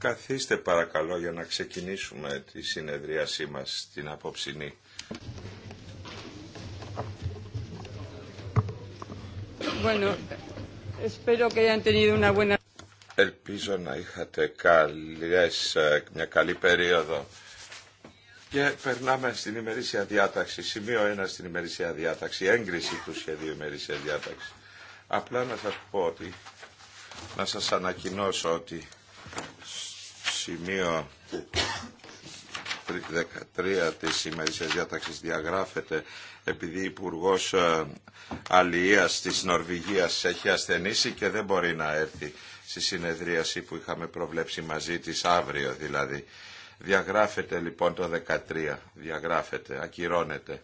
Καθίστε παρακαλώ για να ξεκινήσουμε τη συνεδρίασή μας την απόψινή. Bueno, Ελπίζω να είχατε καλές, μια καλή περίοδο. Και περνάμε στην ημερήσια διάταξη. Σημείο 1 στην ημερήσια διάταξη. Έγκριση του σχεδίου ημερήσια διάταξη. Απλά να σας πω ότι να σας ανακοινώσω ότι σημείο 13 της ημερήσιας διάταξης διαγράφεται επειδή ο υπουργό ε, Αλληλείας της Νορβηγίας έχει ασθενήσει και δεν μπορεί να έρθει στη συνεδρίαση που είχαμε προβλέψει μαζί της αύριο δηλαδή. Διαγράφεται λοιπόν το 13, διαγράφεται, ακυρώνεται.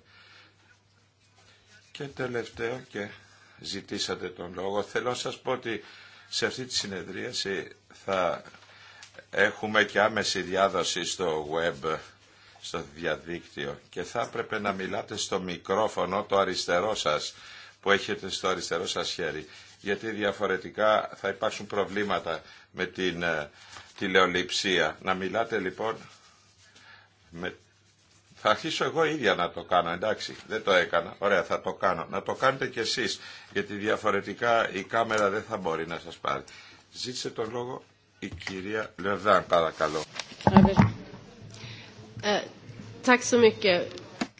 Και τελευταίο και ζητήσατε τον λόγο. Θέλω να σας πω ότι σε αυτή τη συνεδρίαση θα έχουμε και άμεση διάδοση στο web, στο διαδίκτυο και θα έπρεπε να μιλάτε στο μικρόφωνο το αριστερό σας που έχετε στο αριστερό σας χέρι γιατί διαφορετικά θα υπάρξουν προβλήματα με την ε, τηλεοληψία. Να μιλάτε λοιπόν θα αρχίσω εγώ ίδια να το κάνω, εντάξει, δεν το έκανα, ωραία θα το κάνω. Να το κάνετε κι εσείς, γιατί διαφορετικά η κάμερα δεν θα μπορεί να σας πάρει. Ζήτησε τον λόγο η κυρία Λεβδάν, παρακαλώ. Ε, Ευχαριστώ.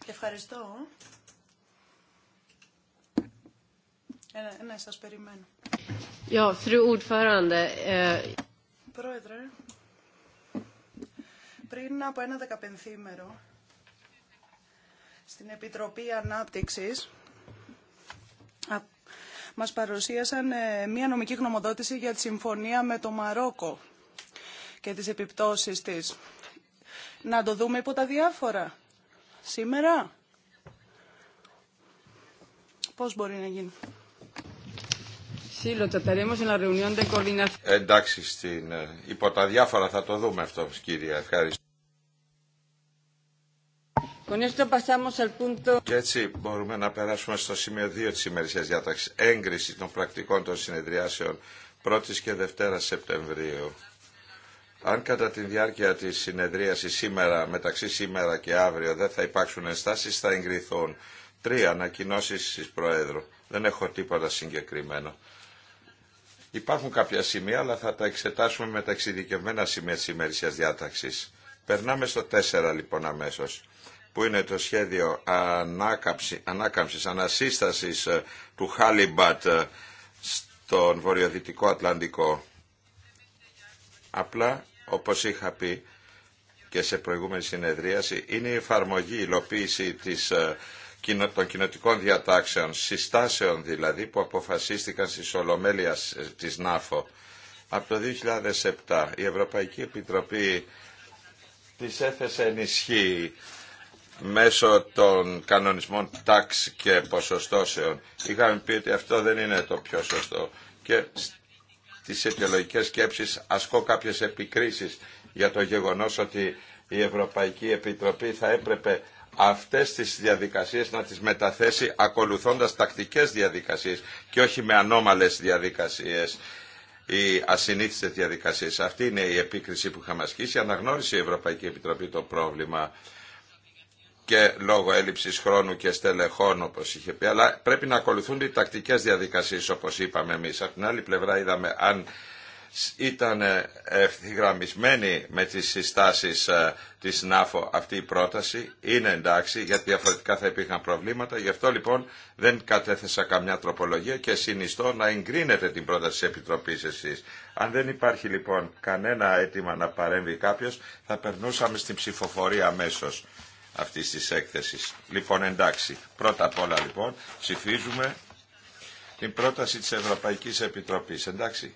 Ευχαριστώ. ναι, σας περιμένω. Ja, fru ε. Πρόεδρε, πριν από ένα δεκαπενθήμερο, στην Επιτροπή Ανάπτυξης μας παρουσίασαν ε, μία νομική γνωμοδότηση για τη συμφωνία με το Μαρόκο και τις επιπτώσεις της. Να το δούμε υπό τα διάφορα. Σήμερα. Πώς μπορεί να γίνει. Εντάξει, στην... Ε, υπό τα διάφορα θα το δούμε αυτό, κύριε. Ευχαριστώ. Και έτσι μπορούμε να περάσουμε στο σημείο 2 της ημερησίας διάταξης, έγκριση των πρακτικών των συνεδριάσεων 1ης και 2ης Σεπτεμβρίου. Αν κατά τη διάρκεια της συνεδρίασης σήμερα, μεταξύ σήμερα και αύριο, δεν θα υπάρξουν ενστάσεις, θα εγκριθούν. Τρία ανακοινώσει τη Προέδρου. Δεν έχω τίποτα συγκεκριμένο. Υπάρχουν κάποια σημεία, αλλά θα τα εξετάσουμε με τα εξειδικευμένα σημεία της ημερησίας διάταξης. Περνάμε στο 4 λοιπόν αμέσω που είναι το σχέδιο ανάκαμψη, ανάκαμψης, ανασύστασης ε, του Χάλιμπατ ε, στον βορειοδυτικό Ατλαντικό. Απλά, όπως είχα πει και σε προηγούμενη συνεδρίαση, είναι η εφαρμογή, η υλοποίηση της, ε, των κοινοτικών διατάξεων, συστάσεων δηλαδή, που αποφασίστηκαν στη Σολομέλεια της ΝΑΦΟ. Από το 2007 η Ευρωπαϊκή Επιτροπή της έθεσε ενισχύει μέσω των κανονισμών τάξη και ποσοστώσεων. Είχαμε πει ότι αυτό δεν είναι το πιο σωστό και στις αιτιολογικές σκέψεις ασκώ κάποιες επικρίσεις για το γεγονός ότι η Ευρωπαϊκή Επιτροπή θα έπρεπε αυτές τις διαδικασίες να τις μεταθέσει ακολουθώντας τακτικές διαδικασίες και όχι με ανώμαλες διαδικασίες ή ασυνήθιστες διαδικασίες. Αυτή είναι η επίκριση που είχαμε ασκήσει. Αναγνώρισε η Ευρωπαϊκή Επιτροπή το πρόβλημα και λόγω έλλειψης χρόνου και στελεχών όπως είχε πει, αλλά πρέπει να ακολουθούν οι τακτικές διαδικασίες όπως είπαμε εμείς. Από την άλλη πλευρά είδαμε αν ήταν ε, ευθυγραμμισμένη με τις συστάσεις ε, της ΝΑΦΟ αυτή η πρόταση, είναι εντάξει γιατί διαφορετικά θα υπήρχαν προβλήματα, γι' αυτό λοιπόν δεν κατέθεσα καμιά τροπολογία και συνιστώ να εγκρίνετε την πρόταση της Επιτροπής εσείς. Αν δεν υπάρχει λοιπόν κανένα αίτημα να παρέμβει κάποιος, θα περνούσαμε στην ψηφοφορία αμέσως αυτής της έκθεσης. Λοιπόν, εντάξει, πρώτα απ' όλα λοιπόν ψηφίζουμε την πρόταση της Ευρωπαϊκής Επιτροπής, εντάξει.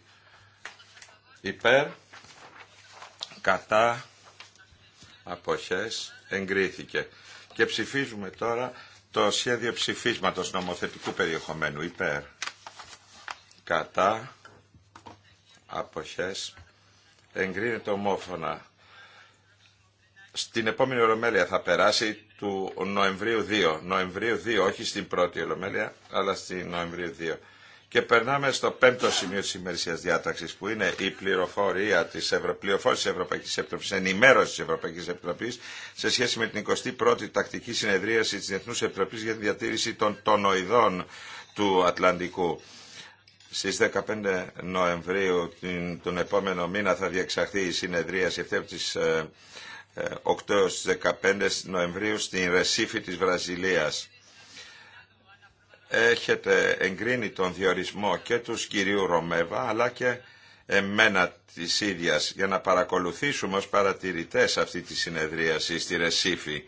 Υπέρ, κατά, αποχές, εγκρίθηκε. Και ψηφίζουμε τώρα το σχέδιο ψηφίσματος νομοθετικού περιεχομένου. Υπέρ, κατά, αποχές, εγκρίνεται ομόφωνα στην επόμενη ολομέλεια θα περάσει του Νοεμβρίου 2. Νοεμβρίου 2, όχι στην πρώτη ολομέλεια, αλλά στην Νοεμβρίου 2. Και περνάμε στο πέμπτο σημείο τη ημερησίας διάταξη, που είναι η πληροφορία τη Ευρω... Ευρωπαϊκή Επιτροπή, ενημέρωση της Ευρωπαϊκής Επιτροπή, σε σχέση με την 21η τακτική συνεδρίαση τη Διεθνού Επιτροπής για τη διατήρηση των τονοειδών του Ατλαντικού. Στι 15 Νοεμβρίου τον επόμενο μήνα θα διεξαχθεί η συνεδρίαση αυτή ε, 8 ε, 15 Νοεμβρίου στην Ρεσίφη της Βραζιλίας. Έχετε εγκρίνει τον διορισμό και του κυρίου Ρωμέβα αλλά και εμένα της ίδιας για να παρακολουθήσουμε ως παρατηρητές αυτή τη συνεδρίαση στη Ρεσίφη.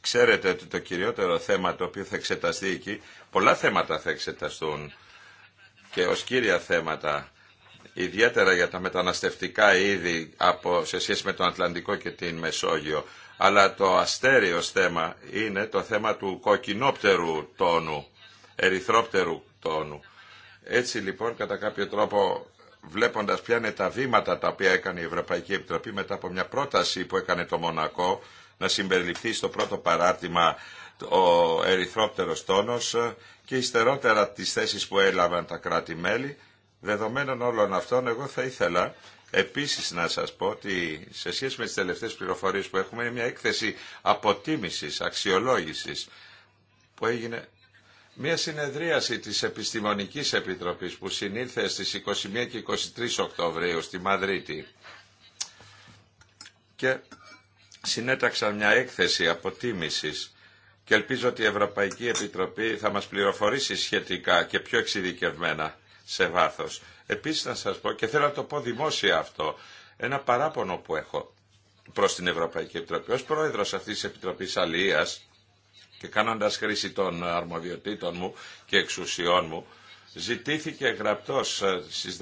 Ξέρετε ότι το κυριότερο θέμα το οποίο θα εξεταστεί εκεί, πολλά θέματα θα εξεταστούν και ως κύρια θέματα ιδιαίτερα για τα μεταναστευτικά είδη από, σε σχέση με τον Ατλαντικό και την Μεσόγειο. Αλλά το αστέριο θέμα είναι το θέμα του κοκκινόπτερου τόνου, ερυθρόπτερου τόνου. Έτσι λοιπόν κατά κάποιο τρόπο βλέποντας ποια είναι τα βήματα τα οποία έκανε η Ευρωπαϊκή Επιτροπή μετά από μια πρόταση που έκανε το Μονακό να συμπεριληφθεί στο πρώτο παράρτημα ο ερυθρόπτερος τόνος και υστερότερα τις θέσεις που έλαβαν τα κράτη-μέλη Δεδομένων όλων αυτών, εγώ θα ήθελα επίσης να σας πω ότι σε σχέση με τις τελευταίες πληροφορίες που έχουμε είναι μια έκθεση αποτίμησης, αξιολόγησης που έγινε μια συνεδρίαση της Επιστημονικής Επιτροπής που συνήλθε στις 21 και 23 Οκτωβρίου στη Μαδρίτη και συνέταξα μια έκθεση αποτίμησης και ελπίζω ότι η Ευρωπαϊκή Επιτροπή θα μας πληροφορήσει σχετικά και πιο εξειδικευμένα σε βάθος. Επίσης να σας πω και θέλω να το πω δημόσια αυτό, ένα παράπονο που έχω προς την Ευρωπαϊκή Επιτροπή. Ως πρόεδρος αυτής της Επιτροπής Αλίας και κάνοντας χρήση των αρμοδιοτήτων μου και εξουσιών μου, ζητήθηκε γραπτός ε, στις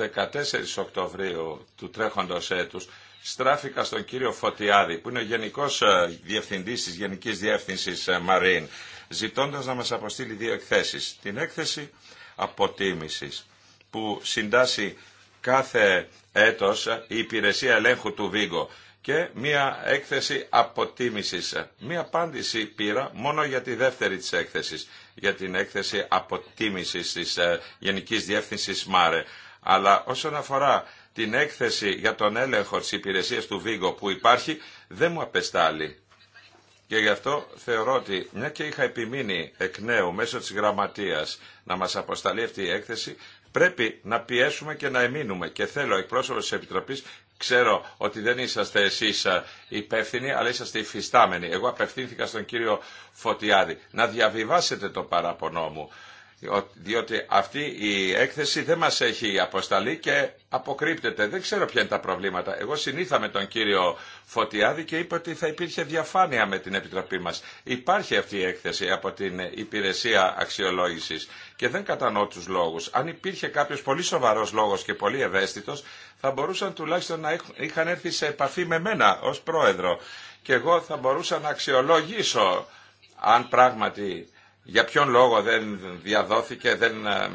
14 Οκτωβρίου του τρέχοντος έτους στράφηκα στον κύριο Φωτιάδη που είναι ο Γενικός ε, Διευθυντής της Γενικής Διεύθυνσης ε, Μαρίν ζητώντας να μας αποστείλει δύο Την έκθεση αποτίμησης που συντάσσει κάθε έτος η υπηρεσία ελέγχου του Βίγκο και μία έκθεση αποτίμησης. Μία απάντηση πήρα μόνο για τη δεύτερη της έκθεσης, για την έκθεση αποτίμησης της ε, Γενικής Διεύθυνσης ΜΑΡΕ. Αλλά όσον αφορά την έκθεση για τον έλεγχο της υπηρεσίας του Βίγκο που υπάρχει, δεν μου απεστάλλει. Και γι' αυτό θεωρώ ότι, μια και είχα επιμείνει εκ νέου μέσω της γραμματείας να μας αποσταλεί αυτή η έκθεση, Πρέπει να πιέσουμε και να εμείνουμε και θέλω εκπρόσωπο τη Επιτροπής Ξέρω ότι δεν είσαστε εσεί ε, υπεύθυνοι, αλλά είσαστε υφιστάμενοι. Εγώ απευθύνθηκα στον κύριο Φωτιάδη να διαβιβάσετε το παραπονό μου διότι αυτή η έκθεση δεν μας έχει αποσταλεί και αποκρύπτεται. Δεν ξέρω ποια είναι τα προβλήματα. Εγώ συνήθα με τον κύριο Φωτιάδη και είπε ότι θα υπήρχε διαφάνεια με την Επιτροπή μας. Υπάρχει αυτή η έκθεση από την Υπηρεσία Αξιολόγησης και δεν κατανοώ τους λόγους. Αν υπήρχε κάποιος πολύ σοβαρός λόγος και πολύ ευαίσθητος θα μπορούσαν τουλάχιστον να είχαν έρθει σε επαφή με μένα ως πρόεδρο και εγώ θα μπορούσα να αξιολογήσω αν πράγματι για ποιον λόγο δεν διαδόθηκε, δεν ε,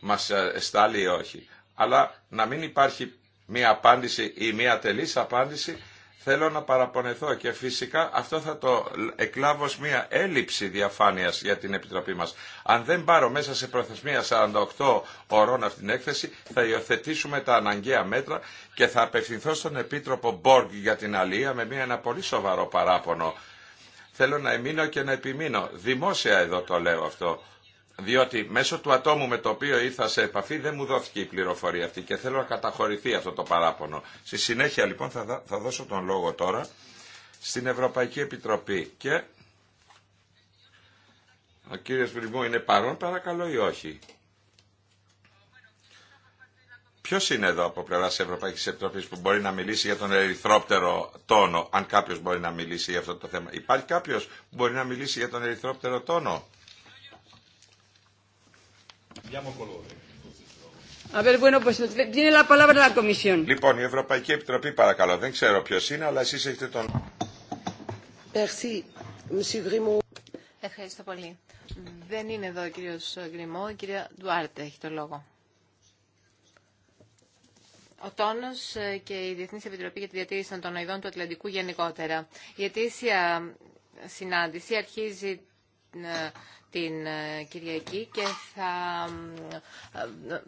μας εστάλει ή όχι. Αλλά να μην υπάρχει μία απάντηση ή μία τελής απάντηση, θέλω να παραπονεθώ και φυσικά αυτό θα το εκλάβω ως μία έλλειψη διαφάνειας για την Επιτροπή μας. Αν δεν πάρω μέσα σε προθεσμία 48 ωρών αυτήν την έκθεση, θα υιοθετήσουμε τα αναγκαία μέτρα και θα απευθυνθώ στον Επίτροπο Μπόργκ για την Αλία με μία, ένα πολύ σοβαρό παράπονο θέλω να εμείνω και να επιμείνω. Δημόσια εδώ το λέω αυτό. Διότι μέσω του ατόμου με το οποίο ήρθα σε επαφή δεν μου δόθηκε η πληροφορία αυτή και θέλω να καταχωρηθεί αυτό το παράπονο. Στη συνέχεια λοιπόν θα, θα δώσω τον λόγο τώρα στην Ευρωπαϊκή Επιτροπή και ο κύριος Βρυμού είναι παρόν παρακαλώ ή όχι. Ποιο είναι εδώ από τη Ευρωπαϊκή επιτροπή που μπορεί να μιλήσει για τον ερυθρόπτερο τόνο, αν κάποιο μπορεί να μιλήσει για αυτό το θέμα. Υπάρχει κάποιο που μπορεί να μιλήσει για τον ερυθρόπτερο τόνο. Λοιπόν, η Ευρωπαϊκή Επιτροπή παρακαλώ. Δεν ξέρω ποιο είναι, αλλά εσεί έχετε τον... Ευχαριστώ πολύ. Δεν είναι εδώ ο κύριο Γκριμό, η κυρία Ντουάρτε έχει το λόγο ο τόνος ε, και η Διεθνής Επιτροπή για τη Διατήρηση των Τονοειδών του Ατλαντικού γενικότερα. Η ετήσια συνάντηση αρχίζει ε, την ε, Κυριακή και θα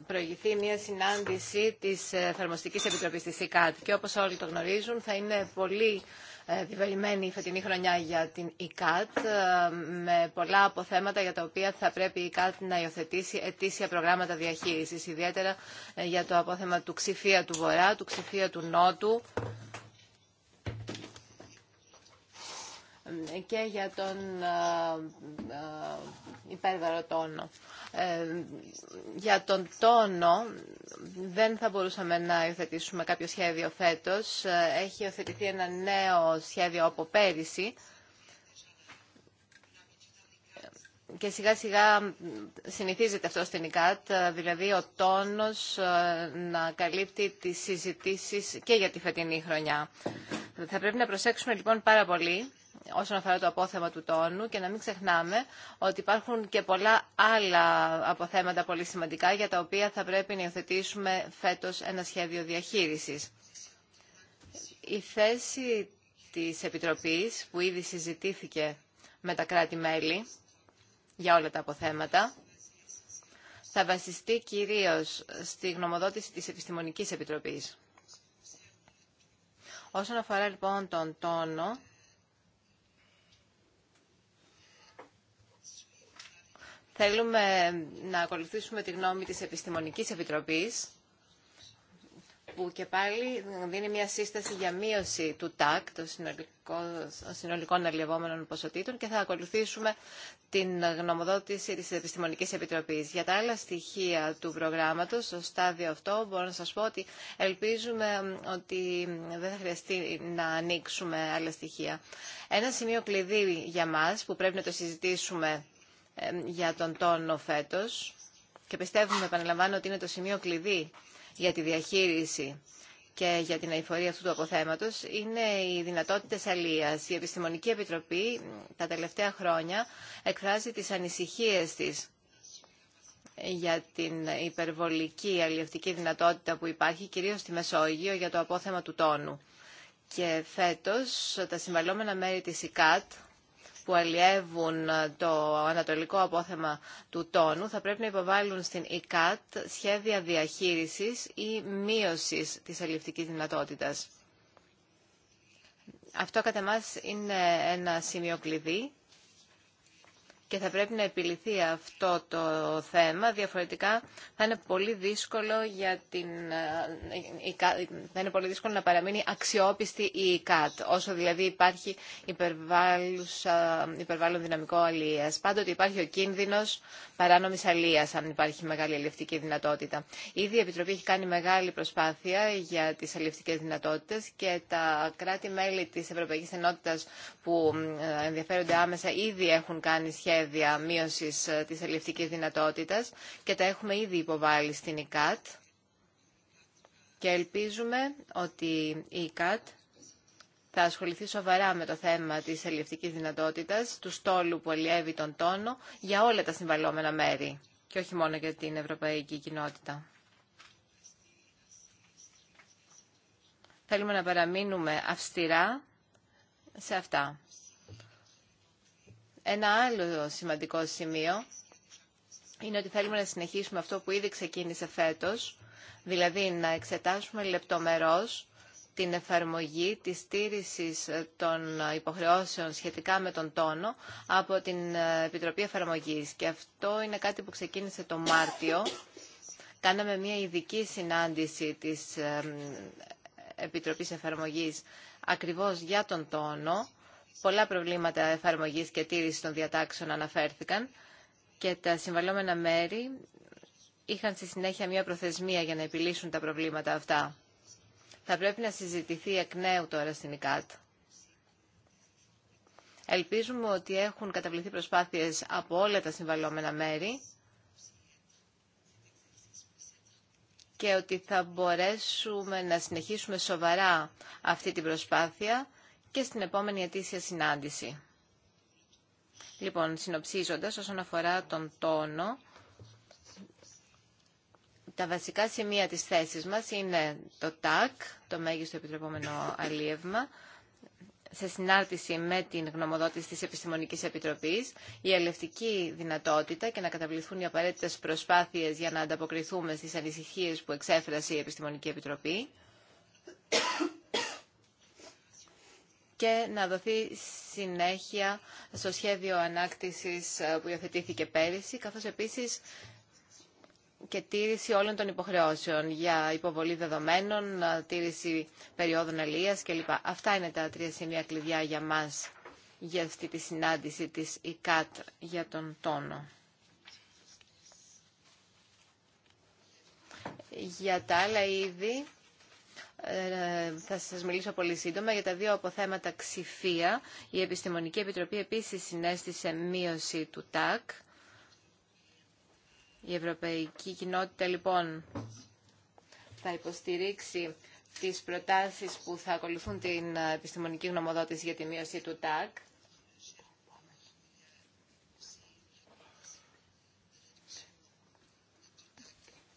προηγηθεί μια συνάντηση της θερμοστική Επιτροπής της ΕΚΑΤ και όπως όλοι το γνωρίζουν θα είναι πολύ ε, επιβαρημένη η φετινή χρονιά για την ΙΚΑΤ ε, με πολλά αποθέματα για τα οποία θα πρέπει η ΙΚΑΤ να υιοθετήσει ετήσια προγράμματα διαχείρισης, ιδιαίτερα ε, για το απόθεμα του Ξηφία του Βορρά, του Ξηφία του Νότου, και για τον ε, ε, υπέρβαρο τόνο. Ε, για τον τόνο δεν θα μπορούσαμε να υιοθετήσουμε κάποιο σχέδιο φέτος. Έχει υιοθετηθεί ένα νέο σχέδιο από πέρυσι και σιγά σιγά συνηθίζεται αυτό στην ΙΚΑΤ, δηλαδή ο τόνος να καλύπτει τις συζητήσεις και για τη φετινή χρονιά. Θα πρέπει να προσέξουμε λοιπόν πάρα πολύ όσον αφορά το απόθεμα του τόνου και να μην ξεχνάμε ότι υπάρχουν και πολλά άλλα αποθέματα πολύ σημαντικά για τα οποία θα πρέπει να υιοθετήσουμε φέτος ένα σχέδιο διαχείρισης. Η θέση της Επιτροπής που ήδη συζητήθηκε με τα κράτη-μέλη για όλα τα αποθέματα θα βασιστεί κυρίως στη γνωμοδότηση της Επιστημονικής Επιτροπής. Όσον αφορά λοιπόν τον τόνο, Θέλουμε να ακολουθήσουμε τη γνώμη της Επιστημονικής Επιτροπής που και πάλι δίνει μια σύσταση για μείωση του ΤΑΚ, των συνολικών αλλιευόμενων ποσοτήτων και θα ακολουθήσουμε την γνωμοδότηση της Επιστημονικής Επιτροπής. Για τα άλλα στοιχεία του προγράμματος, στο στάδιο αυτό, μπορώ να σας πω ότι ελπίζουμε ότι δεν θα χρειαστεί να ανοίξουμε άλλα στοιχεία. Ένα σημείο κλειδί για μας που πρέπει να το συζητήσουμε για τον τόνο φέτος και πιστεύουμε, επαναλαμβάνω, ότι είναι το σημείο κλειδί για τη διαχείριση και για την αηφορία αυτού του αποθέματος είναι οι δυνατότητες αλίας. Η Επιστημονική Επιτροπή τα τελευταία χρόνια εκφράζει τις ανησυχίες της για την υπερβολική αλλιευτική δυνατότητα που υπάρχει, κυρίως στη Μεσόγειο, για το απόθεμα του τόνου. Και φέτος τα συμβαλόμενα μέρη της ΙΚΑΤ που αλλιεύουν ε, το ανατολικό απόθεμα του τόνου θα πρέπει να υποβάλουν στην ΕΚΑΤ σχέδια διαχείρισης ή μείωσης της αλληλευτικής δυνατότητας. Αυτό κατά μας είναι ένα σημείο κλειδί και θα πρέπει να επιληθεί αυτό το θέμα. Διαφορετικά θα είναι πολύ δύσκολο, για την, ε, θα είναι πολύ δύσκολο να παραμείνει αξιόπιστη η ΕΚΑΤ, όσο δηλαδή υπάρχει υπερβάλλον δυναμικό αλίας. Πάντοτε υπάρχει ο κίνδυνος παράνομης αλίας, αν υπάρχει μεγάλη αλληλευτική δυνατότητα. Ήδη η Επιτροπή έχει κάνει μεγάλη προσπάθεια για τις αλληλευτικές δυνατότητες και τα κράτη-μέλη της Ευρωπαϊκής Ενότητας που ε, ενδιαφέρονται άμεσα ήδη έχουν κάνει σχέδια σχέδια μείωσης ε, της αλληλευτικής δυνατότητας και τα έχουμε ήδη υποβάλει στην ΙΚΑΤ και ελπίζουμε ότι η ΙΚΑΤ θα ασχοληθεί σοβαρά με το θέμα της αλληλευτικής δυνατότητας, του στόλου που αλλιεύει τον τόνο για όλα τα συμβαλόμενα μέρη και όχι μόνο για την ευρωπαϊκή κοινότητα. Θέλουμε να παραμείνουμε αυστηρά σε αυτά. Ένα άλλο σημαντικό σημείο είναι ότι θέλουμε να συνεχίσουμε αυτό που ήδη ξεκίνησε φέτος, δηλαδή να εξετάσουμε λεπτομερώς την εφαρμογή της στήρησης των υποχρεώσεων σχετικά με τον τόνο από την Επιτροπή Εφαρμογής. Και αυτό είναι κάτι που ξεκίνησε το Μάρτιο. Κάναμε μια ειδική συνάντηση της Επιτροπής Εφαρμογής ακριβώς για τον τόνο πολλά προβλήματα εφαρμογής και τήρησης των διατάξεων αναφέρθηκαν και τα συμβαλόμενα μέρη είχαν στη συνέχεια μια προθεσμία για να επιλύσουν τα προβλήματα αυτά. Θα πρέπει να συζητηθεί εκ νέου τώρα στην ΕΚΑΤ. Ελπίζουμε ότι έχουν καταβληθεί προσπάθειες από όλα τα συμβαλόμενα μέρη και ότι θα μπορέσουμε να συνεχίσουμε σοβαρά αυτή την προσπάθεια και στην επόμενη ετήσια συνάντηση. Λοιπόν, συνοψίζοντας όσον αφορά τον τόνο, τα βασικά σημεία της θέσης μας είναι το ΤΑΚ, το μέγιστο επιτρεπόμενο αλίευμα, σε συνάρτηση με την γνωμοδότηση της Επιστημονικής Επιτροπής, η ελευτική δυνατότητα και να καταβληθούν οι απαραίτητες προσπάθειες για να ανταποκριθούμε στις ανησυχίες που εξέφρασε η Επιστημονική Επιτροπή, και να δοθεί συνέχεια στο σχέδιο ανάκτησης ε, που υιοθετήθηκε πέρυσι, καθώς επίσης και τήρηση όλων των υποχρεώσεων για υποβολή δεδομένων, ε, τήρηση περιόδων αλίας κλπ. Αυτά είναι τα τρία σημεία κλειδιά για μας για αυτή τη συνάντηση της ΙΚΑΤ για τον τόνο. Για τα άλλα είδη, ε, θα σας μιλήσω πολύ σύντομα για τα δύο αποθέματα ξηφία. Η Επιστημονική Επιτροπή επίσης συνέστησε μείωση του ΤΑΚ. Η Ευρωπαϊκή Κοινότητα λοιπόν θα υποστηρίξει τις προτάσεις που θα ακολουθούν την επιστημονική γνωμοδότηση για τη μείωση του ΤΑΚ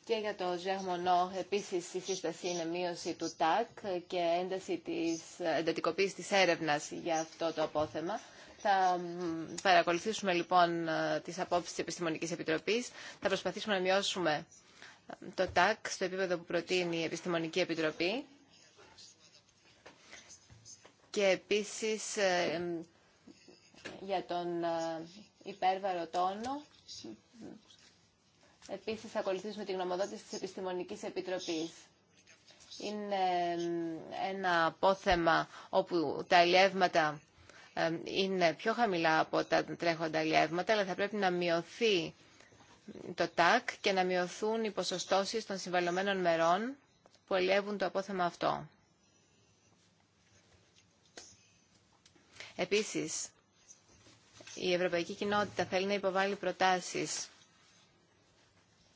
Και για το Ζεγμονό επίσης η σύσταση είναι μείωση του ΤΑΚ και ένταση της εντατικοποίησης της έρευνας για αυτό το απόθεμα. Θα παρακολουθήσουμε λοιπόν τι απόψει τη Επιστημονικής Επιτροπής. Θα προσπαθήσουμε να μειώσουμε το ΤΑΚ στο επίπεδο που προτείνει η Επιστημονική Επιτροπή. Και επίσης ε, για τον ε, υπέρβαρο τόνο Επίσης, θα ακολουθήσουμε τη γνωμοδότηση της Επιστημονικής Επιτροπής. Είναι ένα απόθεμα όπου τα αλλιεύματα είναι πιο χαμηλά από τα τρέχοντα αλλιεύματα, αλλά θα πρέπει να μειωθεί το ΤΑΚ και να μειωθούν οι ποσοστώσεις των συμβαλωμένων μερών που αλλιεύουν το απόθεμα αυτό. Επίσης, η Ευρωπαϊκή Κοινότητα θέλει να υποβάλει προτάσεις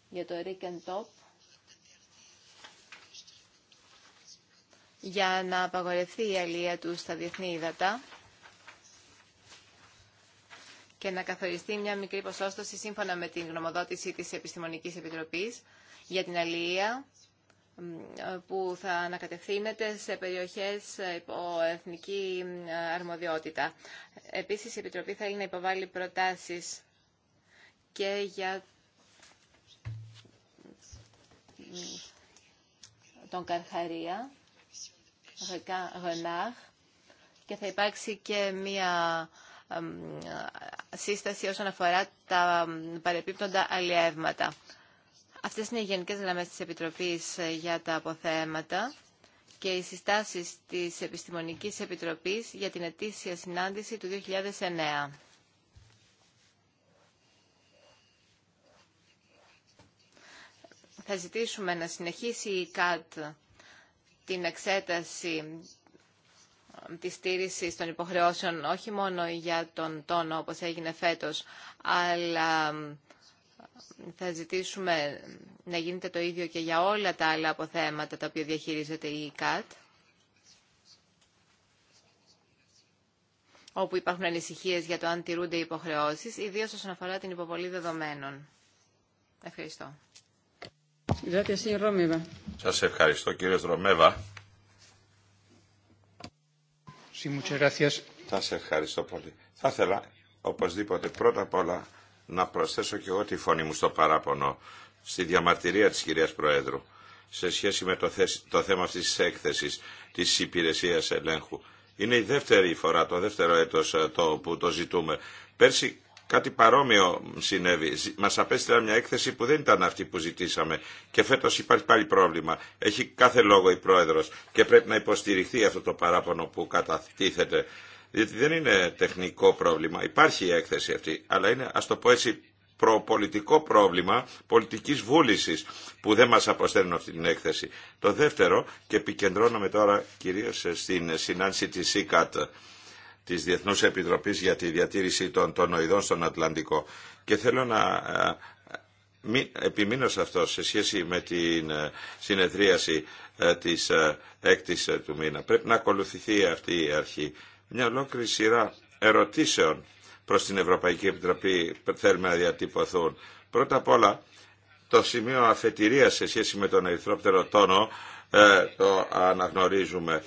για το Rick and Top για να απαγορευτεί η αλία του στα διεθνή ύδατα και να καθοριστεί μια μικρή ποσόστοση σύμφωνα με την γνωμοδότηση της Επιστημονικής Επιτροπής για την αλληλεία που θα ανακατευθύνεται σε περιοχές ε, υπό εθνική αρμοδιότητα. Επίσης, η Επιτροπή θέλει να υποβάλει προτάσεις και για τον Καρχαρία, Ρενάχ, και θα υπάρξει και μία σύσταση όσον αφορά τα παρεπίπτοντα αλλιεύματα. Αυτές είναι οι γενικές γραμμές της Επιτροπής ε, για τα αποθέματα και οι συστάσεις της Επιστημονικής Επιτροπής για την ετήσια συνάντηση του 2009. θα ζητήσουμε να συνεχίσει η ΚΑΤ την εξέταση ε, της στήρησης των υποχρεώσεων όχι μόνο για τον τόνο όπως έγινε φέτος, αλλά ε, θα ζητήσουμε να γίνεται το ίδιο και για όλα τα άλλα αποθέματα τα οποία διαχειρίζεται η ΚΑΤ. όπου υπάρχουν ανησυχίες για το αν τηρούνται οι υποχρεώσεις, ιδίως όσον αφορά την υποβολή δεδομένων. Ευχαριστώ. Σας ευχαριστώ κύριε Ρωμέβα. Σας ευχαριστώ πολύ. Θα ήθελα οπωσδήποτε πρώτα απ' όλα να προσθέσω και εγώ τη φωνή μου στο παράπονο στη διαμαρτυρία της κυρίας Προέδρου σε σχέση με το, θέμα αυτής της έκθεσης της υπηρεσίας ελέγχου. Είναι η δεύτερη φορά, το δεύτερο έτος ε, το, που το ζητούμε. Πέρσι Κάτι παρόμοιο συνέβη. Μα απέστειλαν μια έκθεση που δεν ήταν αυτή που ζητήσαμε και φέτο υπάρχει πάλι πρόβλημα. Έχει κάθε λόγο η Πρόεδρος και πρέπει να υποστηριχθεί αυτό το παράπονο που κατατίθεται. Διότι δεν είναι τεχνικό πρόβλημα. Υπάρχει η έκθεση αυτή, αλλά είναι, α το πω έτσι, προπολιτικό πρόβλημα πολιτική βούληση που δεν μα αποστέλνουν αυτή την έκθεση. Το δεύτερο, και επικεντρώνομαι τώρα κυρίω στην συνάντηση τη ΣΥΚΑΤ, της Διεθνούς Επιτροπής για τη Διατήρηση των Τονοειδών στον Ατλαντικό. Και θέλω να ε, επιμείνω σε αυτό σε σχέση με την ε, συνεδρίαση ε, της έκτης του μήνα. Πρέπει να ακολουθηθεί αυτή η αρχή. Μια ολόκληρη σειρά ερωτήσεων προς την Ευρωπαϊκή Επιτροπή θέλουμε να διατυπωθούν. Πρώτα απ' όλα, το σημείο αφετηρίας σε σχέση με τον ερυθρόπτερο τόνο το αναγνωρίζουμε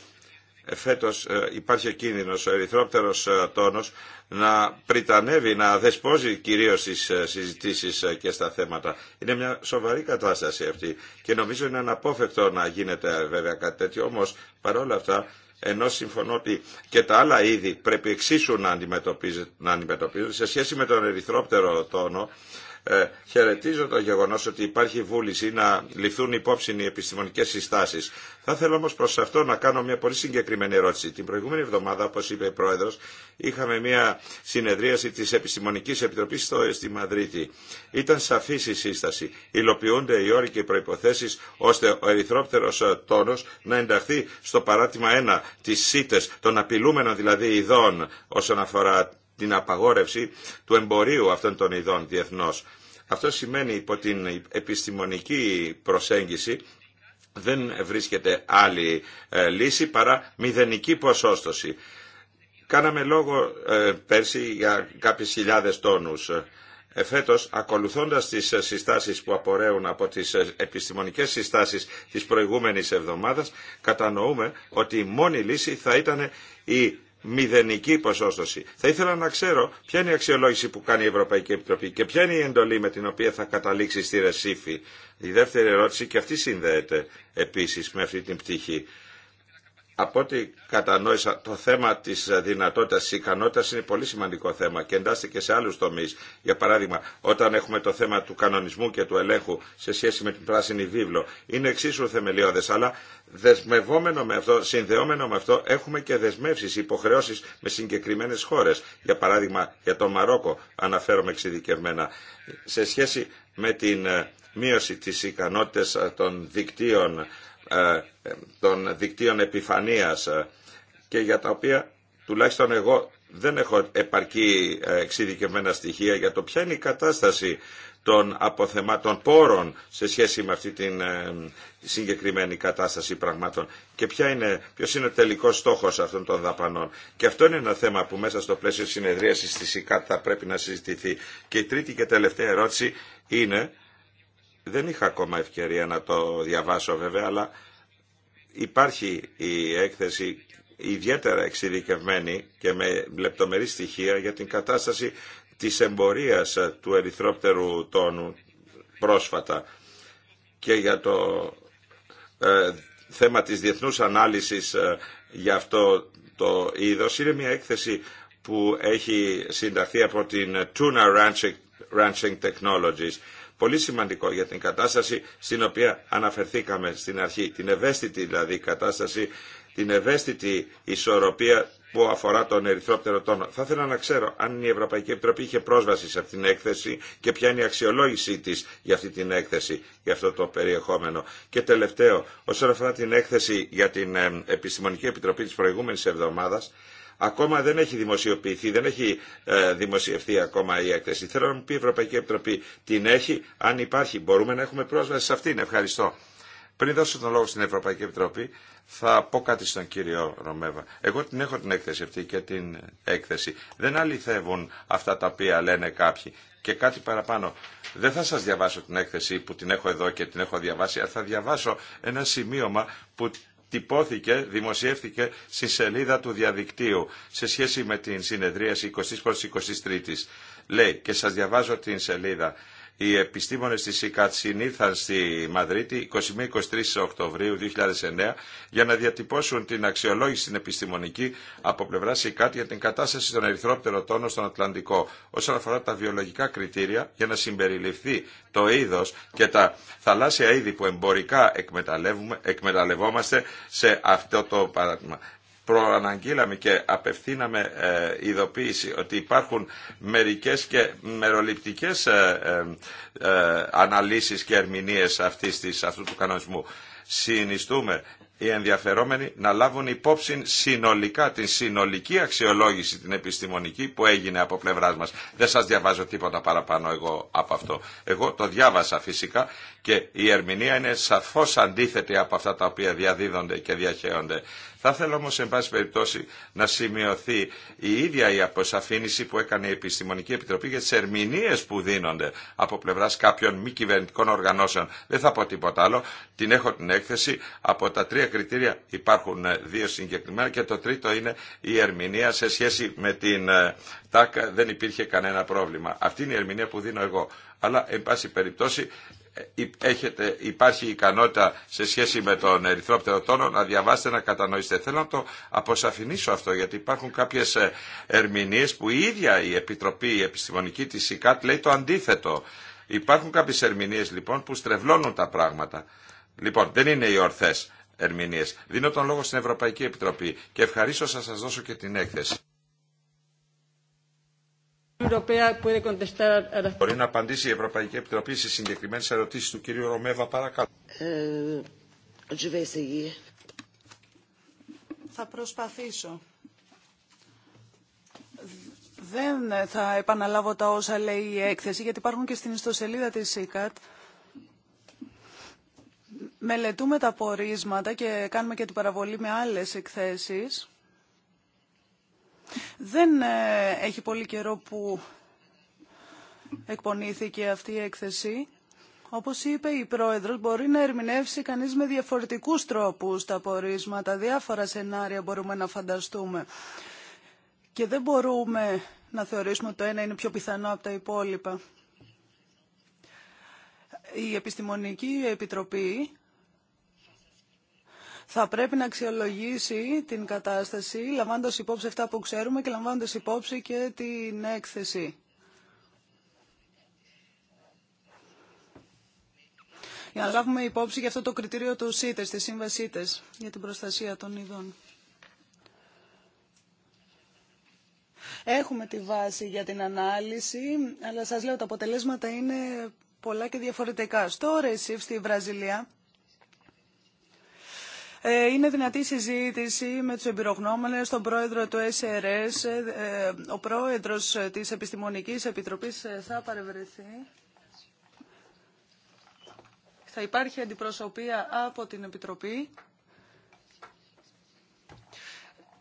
φέτος ε, υπάρχει ο κίνδυνος, ο ερυθρόπτερος ε, τόνος να πριτανεύει, να δεσπόζει κυρίως στις ε, συζητήσεις και στα θέματα. Είναι μια σοβαρή κατάσταση αυτή και νομίζω είναι αναπόφευκτο να γίνεται βέβαια κάτι τέτοιο, όμως παρόλα αυτά ενώ συμφωνώ ότι και τα άλλα είδη πρέπει εξίσου να, να σε σχέση με τον ερυθρόπτερο τόνο ε, χαιρετίζω το γεγονό ότι υπάρχει βούληση να ληφθούν υπόψη οι επιστημονικέ συστάσει. Θα θέλω όμω προ αυτό να κάνω μια πολύ συγκεκριμένη ερώτηση. Την προηγούμενη εβδομάδα, όπω είπε η Πρόεδρο, είχαμε μια συνεδρίαση τη Επιστημονική Επιτροπή στη Μαδρίτη. Ήταν σαφή η σύσταση. Υλοποιούνται οι όροι και οι προποθέσει ώστε ο ερυθρόπτερο τόνο να ενταχθεί στο παράτημα 1 τη ΣΥΤΕΣ, των απειλούμενων δηλαδή ειδών όσον αφορά την απαγόρευση του εμπορίου αυτών των ειδών διεθνώς. Αυτό σημαίνει υπό την επιστημονική προσέγγιση δεν βρίσκεται άλλη ε, λύση παρά μηδενική ποσόστοση. Κάναμε λόγο ε, πέρσι για κάποιες χιλιάδες τόνους. Εφέτος, ακολουθώντας τις συστάσεις που απορρέουν από τις ε, επιστημονικές συστάσεις της προηγούμενης εβδομάδας, κατανοούμε ότι η μόνη λύση θα ήταν η μηδενική ποσόστοση. Θα ήθελα να ξέρω ποια είναι η αξιολόγηση που κάνει η Ευρωπαϊκή Επιτροπή και ποια είναι η εντολή με την οποία θα καταλήξει στη Ρεσίφη. Η δεύτερη ερώτηση και αυτή συνδέεται επίσης με αυτή την πτυχή από ό,τι κατανόησα, το θέμα τη δυνατότητα, τη ικανότητα είναι πολύ σημαντικό θέμα και εντάσσεται και σε άλλου τομεί. Για παράδειγμα, όταν έχουμε το θέμα του κανονισμού και του ελέγχου σε σχέση με την πράσινη βίβλο, είναι εξίσου θεμελιώδε. Αλλά δεσμευόμενο με αυτό, συνδεόμενο με αυτό, έχουμε και δεσμεύσει, υποχρεώσει με συγκεκριμένε χώρε. Για παράδειγμα, για το Μαρόκο, αναφέρομαι εξειδικευμένα, σε σχέση με την ε, μείωση τη ικανότητα των δικτύων ε, των δικτύων επιφανείας ε, και για τα οποία τουλάχιστον εγώ δεν έχω επαρκή ε, εξειδικευμένα στοιχεία για το ποια είναι η κατάσταση των αποθεμάτων πόρων σε σχέση με αυτή την συγκεκριμένη κατάσταση πραγμάτων και ποιο είναι, ποιος είναι ο τελικός στόχος αυτών των δαπανών. Και αυτό είναι ένα θέμα που μέσα στο πλαίσιο συνεδρίασης της ΙΚΑΤ θα πρέπει να συζητηθεί. Και η τρίτη και τελευταία ερώτηση είναι δεν είχα ακόμα ευκαιρία να το διαβάσω βέβαια, αλλά υπάρχει η έκθεση ιδιαίτερα εξειδικευμένη και με λεπτομερή στοιχεία για την κατάσταση της εμπορίας του ερυθρόπτερου τόνου πρόσφατα και για το ε, θέμα της διεθνούς ανάλυσης ε, για αυτό το είδος. Είναι μια έκθεση που έχει συνταχθεί από την Tuna Ranching, Ranching Technologies πολύ σημαντικό για την κατάσταση στην οποία αναφερθήκαμε στην αρχή, την ευαίσθητη δηλαδή κατάσταση, την ευαίσθητη ισορροπία που αφορά τον ερυθρόπτερο τόνο. Θα ήθελα να ξέρω αν η Ευρωπαϊκή Επιτροπή είχε πρόσβαση σε αυτήν την έκθεση και ποια είναι η αξιολόγησή τη για αυτή την έκθεση, για αυτό το περιεχόμενο. Και τελευταίο, όσον αφορά την έκθεση για την Επιστημονική Επιτροπή τη προηγούμενη εβδομάδα, Ακόμα δεν έχει δημοσιοποιηθεί, δεν έχει ε, δημοσιευθεί ακόμα η έκθεση. Θέλω να μου πει η Ευρωπαϊκή Επιτροπή την έχει, αν υπάρχει. Μπορούμε να έχουμε πρόσβαση σε αυτήν. Ευχαριστώ. Πριν δώσω τον λόγο στην Ευρωπαϊκή Επιτροπή, θα πω κάτι στον κύριο Ρωμέβα. Εγώ την έχω την έκθεση αυτή και την έκθεση. Δεν αληθεύουν αυτά τα οποία λένε κάποιοι. Και κάτι παραπάνω. Δεν θα σας διαβάσω την έκθεση που την έχω εδώ και την έχω διαβάσει, αλλά θα διαβάσω ένα σημείωμα που τυπώθηκε, δημοσιεύθηκε στη σελίδα του διαδικτύου σε σχέση με την συνεδρίαση 21-23. Λέει και σας διαβάζω την σελίδα. Οι επιστήμονες της ΙΚΑΤ συνήλθαν στη Μαδρίτη 21-23 Οκτωβρίου 2009 για να διατυπώσουν την αξιολόγηση στην επιστημονική από πλευρά ΙΚΑΤ για την κατάσταση των ερυθρόπτερων τόνων στον Ατλαντικό όσον αφορά τα βιολογικά κριτήρια για να συμπεριληφθεί το είδος και τα θαλάσσια είδη που εμπορικά εκμεταλλευόμαστε σε αυτό το παράδειγμα προαναγγείλαμε και απευθύναμε ε, ειδοποίηση ότι υπάρχουν μερικές και μεροληπτικές ε, ε, αναλύσεις και ερμηνείες αυτής της, αυτού του κανονισμού. Συνιστούμε οι ενδιαφερόμενοι να λάβουν υπόψη συνολικά την συνολική αξιολόγηση την επιστημονική που έγινε από πλευρά μα. Δεν σα διαβάζω τίποτα παραπάνω εγώ από αυτό. Εγώ το διάβασα φυσικά και η ερμηνεία είναι σαφώ αντίθετη από αυτά τα οποία διαδίδονται και διαχέονται. Θα θέλω όμω, εν πάση περιπτώσει, να σημειωθεί η ίδια η αποσαφήνιση που έκανε η Επιστημονική Επιτροπή για τι ερμηνείε που δίνονται από πλευρά κάποιων μη κυβερνητικών οργανώσεων. Δεν θα πω τίποτα άλλο. Την έχω την έκθεση από τα τρία κριτήρια υπάρχουν ε, δύο συγκεκριμένα και το τρίτο είναι η ερμηνεία σε σχέση με την ε, ΤΑΚ δεν υπήρχε κανένα πρόβλημα. Αυτή είναι η ερμηνεία που δίνω εγώ. Αλλά, εν πάση περιπτώσει, ε, έχετε, υπάρχει ικανότητα σε σχέση με τον Ερυθρόπτερο Τόνο να διαβάσετε, να κατανοήσετε. Θέλω να το αποσαφηνίσω αυτό, γιατί υπάρχουν κάποιε ερμηνείε που η ίδια η Επιτροπή η Επιστημονική τη ΣΥΚΑΤ λέει το αντίθετο. Υπάρχουν κάποιε ερμηνείε λοιπόν που στρεβλώνουν τα πράγματα. Λοιπόν, δεν είναι οι ορθές ερμηνείες. Δίνω τον λόγο στην Ευρωπαϊκή Επιτροπή και ευχαρίστω να σας δώσω και την έκθεση. Μπορεί να απαντήσει η Ευρωπαϊκή Επιτροπή στις συγκεκριμένες ερωτήσεις του κυρίου Ρωμέβα, παρακαλώ. Ε, θα προσπαθήσω. Δεν θα επαναλάβω τα όσα λέει η έκθεση, γιατί υπάρχουν και στην ιστοσελίδα της ΣΥΚΑΤ μελετούμε τα πορίσματα και κάνουμε και την παραβολή με άλλες εκθέσεις. Δεν ε, έχει πολύ καιρό που εκπονήθηκε αυτή η έκθεση. Όπως είπε η Πρόεδρος, μπορεί να ερμηνεύσει κανείς με διαφορετικούς τρόπους τα πορίσματα. Διάφορα σενάρια μπορούμε να φανταστούμε. Και δεν μπορούμε να θεωρήσουμε ότι το ένα είναι πιο πιθανό από τα υπόλοιπα. Η Επιστημονική Επιτροπή θα πρέπει να αξιολογήσει την κατάσταση λαμβάνοντας υπόψη αυτά που ξέρουμε και λαμβάνοντας υπόψη και την έκθεση. Για να λάβουμε υπόψη για αυτό το κριτήριο του ΣΥΤΕΣ, τη σύμβαση ΣΥΤΕΣ, για την προστασία των ειδών. Έχουμε τη βάση για την ανάλυση, αλλά σας λέω τα αποτελέσματα είναι πολλά και διαφορετικά. Στο ΡΕΣΥΒ στη Βραζιλία ε, είναι δυνατή συζήτηση με τους εμπειρογνώμενες, τον πρόεδρο του SRS. Ε, ε, ο πρόεδρος της Επιστημονικής Επιτροπής θα παρευρεθεί. Θα υπάρχει αντιπροσωπεία από την Επιτροπή.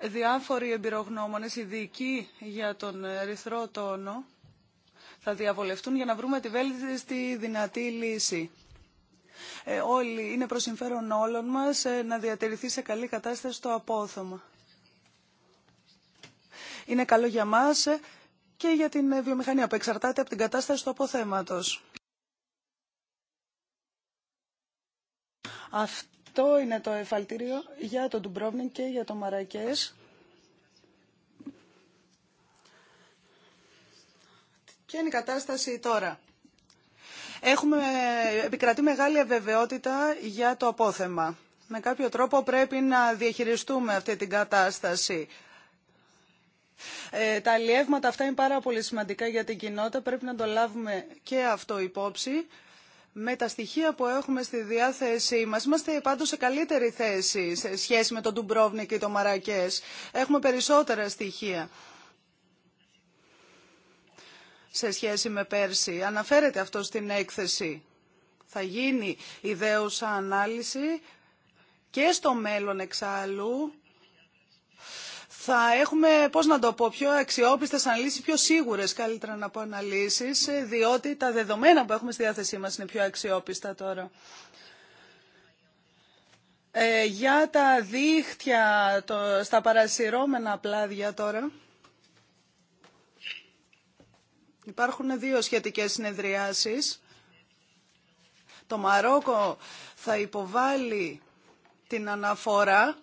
Διάφοροι εμπειρογνώμονες, ειδικοί για τον ερυθρό τόνο, θα διαβολευτούν για να βρούμε τη βέλτιστη δυνατή λύση. Ε, όλοι, είναι προ συμφέρον όλων μας ε, να διατηρηθεί σε καλή κατάσταση το απόθωμα. Είναι καλό για μας ε, και για την βιομηχανία που εξαρτάται από την κατάσταση του αποθέματος. Αυτό είναι το εφαλτήριο για το Ντουμπρόβνικ και για το Μαρακές. Και είναι η κατάσταση τώρα. Έχουμε, επικρατεί μεγάλη αβεβαιότητα για το απόθεμα. Με κάποιο τρόπο πρέπει να διαχειριστούμε αυτή την κατάσταση. Ε, τα αλλιεύματα αυτά είναι πάρα πολύ σημαντικά για την κοινότητα. Πρέπει να το λάβουμε και αυτό υπόψη. Με τα στοιχεία που έχουμε στη διάθεσή μα είμαστε πάντω σε καλύτερη θέση σε σχέση με τον Ντουμπρόβνη και το Μαρακέ. Έχουμε περισσότερα στοιχεία σε σχέση με πέρσι. Αναφέρεται αυτό στην έκθεση. Θα γίνει ιδέουσα ανάλυση και στο μέλλον εξάλλου θα έχουμε, πώς να το πω, πιο αξιόπιστες αναλύσεις, πιο σίγουρες καλύτερα να πω αναλύσεις, διότι τα δεδομένα που έχουμε στη διάθεσή μας είναι πιο αξιόπιστα τώρα. Ε, για τα δίχτυα το, στα παρασυρώμενα πλάδια τώρα, Υπάρχουν δύο σχετικές συνεδριάσεις. Το Μαρόκο θα υποβάλει την αναφορά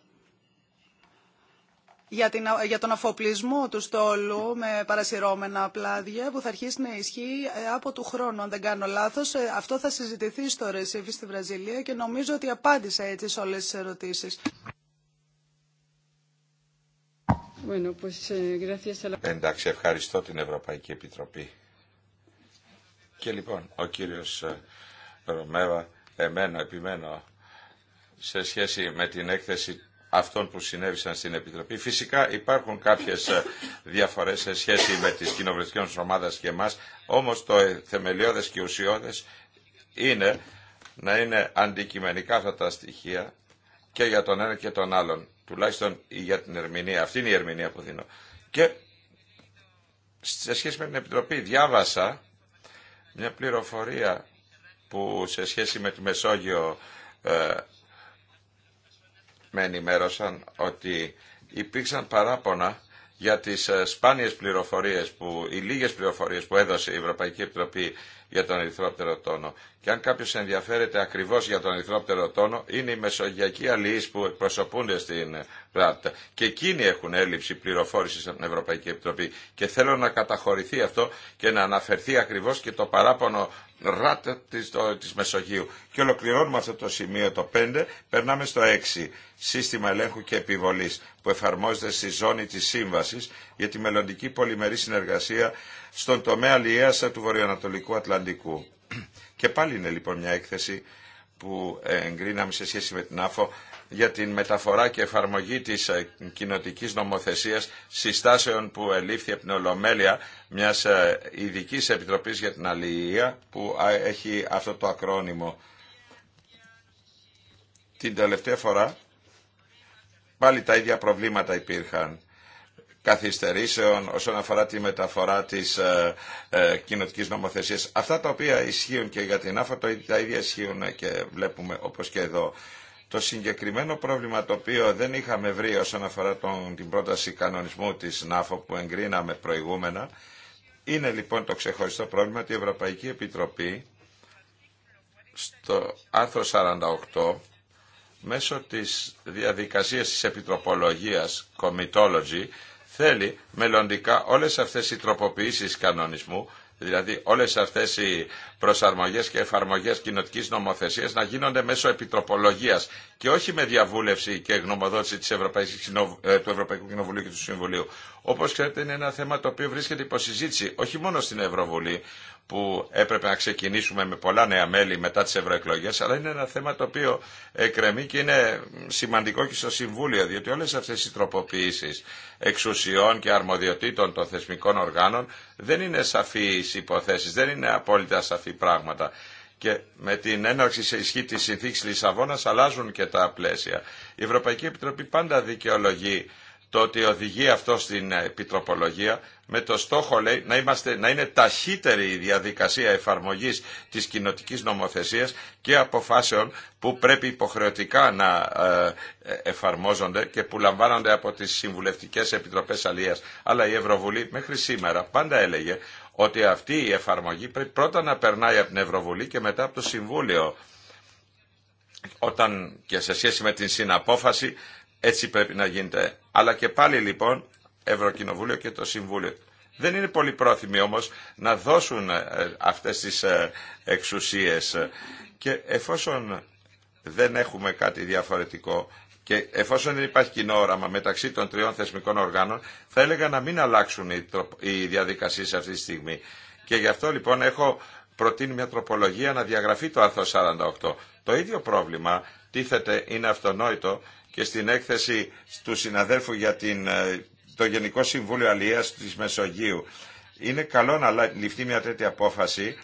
για, την, για τον αφοπλισμό του στόλου με παρασυρώμενα πλάδια που θα αρχίσει να ισχύει ε, από του χρόνου, αν δεν κάνω λάθος. Ε, αυτό θα συζητηθεί στο Ρεσίφι στη Βραζιλία και νομίζω ότι απάντησα έτσι σε όλες τις ερωτήσεις. Eh, Εντάξει, ευχαριστώ την Ευρωπαϊκή Επιτροπή. Και λοιπόν, ο κύριος ε, Ρωμέβα, εμένα επιμένω σε σχέση με την έκθεση αυτών που συνέβησαν στην Επιτροπή. Φυσικά υπάρχουν κάποιες ε, διαφορές σε σχέση με τις κοινοβουλευτικές ομάδες και εμάς, όμως το ε, θεμελιώδες και ουσιώδες είναι να είναι αντικειμενικά αυτά τα στοιχεία και για τον ένα και τον άλλον. Τουλάχιστον για την ερμηνεία. Αυτή είναι η ερμηνεία που δίνω. Και σε σχέση με την Επιτροπή διάβασα μια πληροφορία που σε σχέση με τη Μεσόγειο ε, με ενημέρωσαν ότι υπήρξαν παράπονα για τις ε, σπάνιες πληροφορίες που, οι λίγες πληροφορίες που έδωσε η Ευρωπαϊκή Επιτροπή για τον ερυθρόπτερο τόνο. Και αν κάποιος ενδιαφέρεται ακριβώς για τον ερυθρόπτερο τόνο, είναι οι μεσογειακοί αλληλείς που εκπροσωπούνται στην ΡΑΤ. Και εκείνοι έχουν έλλειψη πληροφόρησης από την Ευρωπαϊκή Επιτροπή. Και θέλω να καταχωρηθεί αυτό και να αναφερθεί ακριβώς και το παράπονο ράτα της, το, της Μεσογείου. Και ολοκληρώνουμε αυτό το σημείο το 5, περνάμε στο 6, σύστημα ελέγχου και επιβολής που εφαρμόζεται στη ζώνη της σύμβασης για τη μελλοντική πολυμερή συνεργασία στον τομέα αλλιέασα του Βορειοανατολικού Ατλαντικού. Και πάλι είναι λοιπόν μια έκθεση που εγκρίναμε σε σχέση με την ΑΦΟ για την μεταφορά και εφαρμογή της ε, κοινοτικής νομοθεσίας συστάσεων που ελήφθη από την Ολομέλεια μιας ε, ειδική επιτροπής για την αλληλεία που έχει αυτό το ακρόνιμο. Την τελευταία φορά πάλι τα ίδια προβλήματα υπήρχαν καθυστερήσεων όσον αφορά τη μεταφορά της ε, ε, νομοθεσίας. Αυτά τα οποία ισχύουν και για την ΑΦΑ τα ίδια ισχύουν και βλέπουμε όπως και εδώ. Το συγκεκριμένο πρόβλημα το οποίο δεν είχαμε βρει όσον αφορά τον, την πρόταση κανονισμού της ΝΑΦΟ που εγκρίναμε προηγούμενα, είναι λοιπόν το ξεχωριστό πρόβλημα ότι η Ευρωπαϊκή Επιτροπή στο άρθρο 48 μέσω της διαδικασίας της επιτροπολογίας Comitology θέλει μελλοντικά όλες αυτές οι τροποποιήσεις κανονισμού Δηλαδή όλες αυτές οι προσαρμογές και εφαρμογές κοινοτικής νομοθεσίας να γίνονται μέσω επιτροπολογίας και όχι με διαβούλευση και γνωμοδότηση της Ευρωπαϊκής, ε, του Ευρωπαϊκού Κοινοβουλίου και του Συμβουλίου. Όπως ξέρετε είναι ένα θέμα το οποίο βρίσκεται συζήτηση όχι μόνο στην Ευρωβουλή που έπρεπε να ξεκινήσουμε με πολλά νέα μέλη μετά τις ευρωεκλογέ, αλλά είναι ένα θέμα το οποίο εκρεμεί και είναι σημαντικό και στο Συμβούλιο, διότι όλες αυτές οι τροποποιήσεις εξουσιών και αρμοδιοτήτων των θεσμικών οργάνων δεν είναι σαφείς υποθέσεις, δεν είναι απόλυτα σαφή πράγματα. Και με την έναρξη σε ισχύ της συνθήκης Λισαβόνας αλλάζουν και τα πλαίσια. Η Ευρωπαϊκή Επιτροπή πάντα δικαιολογεί το ότι οδηγεί αυτό στην ε, επιτροπολογία με το στόχο λέει, να, είμαστε, να είναι ταχύτερη η διαδικασία εφαρμογής της κοινοτικής νομοθεσίας και αποφάσεων που πρέπει υποχρεωτικά να ε, εφαρμόζονται και που λαμβάνονται από τις Συμβουλευτικές Επιτροπές αλλίας Αλλά η Ευρωβουλή μέχρι σήμερα πάντα έλεγε ότι αυτή η εφαρμογή πρέπει πρώτα να περνάει από την Ευρωβουλή και μετά από το Συμβούλιο όταν και σε σχέση με την συναπόφαση έτσι πρέπει να γίνεται. Αλλά και πάλι λοιπόν Ευρωκοινοβούλιο και το Συμβούλιο. Δεν είναι πολύ πρόθυμοι όμως να δώσουν ε, αυτές τις ε, εξουσίες. Και εφόσον δεν έχουμε κάτι διαφορετικό και εφόσον δεν υπάρχει κοινό όραμα μεταξύ των τριών θεσμικών οργάνων, θα έλεγα να μην αλλάξουν οι διαδικασίες αυτή τη στιγμή. Και γι' αυτό λοιπόν έχω προτείνει μια τροπολογία να διαγραφεί το άρθρο 48. Το ίδιο πρόβλημα τίθεται, είναι αυτονόητο, και στην έκθεση του συναδέλφου για ε, το Γενικό Συμβούλιο αλίας της Μεσογείου. Είναι καλό να ληφθεί μια τέτοια απόφαση,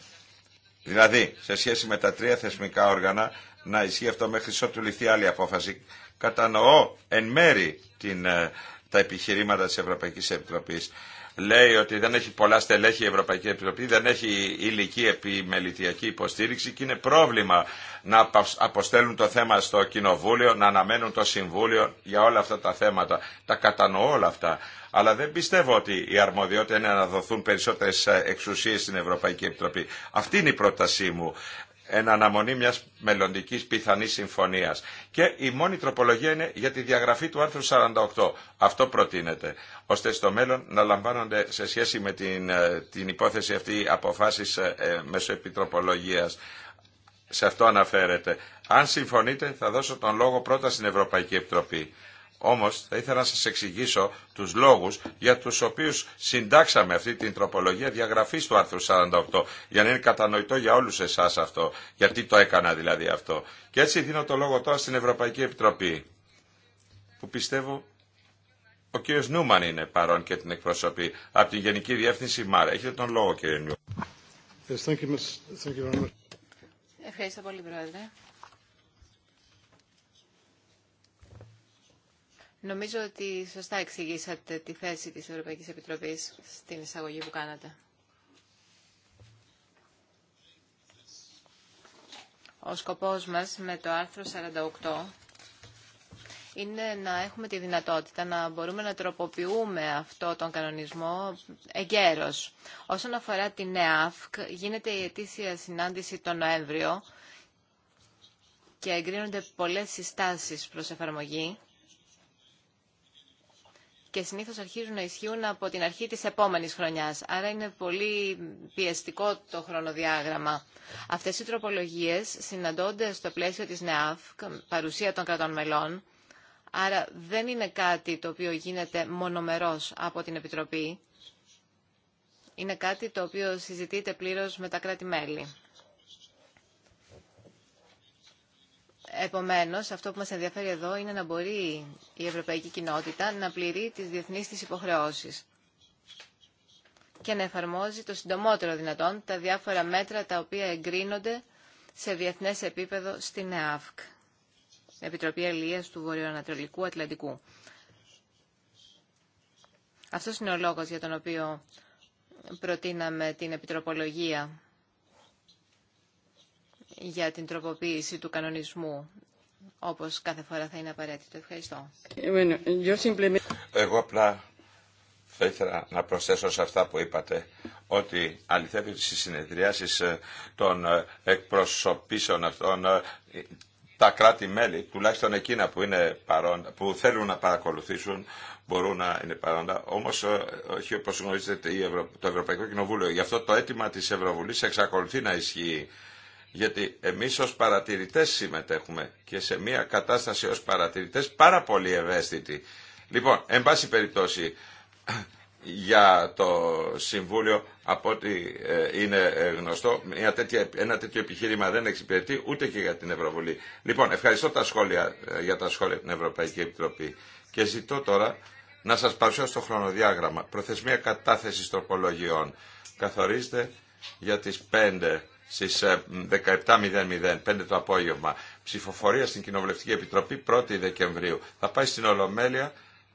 δηλαδή σε σχέση με τα τρία θεσμικά όργανα, να ισχύει αυτό μέχρι ότου ληφθεί άλλη απόφαση. Κατανοώ εν μέρη την, ε, τα επιχειρήματα της Ευρωπαϊκής Επιτροπής λέει ότι δεν έχει πολλά στελέχη η Ευρωπαϊκή Επιτροπή, δεν έχει υλική επιμελητιακή υποστήριξη και είναι πρόβλημα να αποστέλουν το θέμα στο Κοινοβούλιο, να αναμένουν το Συμβούλιο για όλα αυτά τα θέματα. Τα κατανοώ όλα αυτά. Αλλά δεν πιστεύω ότι η αρμοδιότητα είναι να δοθούν περισσότερε ε, εξουσίε στην Ευρωπαϊκή Επιτροπή. Αυτή είναι η πρότασή μου εν αναμονή μιας μελλοντικής πιθανής συμφωνίας. Και η μόνη τροπολογία είναι για τη διαγραφή του άρθρου 48. Αυτό προτείνεται, ώστε στο μέλλον να λαμβάνονται σε σχέση με την, ε, την υπόθεση αυτή αποφάσεις ε, ε, μέσω επιτροπολογίας. Σε αυτό αναφέρεται. Αν συμφωνείτε θα δώσω τον λόγο πρώτα στην Ευρωπαϊκή Επιτροπή. Όμως θα ήθελα να σας εξηγήσω τους λόγους για τους οποίους συντάξαμε αυτή την τροπολογία διαγραφής του άρθρου 48 για να είναι κατανοητό για όλους εσάς αυτό, γιατί το έκανα δηλαδή αυτό. Και έτσι δίνω το λόγο τώρα στην Ευρωπαϊκή Επιτροπή που πιστεύω ο κ. Νούμαν είναι παρόν και την εκπροσωπή, από την Γενική Διεύθυνση Μάρα. Έχετε τον λόγο κύριε Νιού. Ευχαριστώ πολύ πρόεδρε. Νομίζω ότι σωστά εξηγήσατε τη θέση της Ευρωπαϊκής Επιτροπής στην εισαγωγή που κάνατε. Ο σκοπός μας με το άρθρο 48 είναι να έχουμε τη δυνατότητα να μπορούμε να τροποποιούμε αυτό τον κανονισμό εγκαίρως. Όσον αφορά την ΕΑΦΚ, γίνεται η ετήσια συνάντηση τον Νοέμβριο και εγκρίνονται πολλές συστάσεις προς εφαρμογή και συνήθως αρχίζουν να ισχύουν από την αρχή της επόμενης χρονιάς. Άρα είναι πολύ πιεστικό το χρονοδιάγραμμα. Αυτές οι τροπολογίες συναντώνται στο πλαίσιο της ΝΕΑΦΚ, παρουσία των κρατών μελών, άρα δεν είναι κάτι το οποίο γίνεται μονομερός από την Επιτροπή. Είναι κάτι το οποίο συζητείται πλήρως με τα κράτη-μέλη. Επομένως, αυτό που μας ενδιαφέρει εδώ είναι να μπορεί η ευρωπαϊκή κοινότητα να πληρεί τις διεθνείς της υποχρεώσεις και να εφαρμόζει το συντομότερο δυνατόν τα διάφορα μέτρα τα οποία εγκρίνονται σε διεθνές επίπεδο στην ΕΑΦΚ, Επιτροπή Ελίας του Βορειοανατολικού Ατλαντικού. Αυτός είναι ο λόγος για τον οποίο προτείναμε την επιτροπολογία για την τροποποίηση του κανονισμού όπως κάθε φορά θα είναι απαραίτητο. Ευχαριστώ. Ε, Εγώ απλά θα ήθελα να προσθέσω σε αυτά που είπατε ότι αληθεύει στις συνεδριάσεις ε, των ε, εκπροσωπήσεων αυτών τα κράτη-μέλη, τουλάχιστον εκείνα που, που θέλουν να παρακολουθήσουν, μπορούν να είναι παρόντα. Όμω, όχι όπω γνωρίζετε, το Ευρωπαϊκό Κοινοβούλιο. Γι' αυτό το αίτημα τη Ευρωβουλή εξακολουθεί να ισχύει γιατί εμείς ως παρατηρητές συμμετέχουμε και σε μια κατάσταση ως παρατηρητές πάρα πολύ ευαίσθητη. Λοιπόν, εν πάση περιπτώσει, για το Συμβούλιο, από ό,τι ε, είναι ε, γνωστό, μια τέτοια, ένα τέτοιο επιχείρημα δεν εξυπηρετεί ούτε και για την Ευρωβουλή. Λοιπόν, ευχαριστώ τα σχόλια, ε, για τα σχόλια την Ευρωπαϊκή Επιτροπή και ζητώ τώρα να σας παρουσιάσω το χρονοδιάγραμμα. Προθεσμία κατάθεσης τροπολογιών καθορίζεται για τις 5 στις 17.00, ε, 5 το απόγευμα. Ψηφοφορία στην Κοινοβουλευτική Επιτροπή 1η Δεκεμβρίου. Θα πάει στην Ολομέλεια,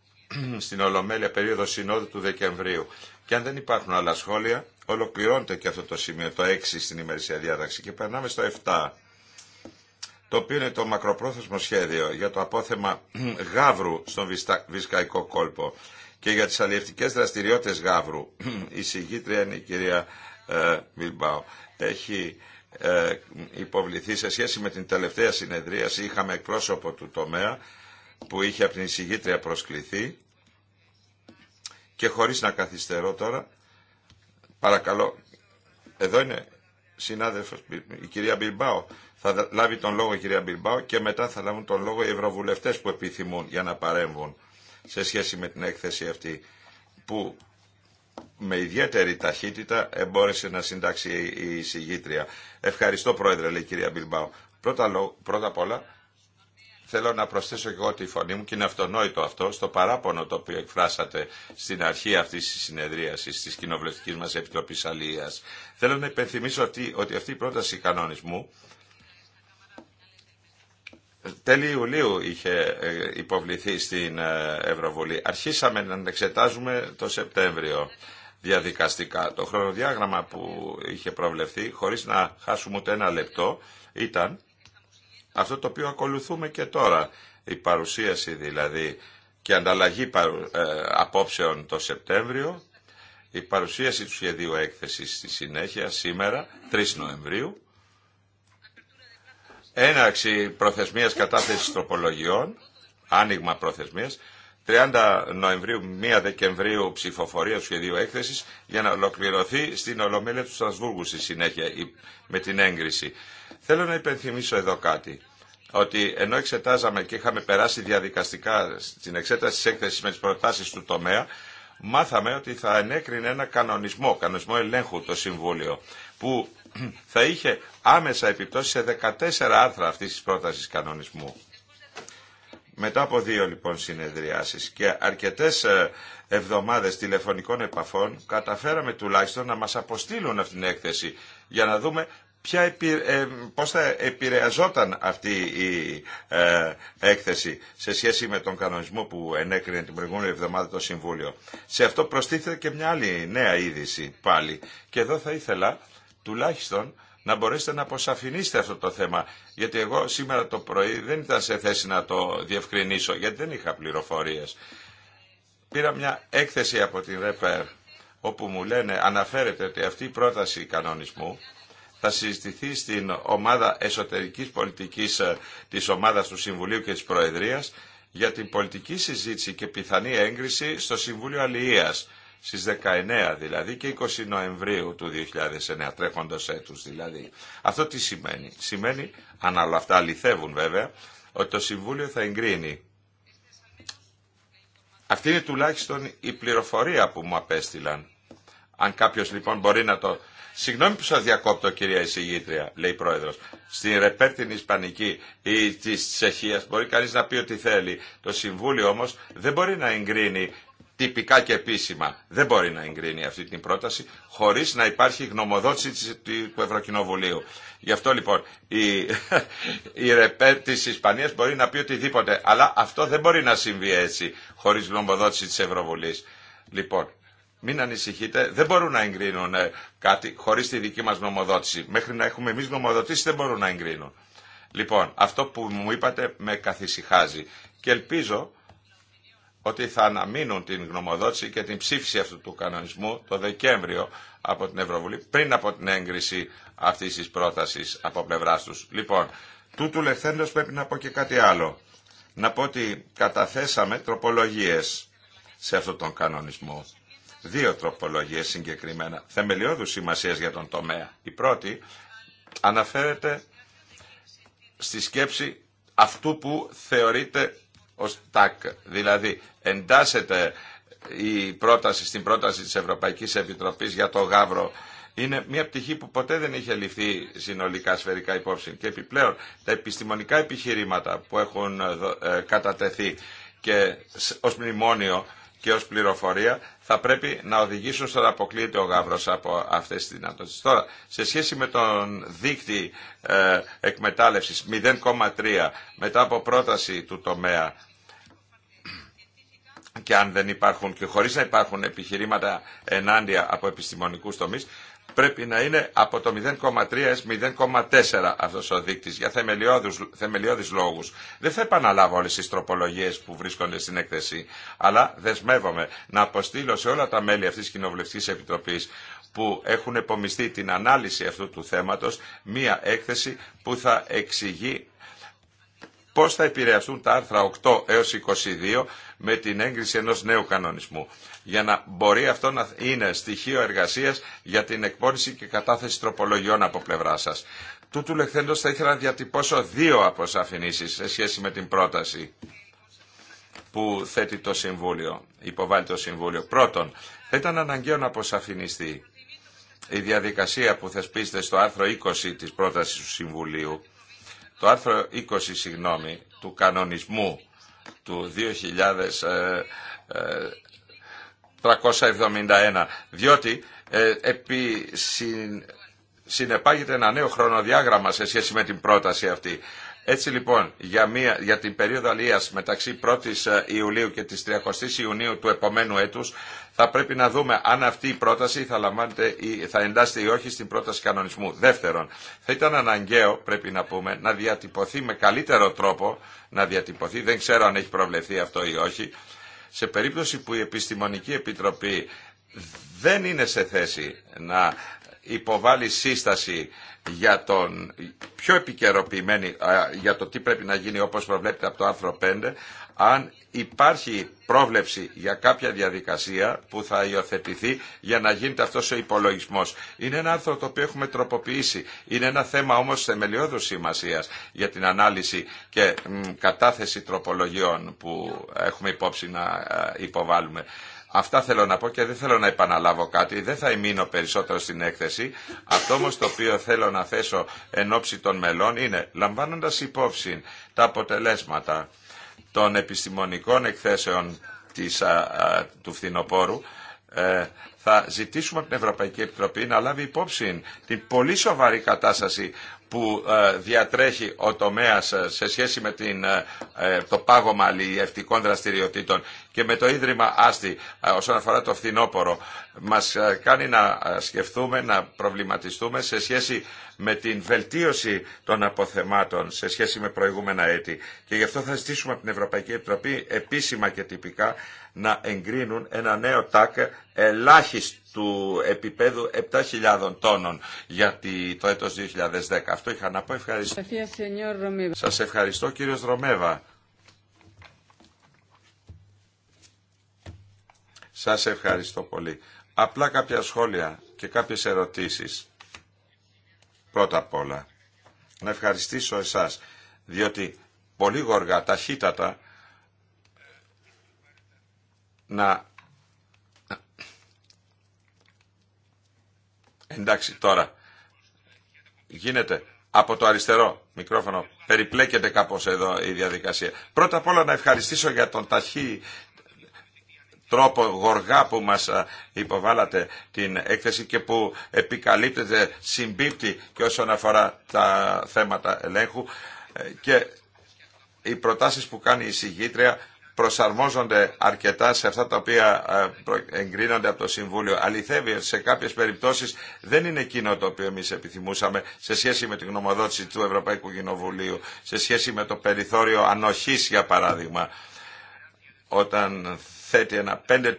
στην Ολομέλεια περίοδο συνόδου του Δεκεμβρίου. Και αν δεν υπάρχουν άλλα σχόλια, ολοκληρώνεται και αυτό το σημείο, το 6 στην ημερησία διάταξη και περνάμε στο 7 το οποίο είναι το μακροπρόθεσμο σχέδιο για το απόθεμα γάβρου στον βυσκαϊκό κόλπο και για τις αλλιευτικές δραστηριότητες γάβρου. Η συγγήτρια είναι η κυρία ε, Μιλμπάου έχει ε, υποβληθεί σε σχέση με την τελευταία συνεδρίαση. Είχαμε εκπρόσωπο του τομέα που είχε από την εισηγήτρια προσκληθεί και χωρίς να καθυστερώ τώρα, παρακαλώ, εδώ είναι συνάδελφος, η κυρία Μπιλμπάο, θα λάβει τον λόγο η κυρία Μπιλμπάο και μετά θα λάβουν τον λόγο οι ευρωβουλευτές που επιθυμούν για να παρέμβουν σε σχέση με την έκθεση αυτή που με ιδιαίτερη ταχύτητα εμπόρεσε να συντάξει η συγγήτρια. Ευχαριστώ Πρόεδρε, λέει η κυρία Μπιλμπάου. Πρώτα, πρώτα απ' όλα θέλω να προσθέσω και εγώ τη φωνή μου και είναι αυτονόητο αυτό στο παράπονο το οποίο εκφράσατε στην αρχή αυτής της συνεδρίασης της κοινοβουλευτικής μας Επιτροπής Αλίας. Θέλω να υπενθυμίσω ότι, ότι αυτή η πρόταση κανονισμού Τέλη Ιουλίου είχε ε, υποβληθεί στην ε, Ευρωβουλή. Αρχίσαμε να εξετάζουμε το Σεπτέμβριο διαδικαστικά. Το χρονοδιάγραμμα που είχε προβλεφθεί, χωρίς να χάσουμε ούτε ένα λεπτό, ήταν αυτό το οποίο ακολουθούμε και τώρα. Η παρουσίαση δηλαδή και ανταλλαγή ε, απόψεων το Σεπτέμβριο, η παρουσίαση του σχεδίου έκθεσης στη συνέχεια σήμερα, 3 Νοεμβρίου, Έναξη προθεσμίας κατάθεσης τροπολογιών, άνοιγμα προθεσμίας, 30 Νοεμβρίου, 1 Δεκεμβρίου ψηφοφορία του σχεδίου έκθεση για να ολοκληρωθεί στην Ολομέλεια του Στρασβούργου στη συνέχεια με την έγκριση. Θέλω να υπενθυμίσω εδώ κάτι. Ότι ενώ εξετάζαμε και είχαμε περάσει διαδικαστικά στην εξέταση τη έκθεση με τι προτάσει του τομέα, μάθαμε ότι θα ενέκρινε ένα κανονισμό, κανονισμό ελέγχου το Συμβούλιο, που θα είχε άμεσα επιπτώσει σε 14 άρθρα αυτής της πρότασης κανονισμού. Μετά από δύο λοιπόν συνεδριάσεις και αρκετές ε, εβδομάδες τηλεφωνικών επαφών καταφέραμε τουλάχιστον να μας αποστείλουν αυτήν την έκθεση για να δούμε ποια, ε, πώς θα επηρεαζόταν αυτή η ε, έκθεση σε σχέση με τον κανονισμό που ενέκρινε την προηγούμενη εβδομάδα το Συμβούλιο. Σε αυτό προστίθεται και μια άλλη νέα είδηση πάλι. Και εδώ θα ήθελα τουλάχιστον να μπορέσετε να αποσαφηνίσετε αυτό το θέμα. Γιατί εγώ σήμερα το πρωί δεν ήταν σε θέση να το διευκρινίσω, γιατί δεν είχα πληροφορίες. Πήρα μια έκθεση από την ΡΕΠΕΡ, όπου μου λένε, αναφέρεται ότι αυτή η πρόταση κανονισμού θα συζητηθεί στην ομάδα εσωτερικής πολιτικής ε, της ομάδας του Συμβουλίου και της Προεδρίας για την πολιτική συζήτηση και πιθανή έγκριση στο Συμβούλιο Αλληλείας στις 19 δηλαδή και 20 Νοεμβρίου του 2009, τρέχοντος έτους δηλαδή. Αυτό τι σημαίνει. Σημαίνει, αν όλα αυτά αληθεύουν βέβαια, ότι το Συμβούλιο θα εγκρίνει. Αυτή είναι τουλάχιστον η πληροφορία που μου απέστειλαν. Αν κάποιος λοιπόν μπορεί να το... Συγγνώμη που σας διακόπτω κυρία εισηγήτρια, λέει η πρόεδρος. Στην ρεπέρ Ισπανική ή της Τσεχίας μπορεί κανείς να πει ότι θέλει. Το Συμβούλιο όμως δεν μπορεί να εγκρίνει τυπικά και επίσημα. Δεν μπορεί να εγκρίνει αυτή την πρόταση χωρίς να υπάρχει γνωμοδότηση του Ευρωκοινοβουλίου. Γι' αυτό λοιπόν η, η ρεπέ της Ισπανίας μπορεί να πει οτιδήποτε. Αλλά αυτό δεν μπορεί να συμβεί έτσι χωρίς γνωμοδότηση της Ευρωβουλής. Λοιπόν, μην ανησυχείτε, δεν μπορούν να εγκρίνουν ε, κάτι χωρίς τη δική μας γνωμοδότηση. Μέχρι να έχουμε εμείς γνωμοδοτήσει δεν μπορούν να εγκρίνουν. Λοιπόν, αυτό που μου είπατε με καθησυχάζει και ελπίζω ότι θα αναμείνουν την γνωμοδότηση και την ψήφιση αυτού του κανονισμού το Δεκέμβριο από την Ευρωβουλή πριν από την έγκριση αυτής της πρότασης από πλευρά τους. Λοιπόν, τούτου λεχθέντος πρέπει να πω και κάτι άλλο. Να πω ότι καταθέσαμε τροπολογίες σε αυτόν τον κανονισμό. Δύο τροπολογίες συγκεκριμένα, θεμελιώδους σημασία για τον τομέα. Η πρώτη αναφέρεται στη σκέψη αυτού που θεωρείται ως τάκ. Δηλαδή εντάσσεται η πρόταση στην πρόταση της Ευρωπαϊκής Επιτροπής για το γάβρο είναι μια πτυχή που ποτέ δεν είχε ληφθεί συνολικά σφαιρικά υπόψη. Και επιπλέον τα επιστημονικά επιχειρήματα που έχουν ε, ε, κατατεθεί και ως μνημόνιο και ως πληροφορία θα πρέπει να οδηγήσουν στο να αποκλείεται ο γάβρος από αυτές τις δυνατότητες. Τώρα, σε σχέση με τον δίκτυ ε, εκμετάλλευσης 0,3 μετά από πρόταση του τομέα και αν δεν υπάρχουν και χωρίς να υπάρχουν επιχειρήματα ενάντια από επιστημονικούς τομείς, πρέπει να είναι από το 0,3 0,4 αυτός ο δείκτης για θεμελιώδους, θεμελιώδεις λόγους. Δεν θα επαναλάβω όλες τις τροπολογίες που βρίσκονται στην έκθεση, αλλά δεσμεύομαι να αποστείλω σε όλα τα μέλη αυτής της Κοινοβουλευτικής Επιτροπής που έχουν επομιστεί την ανάλυση αυτού του θέματος, μία έκθεση που θα εξηγεί πώς θα επηρεαστούν τα άρθρα 8 έως 22 με την έγκριση ενός νέου κανονισμού για να μπορεί αυτό να είναι στοιχείο εργασίας για την εκπόνηση και κατάθεση τροπολογιών από πλευρά σας. Τούτου λεχθέντος θα ήθελα να διατυπώσω δύο αποσαφηνήσεις σε σχέση με την πρόταση που θέτει το Συμβούλιο, υποβάλλει το Συμβούλιο. Πρώτον, θα ήταν αναγκαίο να αποσαφηνιστεί η διαδικασία που θεσπίζεται στο άρθρο 20 της πρότασης του Συμβουλίου, το άρθρο 20, συγγνώμη, του κανονισμού του 2371, ε, ε, διότι ε, επί, συνεπάγεται ένα νέο χρονοδιάγραμμα σε σχέση με την πρόταση αυτή. Έτσι λοιπόν, για, μία, για την περίοδο αλίας μεταξύ 1ης ε, Ιουλίου και της 30ης Ιουνίου του επομένου έτους, θα πρέπει να δούμε αν αυτή η πρόταση θα, λαμβάνεται ή, θα εντάσσεται ή όχι στην πρόταση κανονισμού. Δεύτερον, θα ήταν αναγκαίο, πρέπει να πούμε, να διατυπωθεί με καλύτερο τρόπο, να διατυπωθεί, δεν ξέρω αν έχει προβλεφθεί αυτό ή όχι, σε περίπτωση που η Επιστημονική Επιτροπή δεν είναι σε θέση να υποβάλει σύσταση για τον πιο επικαιροποιημένη για το τι πρέπει να γίνει όπως προβλέπεται από το άρθρο 5 αν υπάρχει πρόβλεψη για κάποια διαδικασία που θα υιοθετηθεί για να γίνεται αυτός ο υπολογισμός. Είναι ένα άρθρο το οποίο έχουμε τροποποιήσει. Είναι ένα θέμα όμως θεμελιώδους σημασία για την ανάλυση και κατάθεση τροπολογιών που έχουμε υπόψη να υποβάλουμε. Αυτά θέλω να πω και δεν θέλω να επαναλάβω κάτι, δεν θα εμείνω περισσότερο στην έκθεση. Αυτό όμως το οποίο θέλω να θέσω εν ώψη των μελών είναι, λαμβάνοντας υπόψη τα αποτελέσματα των επιστημονικών εκθέσεων της, του φθινοπόρου, ε, θα ζητήσουμε από την Ευρωπαϊκή Επιτροπή να λάβει υπόψη την πολύ σοβαρή κατάσταση που ε, διατρέχει ο τομέας ε, σε σχέση με την, ε, το πάγωμα αλληλευτικών δραστηριοτήτων και με το Ίδρυμα Άστη όσον αφορά το φθινόπωρο μας κάνει να σκεφτούμε, να προβληματιστούμε σε σχέση με την βελτίωση των αποθεμάτων σε σχέση με προηγούμενα έτη. Και γι' αυτό θα ζητήσουμε από την Ευρωπαϊκή Επιτροπή επίσημα και τυπικά να εγκρίνουν ένα νέο τάκ ελάχιστο του επίπεδου 7.000 τόνων για το έτος 2010. Αυτό είχα να πω. Ευχαριστώ. Σας ευχαριστώ κύριος Ρωμέβα. Σας ευχαριστώ πολύ. Απλά κάποια σχόλια και κάποιες ερωτήσεις. Πρώτα απ' όλα, να ευχαριστήσω εσάς, διότι πολύ γοργά, ταχύτατα, να Εντάξει, τώρα γίνεται από το αριστερό μικρόφωνο. Περιπλέκεται κάπως εδώ η διαδικασία. Πρώτα απ' όλα να ευχαριστήσω για τον ταχύ τρόπο γοργά που μας υποβάλατε την έκθεση και που επικαλύπτεται, συμπίπτει και όσον αφορά τα θέματα ελέγχου ε, και οι προτάσεις που κάνει η συγγήτρια προσαρμόζονται αρκετά σε αυτά τα οποία ε, εγκρίνονται από το Συμβούλιο. Αληθεύει ότι σε κάποιες περιπτώσεις δεν είναι εκείνο το οποίο εμείς επιθυμούσαμε σε σχέση με την γνωμοδότηση του Ευρωπαϊκού Κοινοβουλίου, σε σχέση με το περιθώριο ανοχής για παράδειγμα, όταν θέτει ένα 5%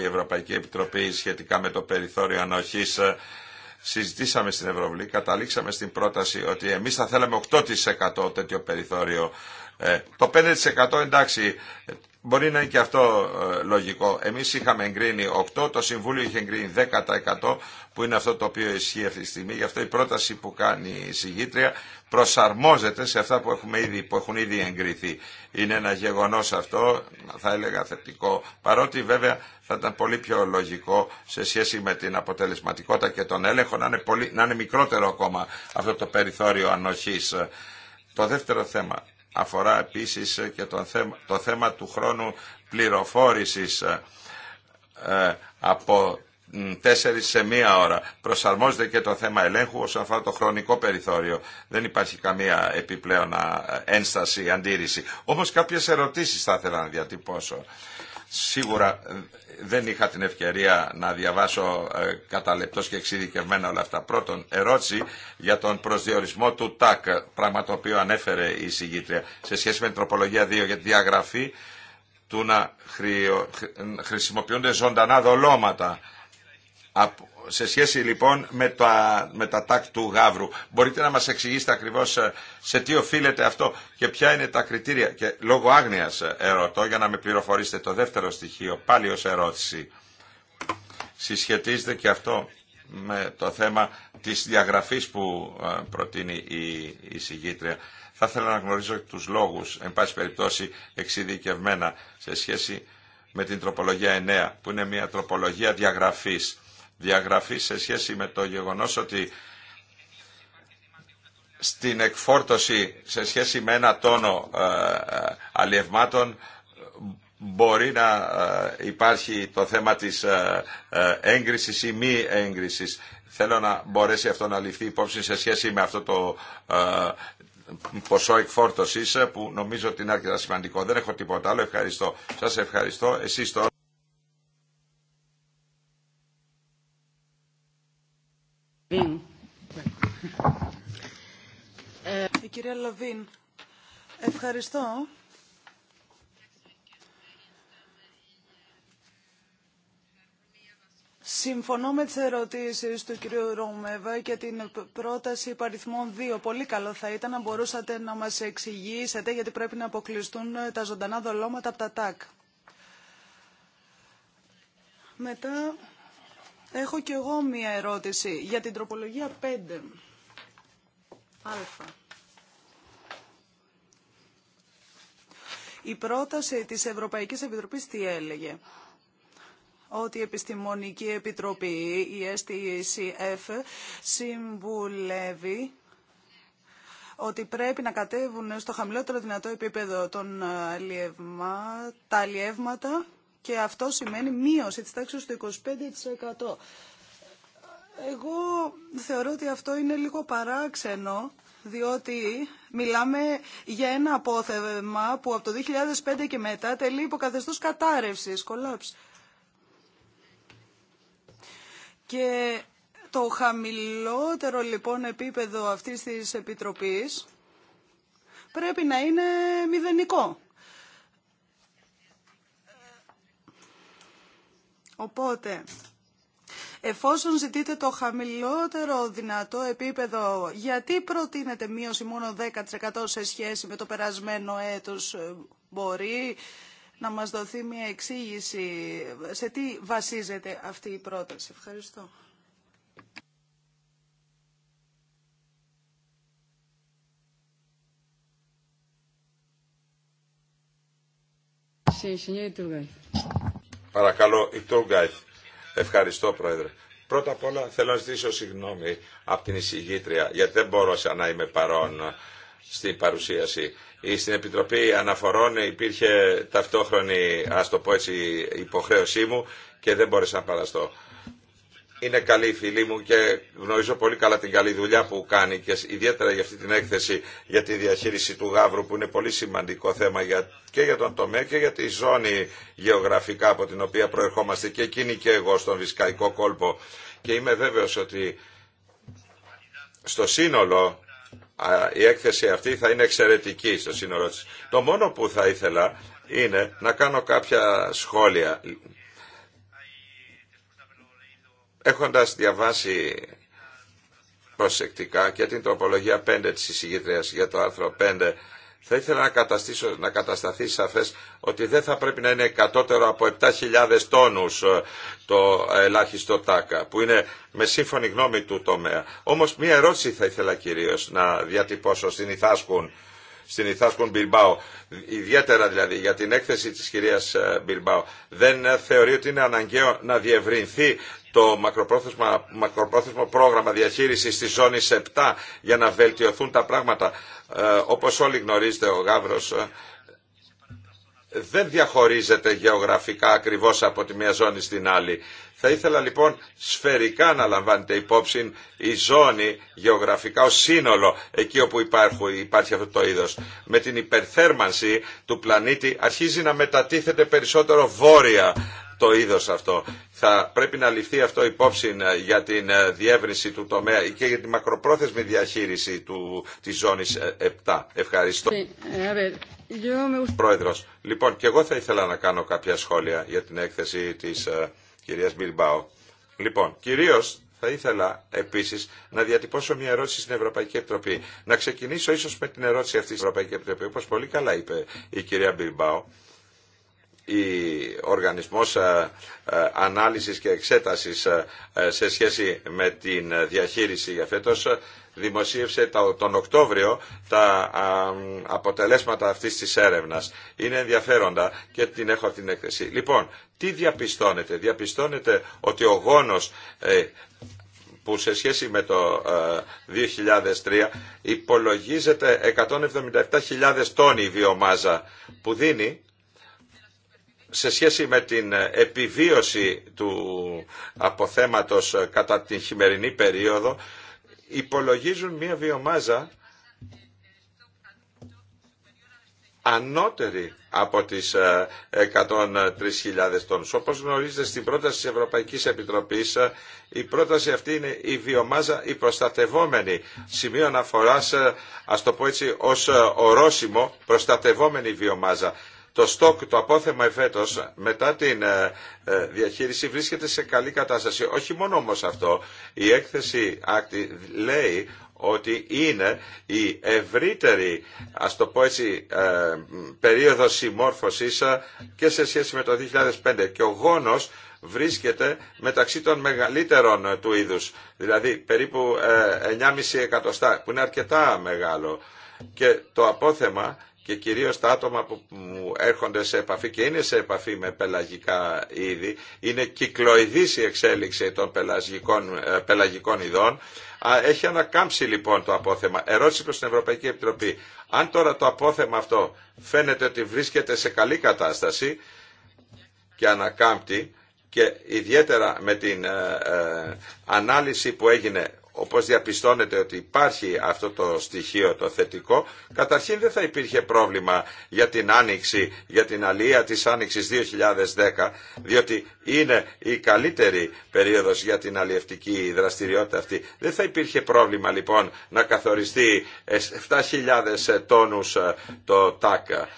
η Ευρωπαϊκή Επιτροπή σχετικά με το περιθώριο ανοχής ε, συζητήσαμε στην Ευρωβουλή, καταλήξαμε στην πρόταση ότι εμείς θα θέλαμε 8% τέτοιο περιθώριο ε, το 5% εντάξει, Μπορεί να είναι και αυτό ε, λογικό. Εμείς είχαμε εγκρίνει 8, το Συμβούλιο είχε εγκρίνει 10% που είναι αυτό το οποίο ισχύει αυτή τη στιγμή. Γι' αυτό η πρόταση που κάνει η συγγήτρια προσαρμόζεται σε αυτά που, έχουμε ήδη, που έχουν ήδη εγκριθεί. Είναι ένα γεγονός αυτό, θα έλεγα θετικό, παρότι βέβαια θα ήταν πολύ πιο λογικό σε σχέση με την αποτελεσματικότητα και τον έλεγχο να είναι, πολύ, να είναι μικρότερο ακόμα αυτό το περιθώριο ανοχής. Το δεύτερο θέμα αφορά επίσης και το θέμα, του χρόνου πληροφόρησης ε, ε, από 4 σε μία ώρα. Προσαρμόζεται και το θέμα ελέγχου όσον αφορά το χρονικό περιθώριο. Δεν υπάρχει καμία επιπλέον ε, ένσταση, αντίρρηση. Όμως κάποιες ερωτήσεις θα ήθελα να διατυπώσω. Σίγουρα ε, δεν είχα την ευκαιρία να διαβάσω ε, κατά και εξειδικευμένα όλα αυτά. Πρώτον, ερώτηση για τον προσδιορισμό του ΤΑΚ, πράγμα το οποίο ανέφερε η συγκήτρια σε σχέση με την τροπολογία 2 για τη διαγραφή του να χρησιμοποιούνται ζωντανά δολώματα σε σχέση λοιπόν με τα, με τα τάκ του γάβρου. Μπορείτε να μας εξηγήσετε ακριβώς ε, σε τι οφείλεται αυτό και ποια είναι τα κριτήρια. Και λόγω άγνοιας ε, ερωτώ για να με πληροφορήσετε το δεύτερο στοιχείο πάλι ως ερώτηση. Συσχετίζεται και αυτό με το θέμα της διαγραφής που ε, προτείνει η, η Θα ήθελα να γνωρίζω τους λόγους, εν πάση περιπτώσει εξειδικευμένα, σε σχέση με την τροπολογία 9, που είναι μια τροπολογία διαγραφής διαγραφή σε σχέση με το γεγονός ότι στην εκφόρτωση σε σχέση με ένα τόνο ε, ε, αλλιευμάτων μπορεί να ε, υπάρχει το θέμα της έγκρισης ή μη έγκρισης. Θέλω να μπορέσει αυτό να ληφθεί υπόψη σε σχέση με αυτό το ποσό εκφόρτωσης που νομίζω ότι είναι αρκετά σημαντικό. Δεν έχω τίποτα άλλο. Ευχαριστώ. Σας ευχαριστώ. Εσείς Η ε, κυρία Λαβίν, ευχαριστώ. Συμφωνώ με τις ερωτήσεις του κυρίου Ρομέβα και την πρόταση υπαριθμών 2. Πολύ καλό θα ήταν να μπορούσατε να μας εξηγήσετε γιατί πρέπει να αποκλειστούν τα ζωντανά δολώματα από τα ΤΑΚ. Μετά Έχω κι εγώ μία ερώτηση για την τροπολογία 5. Α. Η πρόταση της Ευρωπαϊκής Επιτροπής τι έλεγε. Ότι η Επιστημονική Επιτροπή, η STCF, συμβουλεύει ότι πρέπει να κατέβουν στο χαμηλότερο δυνατό επίπεδο των αλλιεύμα, ε, τα αλλιεύματα και αυτό σημαίνει μείωση της τάξης του 25%. Εγώ θεωρώ ότι αυτό είναι λίγο παράξενο, διότι μιλάμε για ένα απόθεμα που από το 2005 και μετά τελεί υποκαθεστώς κατάρρευσης, κολάψη. Και το χαμηλότερο λοιπόν επίπεδο αυτής της Επιτροπής πρέπει να είναι μηδενικό. Οπότε, εφόσον ζητείτε το χαμηλότερο δυνατό επίπεδο, γιατί προτείνετε μείωση μόνο 10% σε σχέση με το περασμένο έτος ε, μπορεί να μας δοθεί μια εξήγηση σε τι βασίζεται αυτή η πρόταση. Ευχαριστώ. Sí, Παρακαλώ, η Τούγκαϊθ. Ευχαριστώ, Πρόεδρε. Πρώτα απ' όλα θέλω να ζητήσω συγγνώμη από την εισηγήτρια, γιατί δεν μπόρεσα να είμαι παρόν στην παρουσίαση. Στην Επιτροπή Αναφορών υπήρχε ταυτόχρονη, ας το πω υποχρέωσή μου και δεν μπόρεσα να παραστώ είναι καλή φίλη μου και γνωρίζω πολύ καλά την καλή δουλειά που κάνει και ιδιαίτερα για αυτή την έκθεση για τη διαχείριση του γάβρου που είναι πολύ σημαντικό θέμα για, και για τον τομέα και για τη ζώνη γεωγραφικά από την οποία προερχόμαστε και εκείνη και εγώ στον Βυσκαϊκό κόλπο. Και είμαι βέβαιος ότι στο σύνολο η έκθεση αυτή θα είναι εξαιρετική στο σύνολο Το μόνο που θα ήθελα είναι να κάνω κάποια σχόλια Έχοντας διαβάσει προσεκτικά και την τροπολογία 5 της εισηγήτριας για το άρθρο 5, θα ήθελα να, να κατασταθεί σαφές ότι δεν θα πρέπει να είναι κατώτερο από 7.000 τόνους ε, το ελάχιστο τάκα, που είναι με σύμφωνη γνώμη του τομέα. Όμως μία ερώτηση θα ήθελα κυρίως να διατυπώσω στην Ιθάσκουν, στην Ιθάσκουν Μπιλμπάου, ιδιαίτερα δηλαδή για την έκθεση της κυρίας ε, Μπιλμπάου. Δεν θεωρεί ότι είναι αναγκαίο να διευρυνθεί το μακροπρόθεσμα, μακροπρόθεσμο πρόγραμμα διαχείρισης της ζώνης 7 για να βελτιωθούν τα πράγματα. Ε, όπως όλοι γνωρίζετε ο Γαύρος ε, δεν διαχωρίζεται γεωγραφικά ακριβώς από τη μία ζώνη στην άλλη. Θα ήθελα λοιπόν σφαιρικά να λαμβάνετε υπόψη η ζώνη γεωγραφικά ως σύνολο εκεί όπου υπάρχει, υπάρχει αυτό το είδος. Με την υπερθέρμανση του πλανήτη αρχίζει να μετατίθεται περισσότερο βόρεια το είδο αυτό. Θα πρέπει να ληφθεί αυτό υπόψη ε, για την ε, διεύρυνση του τομέα και για τη μακροπρόθεσμη διαχείριση του, της ζώνης 7. Ε, Ευχαριστώ. Πρόεδρος, λοιπόν και εγώ θα ήθελα να κάνω κάποια σχόλια για την έκθεση της uh, κυρίας Μπιλμπάου. Λοιπόν, κυρίως θα ήθελα επίση να διατυπώσω μια ερώτηση στην Ευρωπαϊκή Επιτροπή. Να ξεκινήσω ίσω με την ερώτηση αυτή τη Ευρωπαϊκή Επιτροπή. Όπω πολύ καλά είπε η κυρία Μπιλμπάου, οργανισμός ε, ε, ανάλυσης και εξέτασης ε, σε σχέση με την διαχείριση για φέτος δημοσίευσε τον Οκτώβριο τα αποτελέσματα αυτής της έρευνας. Είναι ενδιαφέροντα και την έχω την έκθεση. Λοιπόν, τι διαπιστώνεται. Διαπιστώνεται ότι ο γόνος που σε σχέση με το 2003 υπολογίζεται 177.000 τόνοι βιομάζα που δίνει σε σχέση με την ε, επιβίωση του αποθέματος ε, κατά την χειμερινή περίοδο υπολογίζουν μία βιομάζα ανώτερη από τις 103.000 ε, τόνους. Όπως γνωρίζετε στην πρόταση της Ευρωπαϊκής Επιτροπής η πρόταση αυτή είναι η βιομάζα η προστατευόμενη σημείο αναφοράς ας το πω έτσι ως ορόσημο προστατευόμενη βιομάζα. Το στόκ, το απόθεμα εφέτος, μετά την ε, ε, διαχείριση βρίσκεται σε καλή κατάσταση. Όχι μόνο όμω αυτό, η έκθεση άκτη λέει ότι είναι η ευρύτερη, ας το πω έτσι, ε, περίοδος συμμόρφωσης και σε σχέση με το 2005 και ο γόνος βρίσκεται μεταξύ των μεγαλύτερων του είδους, δηλαδή περίπου 9,5 εκατοστά, που είναι αρκετά μεγάλο. Και το απόθεμα και κυρίως τα άτομα που έρχονται σε επαφή και είναι σε επαφή με πελαγικά είδη, είναι κυκλοειδής η εξέλιξη των πελαγικών, ε, πελαγικών ειδών, έχει ανακάμψει λοιπόν το απόθεμα. Ερώτηση προς την Ευρωπαϊκή Επιτροπή. Αν τώρα το απόθεμα αυτό φαίνεται ότι βρίσκεται σε καλή κατάσταση και ανακάμπτει και ιδιαίτερα με την ε, ε, ανάλυση που έγινε όπως διαπιστώνετε ότι υπάρχει αυτό το στοιχείο το θετικό, καταρχήν δεν θα υπήρχε πρόβλημα για την άνοιξη, για την αλία της άνοιξης 2010, διότι είναι η καλύτερη περίοδος για την αλλιευτική δραστηριότητα αυτή. Δεν θα υπήρχε πρόβλημα λοιπόν να καθοριστεί 7.000 ε, τόνους ε, το τάκα.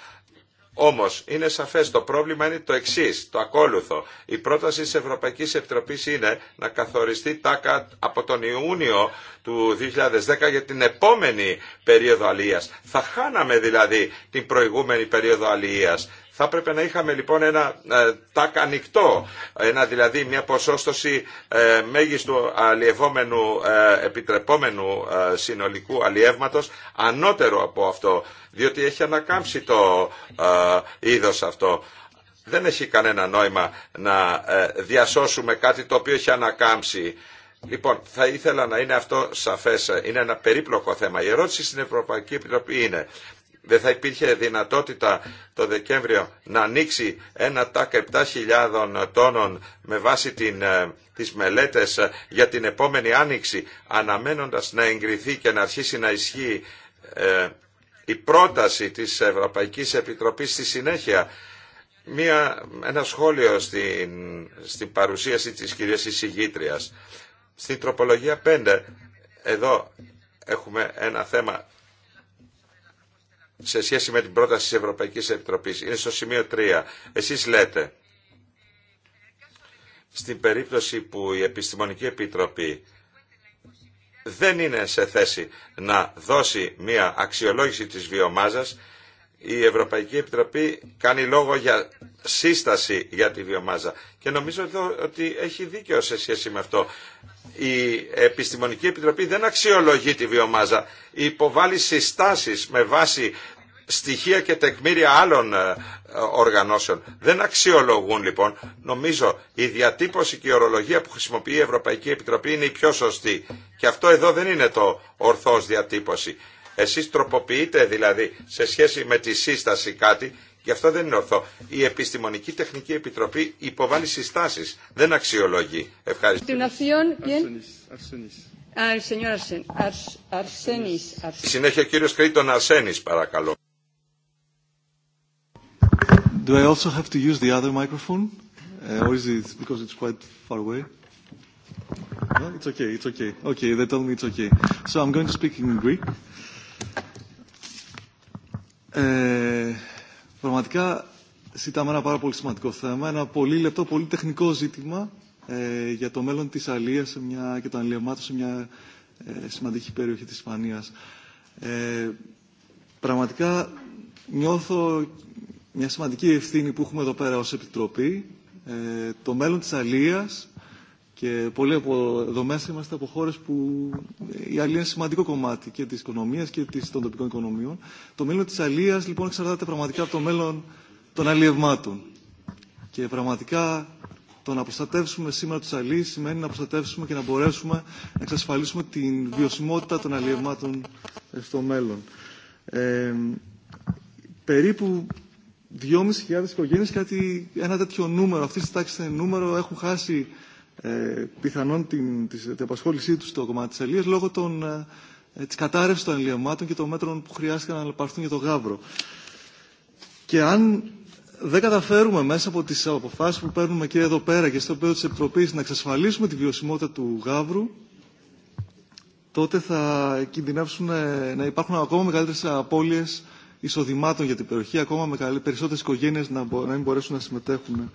Όμως είναι σαφές το πρόβλημα είναι το εξής, το ακόλουθο. Η πρόταση τη Ευρωπαϊκής Επιτροπής είναι να καθοριστεί τάκα από τον Ιούνιο του 2010 για την επόμενη περίοδο αλίας. Θα χάναμε δηλαδή την προηγούμενη περίοδο αλίας θα έπρεπε να είχαμε λοιπόν ένα ε, τάκ ανοιχτό, ένα, δηλαδή μια ποσόστοση ε, μέγιστου αλλιευόμενου, ε, επιτρεπόμενου συνολικού αλλιεύματος ανώτερο από αυτό, διότι έχει ανακάμψει το είδος αυτό. Δεν έχει κανένα νόημα να διασώσουμε κάτι το οποίο έχει ανακάμψει. Λοιπόν, θα ήθελα να είναι αυτό σαφές. Είναι ένα περίπλοκο θέμα. Η ερώτηση στην Ευρωπαϊκή Επιτροπή είναι δεν θα υπήρχε δυνατότητα το Δεκέμβριο να ανοίξει ένα τάκ 7.000 τόνων με βάση την, ε, τις μελέτες ε, για την επόμενη άνοιξη αναμένοντας να εγκριθεί και να αρχίσει να ισχύει ε, η πρόταση της Ευρωπαϊκής Επιτροπής στη συνέχεια. Μία, ένα σχόλιο στην, στην παρουσίαση της κυρίας εισηγήτριας. Στην τροπολογία 5, εδώ έχουμε ένα θέμα σε σχέση με την πρόταση της Ευρωπαϊκής Επιτροπής. Είναι στο σημείο 3. Εσείς λέτε, στην περίπτωση που η Επιστημονική Επιτροπή δεν είναι σε θέση να δώσει μια αξιολόγηση της βιομάζας, η Ευρωπαϊκή Επιτροπή κάνει λόγο για σύσταση για τη βιομάζα. Και νομίζω ότι έχει δίκιο σε σχέση με αυτό η Επιστημονική Επιτροπή δεν αξιολογεί τη βιομάζα. Υποβάλλει συστάσεις με βάση στοιχεία και τεκμήρια άλλων ε, οργανώσεων. Δεν αξιολογούν λοιπόν. Νομίζω η διατύπωση και η ορολογία που χρησιμοποιεί η Ευρωπαϊκή Επιτροπή είναι η πιο σωστή. Και αυτό εδώ δεν είναι το ορθός διατύπωση. Εσείς τροποποιείτε δηλαδή σε σχέση με τη σύσταση κάτι Γι' αυτό δεν είναι ορθό. Η Επιστημονική Τεχνική Επιτροπή υποβάλλει συστάσεις, δεν αξιολογεί. Ευχαριστώ. Συνέχεια ο κύριος Κρήτον Αρσένης, παρακαλώ. Do I also have to use the other microphone? or is it because it's quite far away? No, it's okay, it's okay. Okay, they told me it's okay. So I'm going to speak in Greek. Πραγματικά συζητάμε ένα πάρα πολύ σημαντικό θέμα, ένα πολύ λεπτό, πολύ τεχνικό ζήτημα ε, για το μέλλον της αλίας μια, και των αλλιευμάτων σε μια ε, σημαντική περιοχή της Ισπανίας. Ε, πραγματικά νιώθω μια σημαντική ευθύνη που έχουμε εδώ πέρα ως Επιτροπή. Ε, το μέλλον της αλίας και πολλοί από εδώ μέσα είμαστε από χώρε που η αλία είναι σημαντικό κομμάτι και τη οικονομία και των τοπικών οικονομιών. Το μέλλον τη αλία λοιπόν εξαρτάται πραγματικά από το μέλλον των αλλιευμάτων. Και πραγματικά το να προστατεύσουμε σήμερα του αλλοί σημαίνει να προστατεύσουμε και να μπορέσουμε να εξασφαλίσουμε την βιωσιμότητα των αλλιευμάτων στο μέλλον. Ε, περίπου 2.500 οικογένειε, κάτι ένα τέτοιο νούμερο, αυτή τη τάξη είναι νούμερο, έχουν χάσει ε, πιθανόν την, την απασχόλησή του στο κομμάτι τη Αλία λόγω των, ε, ε, της κατάρρευσης των ελιωμάτων και των μέτρων που χρειάστηκαν να πάρθουν για το Γάβρο. Και αν δεν καταφέρουμε μέσα από τις αποφάσει που παίρνουμε και εδώ πέρα και στο πέρα τη Επιτροπής να εξασφαλίσουμε τη βιωσιμότητα του Γάβρου, τότε θα κινδυνεύσουν ε, να υπάρχουν ακόμα μεγαλύτερε απώλειες εισοδημάτων για την περιοχή, ακόμα με περισσότερε οικογένειε να, να μην μπορέσουν να συμμετέχουν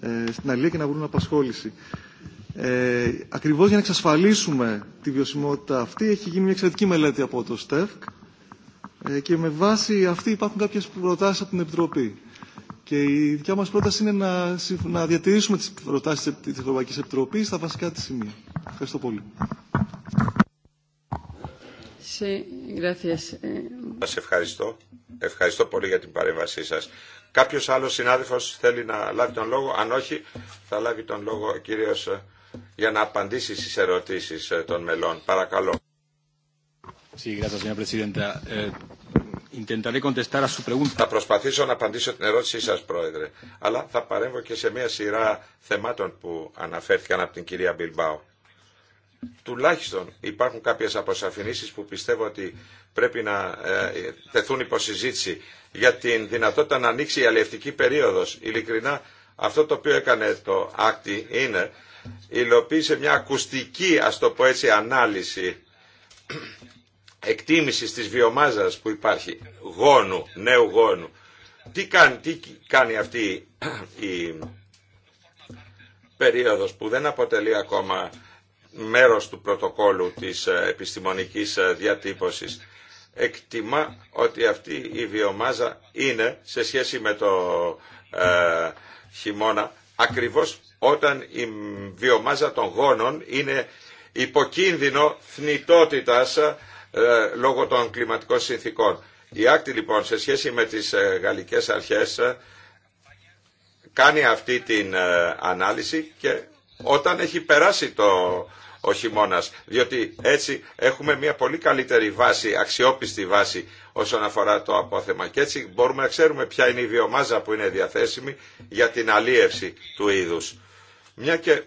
ε, στην αλληλεία και να βρουν απασχόληση. Ε, ακριβώς για να εξασφαλίσουμε τη βιωσιμότητα αυτή έχει γίνει μια εξαιρετική μελέτη από το ΣΤΕΦΚ ε, και με βάση αυτή υπάρχουν κάποιες προτάσεις από την Επιτροπή. Και η δικιά μας πρόταση είναι να, να διατηρήσουμε τις προτάσεις της Ευρωπαϊκή Επιτροπής στα βασικά της σημεία. Ευχαριστώ πολύ. Σε ευχαριστώ. Ευχαριστώ πολύ για την παρέμβασή σας. Κάποιος άλλος συνάδελφος θέλει να λάβει τον λόγο. Αν όχι, θα λάβει τον λόγο κυρίως ε, για να απαντήσει στις ερωτήσεις ε, των μελών. Παρακαλώ. Ε, θα προσπαθήσω να απαντήσω την ερώτησή σας, Πρόεδρε, αλλά θα παρέμβω και σε μια σειρά θεμάτων που αναφέρθηκαν από την κυρία Μπιλμπάου τουλάχιστον υπάρχουν κάποιες απόσαφηνίσεις που πιστεύω ότι πρέπει να ε, τεθούν υποσυζήτηση για την δυνατότητα να ανοίξει η αλλιευτική περίοδος. Ειλικρινά αυτό το οποίο έκανε το άκτη είναι υλοποίησε μια ακουστική α το πω έτσι ανάλυση εκτίμησης της βιομάζας που υπάρχει γόνου, νέου γόνου. Τι κάνει, τι κάνει αυτή η περίοδος που δεν αποτελεί ακόμα μέρος του πρωτοκόλλου της ε, επιστημονικής ε, διατύπωσης. Εκτιμά ότι αυτή η βιομάζα είναι σε σχέση με το ε, χειμώνα ακριβώς όταν η βιομάζα των γόνων είναι υποκίνδυνο θνητότητας ε, λόγω των κλιματικών συνθήκων. Η άκτη λοιπόν σε σχέση με τις γαλλικές αρχές κάνει αυτή την ανάλυση και όταν έχει περάσει το, ο χειμώνα. Διότι έτσι έχουμε μια πολύ καλύτερη βάση, αξιόπιστη βάση όσον αφορά το απόθεμα. Και έτσι μπορούμε να ξέρουμε ποια είναι η βιομάζα που είναι διαθέσιμη για την αλίευση του είδου. Μια και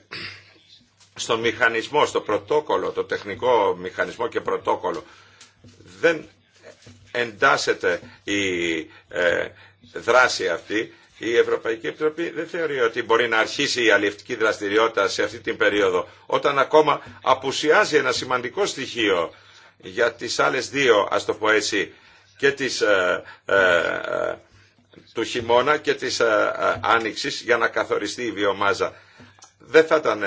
στο μηχανισμό, στο πρωτόκολλο, το τεχνικό μηχανισμό και πρωτόκολλο δεν εντάσσεται η ε, δράση αυτή η Ευρωπαϊκή Επιτροπή δεν θεωρεί ότι μπορεί να αρχίσει η αλληλευτική δραστηριότητα σε αυτή την περίοδο, όταν ακόμα απουσιάζει ένα σημαντικό στοιχείο για τις άλλες δύο, ας το πω έτσι, και τις, ε, ε, του χειμώνα και της ε, άνοιξης για να καθοριστεί η βιομάζα. Δεν θα ήταν,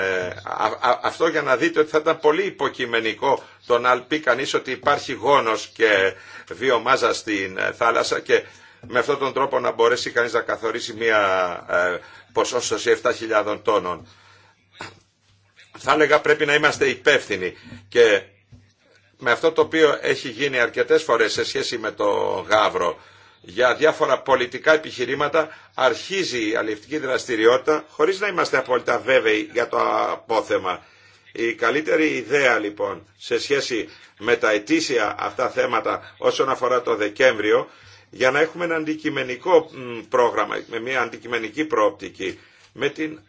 αυτό για να δείτε ότι θα ήταν πολύ υποκειμενικό το να πει κανείς ότι υπάρχει γόνος και βιομάζα στην θάλασσα και με αυτόν τον τρόπο να μπορέσει κανείς να καθορίσει μια ε, ποσόστοση 7.000 τόνων. Θα έλεγα πρέπει να είμαστε υπεύθυνοι και με αυτό το οποίο έχει γίνει αρκετές φορές σε σχέση με το Γάβρο για διάφορα πολιτικά επιχειρήματα αρχίζει η αλληλευτική δραστηριότητα χωρίς να είμαστε απόλυτα βέβαιοι για το απόθεμα. Η καλύτερη ιδέα λοιπόν σε σχέση με τα αιτήσια αυτά θέματα όσον αφορά το Δεκέμβριο για να έχουμε ένα αντικειμενικό πρόγραμμα, με μια αντικειμενική προοπτική, με την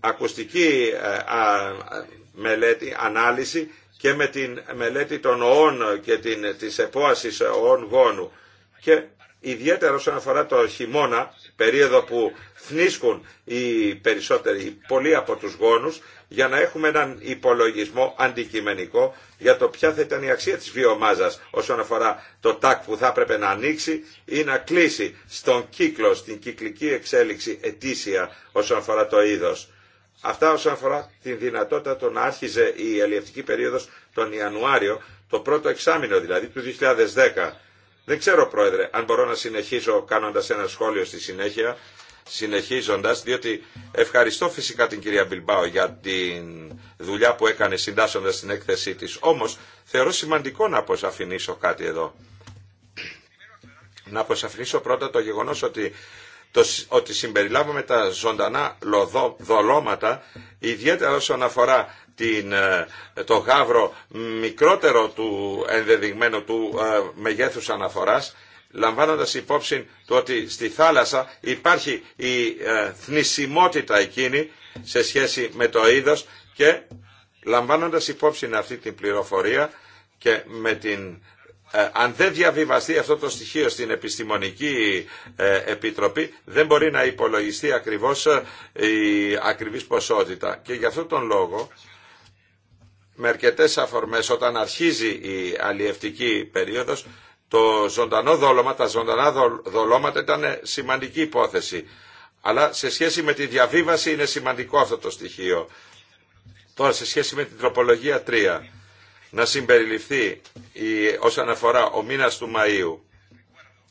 ακουστική ε, μελέτη, ανάλυση και με την μελέτη των οών και την, της επόασης οών γόνου. Και ιδιαίτερα όσον αφορά το χειμώνα, περίοδο που θνίσκουν οι περισσότεροι, πολλοί από τους γόνους, για να έχουμε έναν υπολογισμό αντικειμενικό για το ποια θα ήταν η αξία της βιομάζας όσον αφορά το τάκ που θα έπρεπε να ανοίξει ή να κλείσει στον κύκλο, στην κυκλική εξέλιξη ετήσια όσον αφορά το είδος. Αυτά όσον αφορά την δυνατότητα το να άρχιζε η αλλιευτική περίοδος τον Ιανουάριο, το πρώτο εξάμεινο δηλαδή του 2010 δεν ξέρω, Πρόεδρε, αν μπορώ να συνεχίσω κάνοντας ένα σχόλιο στη συνέχεια, συνεχίζοντας, διότι ευχαριστώ φυσικά την κυρία Μπιλμπάου για τη δουλειά που έκανε συντάσσοντας την έκθεσή της. Όμως, θεωρώ σημαντικό να αποσαφηνίσω κάτι εδώ. Να αποσαφηνίσω πρώτα το γεγονός ότι ότι συμπεριλάβουμε τα ζωντανά δολώματα, ιδιαίτερα όσον αφορά την, ε, το γάβρο μικρότερο του ενδεδειγμένου του ε, μεγέθους αναφοράς, λαμβάνοντας υπόψη του ότι στη θάλασσα υπάρχει η ε, θνησιμότητα εκείνη σε σχέση με το είδος και λαμβάνοντας υπόψη αυτή την πληροφορία και με την ε, αν δεν διαβιβαστεί αυτό το στοιχείο στην Επιστημονική ε, Επιτροπή δεν μπορεί να υπολογιστεί ακριβώς ε, η ακριβής ποσότητα. Και γι' αυτόν τον λόγο με αρκετέ αφορμές όταν αρχίζει η αλλιευτική περίοδος το ζωντανό δόλωμα, τα ζωντανά δολώματα ήταν σημαντική υπόθεση. Αλλά σε σχέση με τη διαβίβαση είναι σημαντικό αυτό το στοιχείο. Τώρα σε σχέση με την τροπολογία 3 να συμπεριληφθεί η, όσον αφορά ο μήνας του Μαΐου.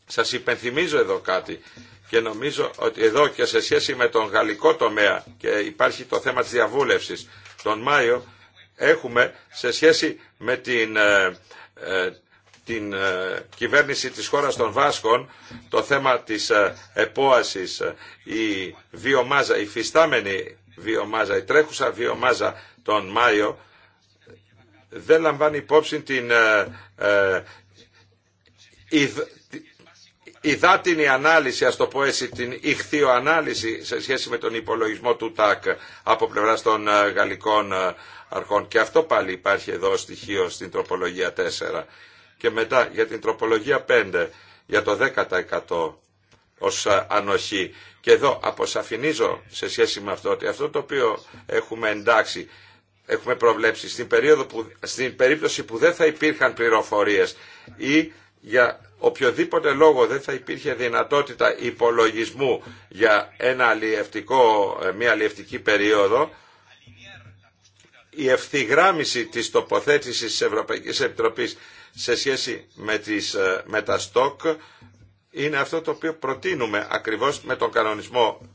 Σας υπενθυμίζω εδώ κάτι και νομίζω ότι εδώ και σε σχέση με τον γαλλικό τομέα και υπάρχει το θέμα της διαβούλευσης τον Μάιο έχουμε σε σχέση με την, ε, ε, την ε, κυβέρνηση της χώρας των Βάσκων το θέμα της ε, η βιομάζα, η φυστάμενη βιομάζα, η τρέχουσα βιομάζα τον Μάιο δεν λαμβάνει υπόψη την υδάτινη ε, ε, ανάλυση, ας το πω έτσι, την ανάλυση σε σχέση με τον υπολογισμό του ΤΑΚ από πλευράς των ε, γαλλικών αρχών. Και αυτό πάλι υπάρχει εδώ στοιχείο στην τροπολογία 4. Και μετά για την τροπολογία 5, για το 10% ως ανοχή. Και εδώ αποσαφηνίζω σε σχέση με αυτό ότι αυτό το οποίο έχουμε εντάξει έχουμε προβλέψει στην, που, περίπτωση που δεν θα υπήρχαν πληροφορίες ή για οποιοδήποτε λόγο δεν θα υπήρχε δυνατότητα υπολογισμού για ένα αλλιευτικό, ε, μια αλλιευτική περίοδο, η ευθυγράμμιση της τοποθέτησης της Ευρωπαϊκής Επιτροπής σε σχέση με, τις, ε, με τα στόκ είναι αυτό το οποίο προτείνουμε ακριβώς με τον κανονισμό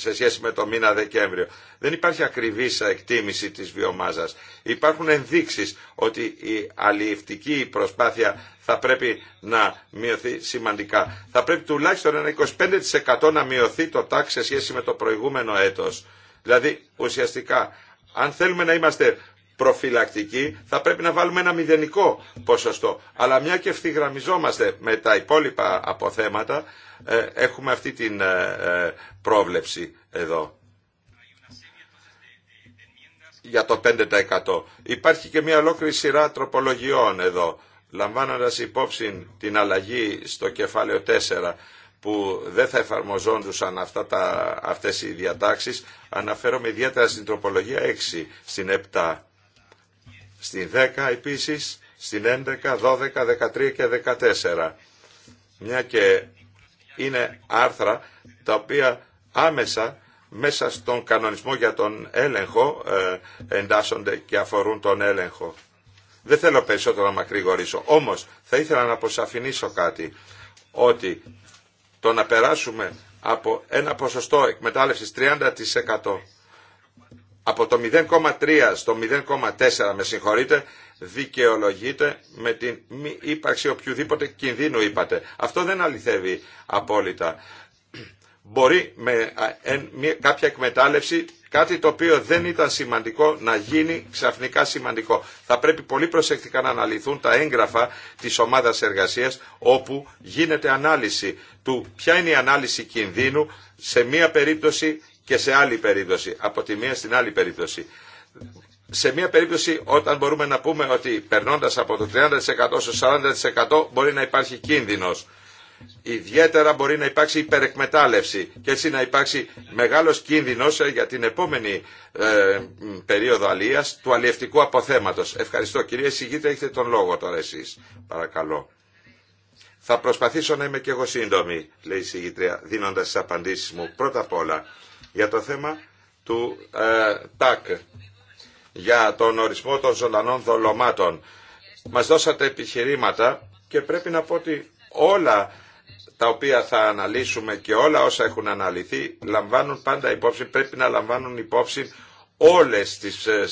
σε σχέση με το μήνα Δεκέμβριο. Δεν υπάρχει ακριβής εκτίμηση της βιομάζας. Υπάρχουν ενδείξεις ότι η αλληλευτική προσπάθεια θα πρέπει να μειωθεί σημαντικά. Θα πρέπει τουλάχιστον ένα 25% να μειωθεί το τάξη σε σχέση με το προηγούμενο έτος. Δηλαδή ουσιαστικά αν θέλουμε να είμαστε προφυλακτική θα πρέπει να βάλουμε ένα μηδενικό ποσοστό. Αλλά μια και ευθυγραμμιζόμαστε με τα υπόλοιπα αποθέματα, ε, έχουμε αυτή την ε, ε, πρόβλεψη εδώ για το 5%. Υπάρχει και μια ολόκληρη σειρά τροπολογιών εδώ, λαμβάνοντας υπόψη την αλλαγή στο κεφάλαιο 4 που δεν θα εφαρμοζόντουσαν αυτά τα, αυτές οι διατάξεις, αναφέρομαι ιδιαίτερα στην τροπολογία 6, στην 7 στην 10 επίσης, στην 11, 12, 13 και 14. Μια και είναι άρθρα τα οποία άμεσα μέσα στον κανονισμό για τον έλεγχο ε, εντάσσονται και αφορούν τον έλεγχο. Δεν θέλω περισσότερο να μακρηγορήσω. Όμως θα ήθελα να αποσαφηνίσω κάτι. Ότι το να περάσουμε από ένα ποσοστό εκμετάλλευσης 30% από το 0,3 στο 0,4 με συγχωρείτε δικαιολογείται με την μη ύπαρξη οποιοδήποτε κινδύνου είπατε. Αυτό δεν αληθεύει απόλυτα. Μπορεί με κάποια εκμετάλλευση κάτι το οποίο δεν ήταν σημαντικό να γίνει ξαφνικά σημαντικό. Θα πρέπει πολύ προσεκτικά να αναλυθούν τα έγγραφα της ομάδας εργασίας όπου γίνεται ανάλυση του ποια είναι η ανάλυση κινδύνου σε μία περίπτωση και σε άλλη περίπτωση, από τη μία στην άλλη περίπτωση. Σε μία περίπτωση όταν μπορούμε να πούμε ότι περνώντας από το 30% στο 40% μπορεί να υπάρχει κίνδυνος. Ιδιαίτερα μπορεί να υπάρξει υπερεκμετάλλευση και έτσι να υπάρξει μεγάλος κίνδυνος ε, για την επόμενη ε, περίοδο αλίας του αλλιευτικού αποθέματος. Ευχαριστώ. Κυρία Σιγήτρια, έχετε τον λόγο τώρα εσείς. Παρακαλώ. Θα προσπαθήσω να είμαι και εγώ σύντομη, λέει η Σιγήτρια, δίνοντας τις απαντήσεις μου. Πρώτα απ' όλα, για το θέμα του ε, ΤΑΚ, για τον ορισμό των ζωντανών δολωμάτων. Μας δώσατε επιχειρήματα και πρέπει να πω ότι όλα τα οποία θα αναλύσουμε και όλα όσα έχουν αναλυθεί λαμβάνουν πάντα υπόψη, πρέπει να λαμβάνουν υπόψη όλες τις ε,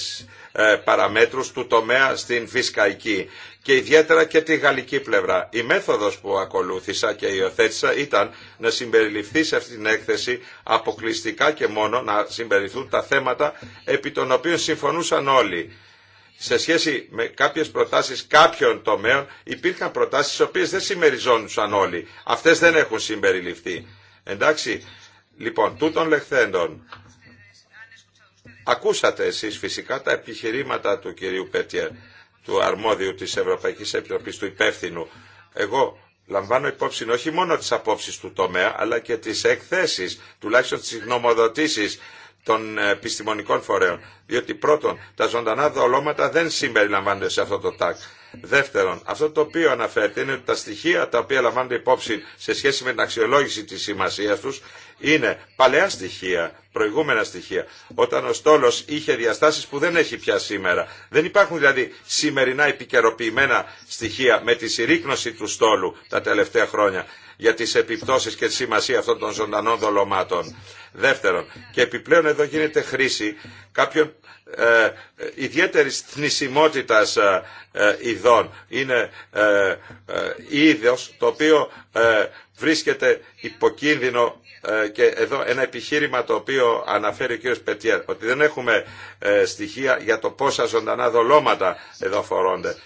ε, παραμέτρους του τομέα στην φυσκαϊκή και ιδιαίτερα και τη γαλλική πλευρά. Η μέθοδος που ακολούθησα και υιοθέτησα ήταν να συμπεριληφθεί σε αυτήν την έκθεση αποκλειστικά και μόνο να συμπεριληφθούν τα θέματα επί των οποίων συμφωνούσαν όλοι. Σε σχέση με κάποιες προτάσεις κάποιων τομέων υπήρχαν προτάσεις τις οποίες δεν συμμεριζόντουσαν όλοι. Αυτές δεν έχουν συμπεριληφθεί. Εντάξει, λοιπόν, τούτων λεχθέντων Ακούσατε εσείς φυσικά τα επιχειρήματα του κυρίου Πέτιερ, του αρμόδιου της Ευρωπαϊκής Επιτροπής, του υπεύθυνου. Εγώ λαμβάνω υπόψη όχι μόνο τις απόψεις του τομέα, αλλά και τις εκθέσεις, τουλάχιστον τις γνωμοδοτήσεις των επιστημονικών φορέων. Διότι πρώτον, τα ζωντανά δολώματα δεν συμπεριλαμβάνονται σε αυτό το τάκ. Δεύτερον, αυτό το οποίο αναφέρεται είναι ότι τα στοιχεία τα οποία λαμβάνονται υπόψη σε σχέση με την αξιολόγηση της σημασίας τους είναι παλαιά στοιχεία, προηγούμενα στοιχεία, όταν ο στόλος είχε διαστάσεις που δεν έχει πια σήμερα. Δεν υπάρχουν δηλαδή σημερινά επικαιροποιημένα στοιχεία με τη συρρήκνωση του στόλου τα τελευταία χρόνια για τις επιπτώσεις και τη σημασία αυτών των ζωντανών δολωμάτων. Δεύτερον, και επιπλέον εδώ γίνεται χρήση κάποιων ε, ιδιαίτερης θνησιμότητας ε, ε ειδών. Είναι ε, ε, είδος το οποίο ε, βρίσκεται υποκίνδυνο και εδώ ένα επιχείρημα το οποίο αναφέρει ο κ. Πετιέρ, ότι δεν έχουμε στοιχεία για το πόσα ζωντανά δολώματα εδώ φορώνται.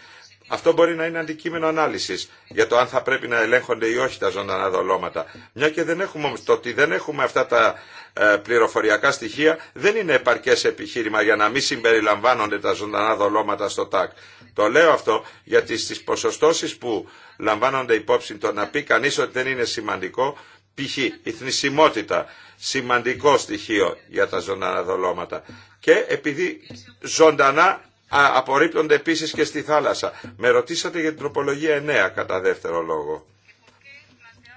Αυτό μπορεί να είναι αντικείμενο ανάλυση για το αν θα πρέπει να ελέγχονται ή όχι τα ζωντανά δολώματα. Μια και δεν έχουμε το ότι δεν έχουμε αυτά τα ε, πληροφοριακά στοιχεία δεν είναι επαρκές επιχείρημα για να μην συμπεριλαμβάνονται τα ζωντανά δολώματα στο ΤΑΚ. Το λέω αυτό γιατί στις ποσοστώσεις που λαμβάνονται υπόψη το να πει κανεί ότι δεν είναι σημαντικό π.χ. η θνησιμότητα, σημαντικό στοιχείο για τα ζωντανά δολώματα. Και επειδή ζωντανά απορρίπτονται επίση και στη θάλασσα. Με ρωτήσατε για την τροπολογία 9 κατά δεύτερο λόγο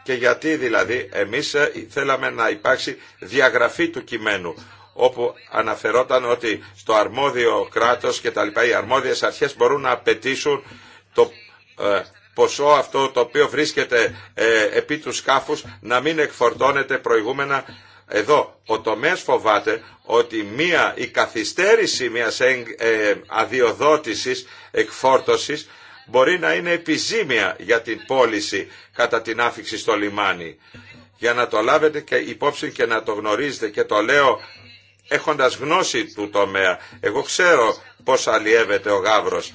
και γιατί δηλαδή εμείς ε, θέλαμε να υπάρξει διαγραφή του κειμένου όπου αναφερόταν ότι στο αρμόδιο κράτος και τα λοιπά οι αρμόδιες αρχές μπορούν να απαιτήσουν το ε, ποσό αυτό το οποίο βρίσκεται ε, επί του σκάφους να μην εκφορτώνεται προηγούμενα εδώ ο τομέας φοβάται ότι μία, η καθυστέρηση μιας αδειοδότησης εκφόρτωσης μπορεί να είναι επιζήμια για την πώληση κατά την άφηξη στο λιμάνι. Για να το λάβετε και υπόψη και να το γνωρίζετε και το λέω έχοντας γνώση του τομέα. Εγώ ξέρω πώς αλλιεύεται ο γάβρος.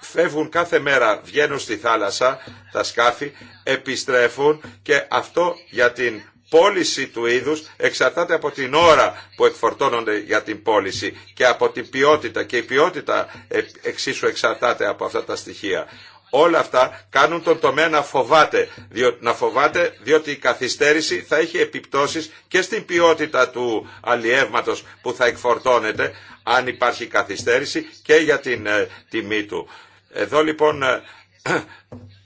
Φεύγουν κάθε μέρα, βγαίνουν στη θάλασσα τα σκάφη, επιστρέφουν και αυτό για την πώληση του είδους εξαρτάται από την ώρα που εκφορτώνονται για την πώληση και από την ποιότητα και η ποιότητα ε, εξίσου εξαρτάται από αυτά τα στοιχεία. Όλα αυτά κάνουν τον τομέα να φοβάται, διότι, να φοβάται διότι η καθυστέρηση θα έχει επιπτώσεις και στην ποιότητα του αλλιεύματος που θα εκφορτώνεται αν υπάρχει καθυστέρηση και για την ε, τιμή του. Εδώ λοιπόν ε,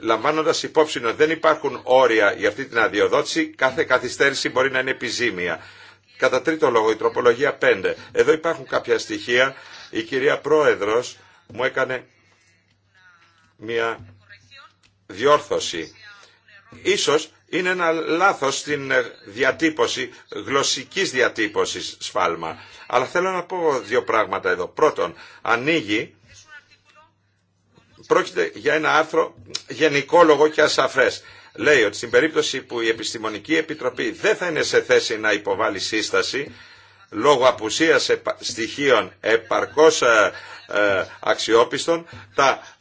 λαμβάνοντα υπόψη ότι δεν υπάρχουν όρια για αυτή την αδειοδότηση, κάθε καθυστέρηση μπορεί να είναι επιζήμια. Κατά τρίτο λόγο, η τροπολογία 5. Εδώ υπάρχουν κάποια στοιχεία. Η κυρία Πρόεδρος μου έκανε μια διόρθωση. Ίσως είναι ένα λάθος στην διατύπωση, γλωσσικής διατύπωσης σφάλμα. Αλλά θέλω να πω δύο πράγματα εδώ. Πρώτον, ανοίγει πρόκειται για ένα άρθρο γενικόλογο και ασαφές. Λέει ότι στην περίπτωση που η Επιστημονική Επιτροπή δεν θα είναι σε θέση να υποβάλει σύσταση λόγω απουσίας στοιχείων επαρκώς ε, ε, αξιόπιστων, τα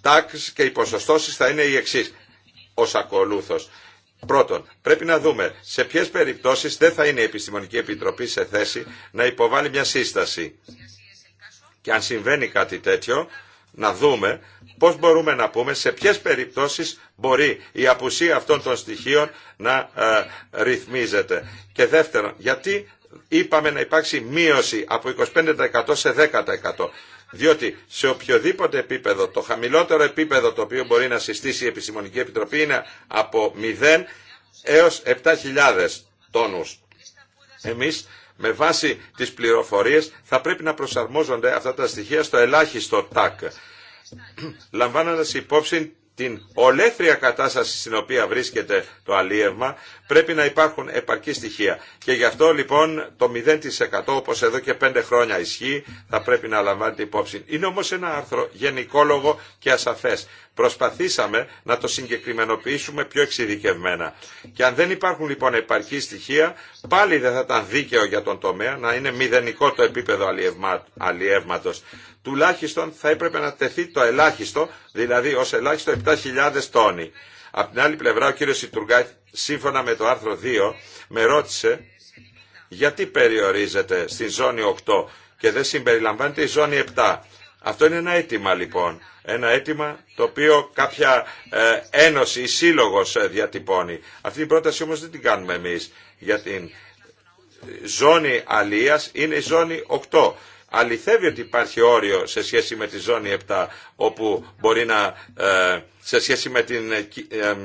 τάξ ε, και οι ποσοστώσεις θα είναι οι εξής, ως ακολούθω. Πρώτον, πρέπει να δούμε σε ποιες περιπτώσεις δεν θα είναι η Επιστημονική Επιτροπή σε θέση να υποβάλει μια σύσταση. Και αν συμβαίνει κάτι τέτοιο, να δούμε πώς μπορούμε να πούμε σε ποιες περιπτώσεις μπορεί η απουσία αυτών των στοιχείων να ε, ρυθμίζεται. Και δεύτερον, γιατί είπαμε να υπάρξει μείωση από 25% σε 10%. Διότι σε οποιοδήποτε επίπεδο, το χαμηλότερο επίπεδο το οποίο μπορεί να συστήσει η Επιστημονική Επιτροπή είναι από 0 έως 7.000 τόνους. Εμείς με βάση τις πληροφορίες θα πρέπει να προσαρμόζονται αυτά τα στοιχεία στο ελάχιστο τάκ λαμβάνοντας υπόψη την ολέθρια κατάσταση στην οποία βρίσκεται το αλίευμα πρέπει να υπάρχουν επαρκή στοιχεία. Και γι' αυτό λοιπόν το 0% όπως εδώ και 5 χρόνια ισχύει θα πρέπει να λαμβάνεται υπόψη. Είναι όμως ένα άρθρο γενικόλογο και ασαφές. Προσπαθήσαμε να το συγκεκριμενοποιήσουμε πιο εξειδικευμένα. Και αν δεν υπάρχουν λοιπόν επαρκή στοιχεία πάλι δεν θα ήταν δίκαιο για τον τομέα να είναι μηδενικό το επίπεδο αλιεύματος τουλάχιστον θα έπρεπε να τεθεί το ελάχιστο, δηλαδή ως ελάχιστο 7.000 τόνοι. Απ' την άλλη πλευρά ο κύριος Σιτουργάη, σύμφωνα με το άρθρο 2 με ρώτησε γιατί περιορίζεται στη ζώνη 8 και δεν συμπεριλαμβάνεται η ζώνη 7. Αυτό είναι ένα αίτημα λοιπόν. Ένα αίτημα το οποίο κάποια ε, ένωση ή σύλλογος ε, διατυπώνει. Αυτή την πρόταση όμως δεν την κάνουμε εμείς για την ε, ζώνη αλίας είναι η ζώνη 8 αληθεύει ότι υπάρχει όριο σε σχέση με τη ζώνη 7 όπου μπορεί να ε, σε σχέση με την ε, ε,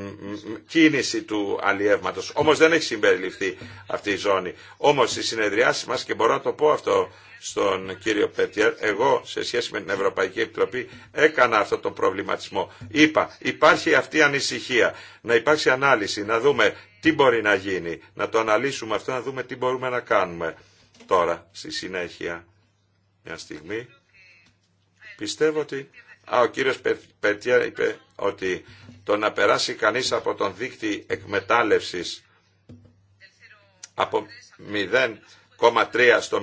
κίνηση του αλλιεύματος. Όμως δεν έχει συμπεριληφθεί αυτή η ζώνη. Όμως οι συνεδριάσει μας και μπορώ να το πω αυτό στον κύριο Πετιέρ, εγώ σε σχέση με την Ευρωπαϊκή Επιτροπή έκανα αυτό τον προβληματισμό. Είπα, υπάρχει αυτή η ανησυχία, να υπάρξει ανάλυση, να δούμε τι μπορεί να γίνει, να το αναλύσουμε αυτό, να δούμε τι μπορούμε να κάνουμε τώρα στη συνέχεια μια στιγμή. Πιστεύω ότι... Α, ο κύριος Πετιά είπε ότι το να περάσει κανείς από τον δίκτυο εκμετάλλευσης από 0,3 στο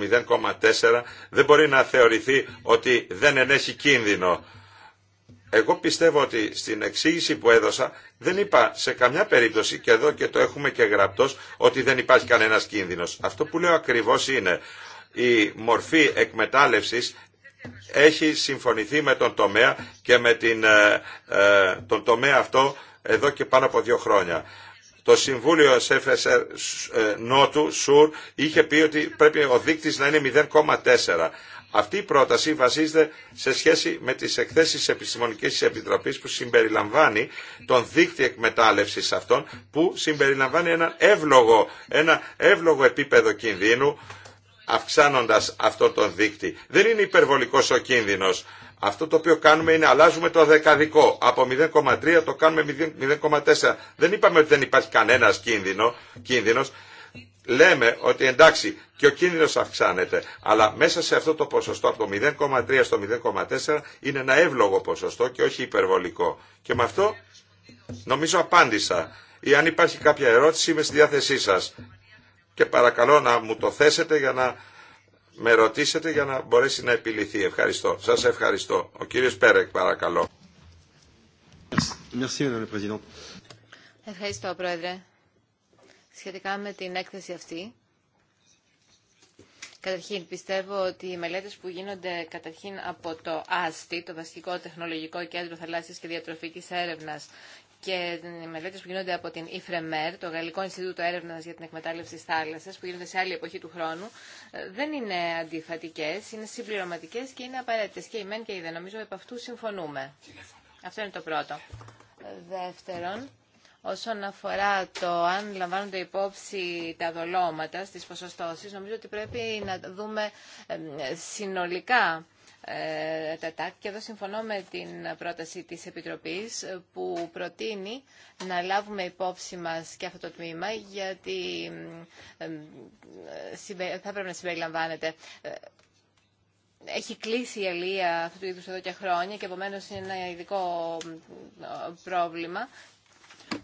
0,4 δεν μπορεί να θεωρηθεί ότι δεν ενέχει κίνδυνο. Εγώ πιστεύω ότι στην εξήγηση που έδωσα δεν είπα σε καμιά περίπτωση και εδώ και το έχουμε και γραπτός ότι δεν υπάρχει κανένας κίνδυνος. Αυτό που λέω ακριβώς είναι η μορφή εκμετάλλευσης έχει συμφωνηθεί με τον τομέα και με την, ε, ε, τον τομέα αυτό εδώ και πάνω από δύο χρόνια. Το Συμβούλιο SFSR ε, Νότου, ΣΟΥΡ, είχε πει ότι πρέπει ο δείκτης να είναι 0,4. Αυτή η πρόταση βασίζεται σε σχέση με τις εκθέσεις της Επιστημονικής Επιτροπής που συμπεριλαμβάνει τον δείκτη εκμετάλλευσης αυτών που συμπεριλαμβάνει ένα εύλογο, ένα εύλογο επίπεδο κινδύνου αυξάνοντας αυτό το δίκτυ. Δεν είναι υπερβολικός ο κίνδυνος. Αυτό το οποίο κάνουμε είναι αλλάζουμε το δεκαδικό. Από 0,3 το κάνουμε 0,4. Δεν είπαμε ότι δεν υπάρχει κανένας κίνδυνο, κίνδυνος. Λέμε ότι εντάξει και ο κίνδυνος αυξάνεται. Αλλά μέσα σε αυτό το ποσοστό από το 0,3 στο 0,4 είναι ένα εύλογο ποσοστό και όχι υπερβολικό. Και με αυτό νομίζω απάντησα. Ή αν υπάρχει κάποια ερώτηση είμαι στη διάθεσή σας και παρακαλώ να μου το θέσετε για να με ρωτήσετε για να μπορέσει να επιληθεί. Ευχαριστώ. Σας ευχαριστώ. Ο κύριος Πέρεκ παρακαλώ. Ευχαριστώ Πρόεδρε. Σχετικά με την έκθεση αυτή, Καταρχήν, πιστεύω ότι οι μελέτε που γίνονται καταρχήν από το ΑΣΤΗ, το Βασικό Τεχνολογικό Κέντρο Θαλάσσιας και Διατροφική Έρευνα, και οι μελέτε που γίνονται από την IFREMER, το Γαλλικό Ινστιτούτο Έρευνα για την Εκμετάλλευση της θάλασσα, που γίνονται σε άλλη εποχή του χρόνου, ε, δεν είναι αντιφατικές, είναι συμπληρωματικές και είναι απαραίτητε. Και η ΜΕΝ και η ΔΕ, νομίζω, επ' αυτού συμφωνούμε. Αυτό είναι το πρώτο. Ε, δεύτερον, όσον αφορά το αν λαμβάνονται υπόψη τα δολώματα στι ποσοστώσει, νομίζω ότι πρέπει να δούμε ε, συνολικά ε, και εδώ συμφωνώ με την πρόταση της Επιτροπής ε, που προτείνει να λάβουμε υπόψη μας και αυτό το τμήμα γιατί ε, θα πρέπει να συμπεριλαμβάνεται έχει κλείσει η αλία αυτού του είδους εδώ και χρόνια και επομένω είναι ένα ειδικό πρόβλημα.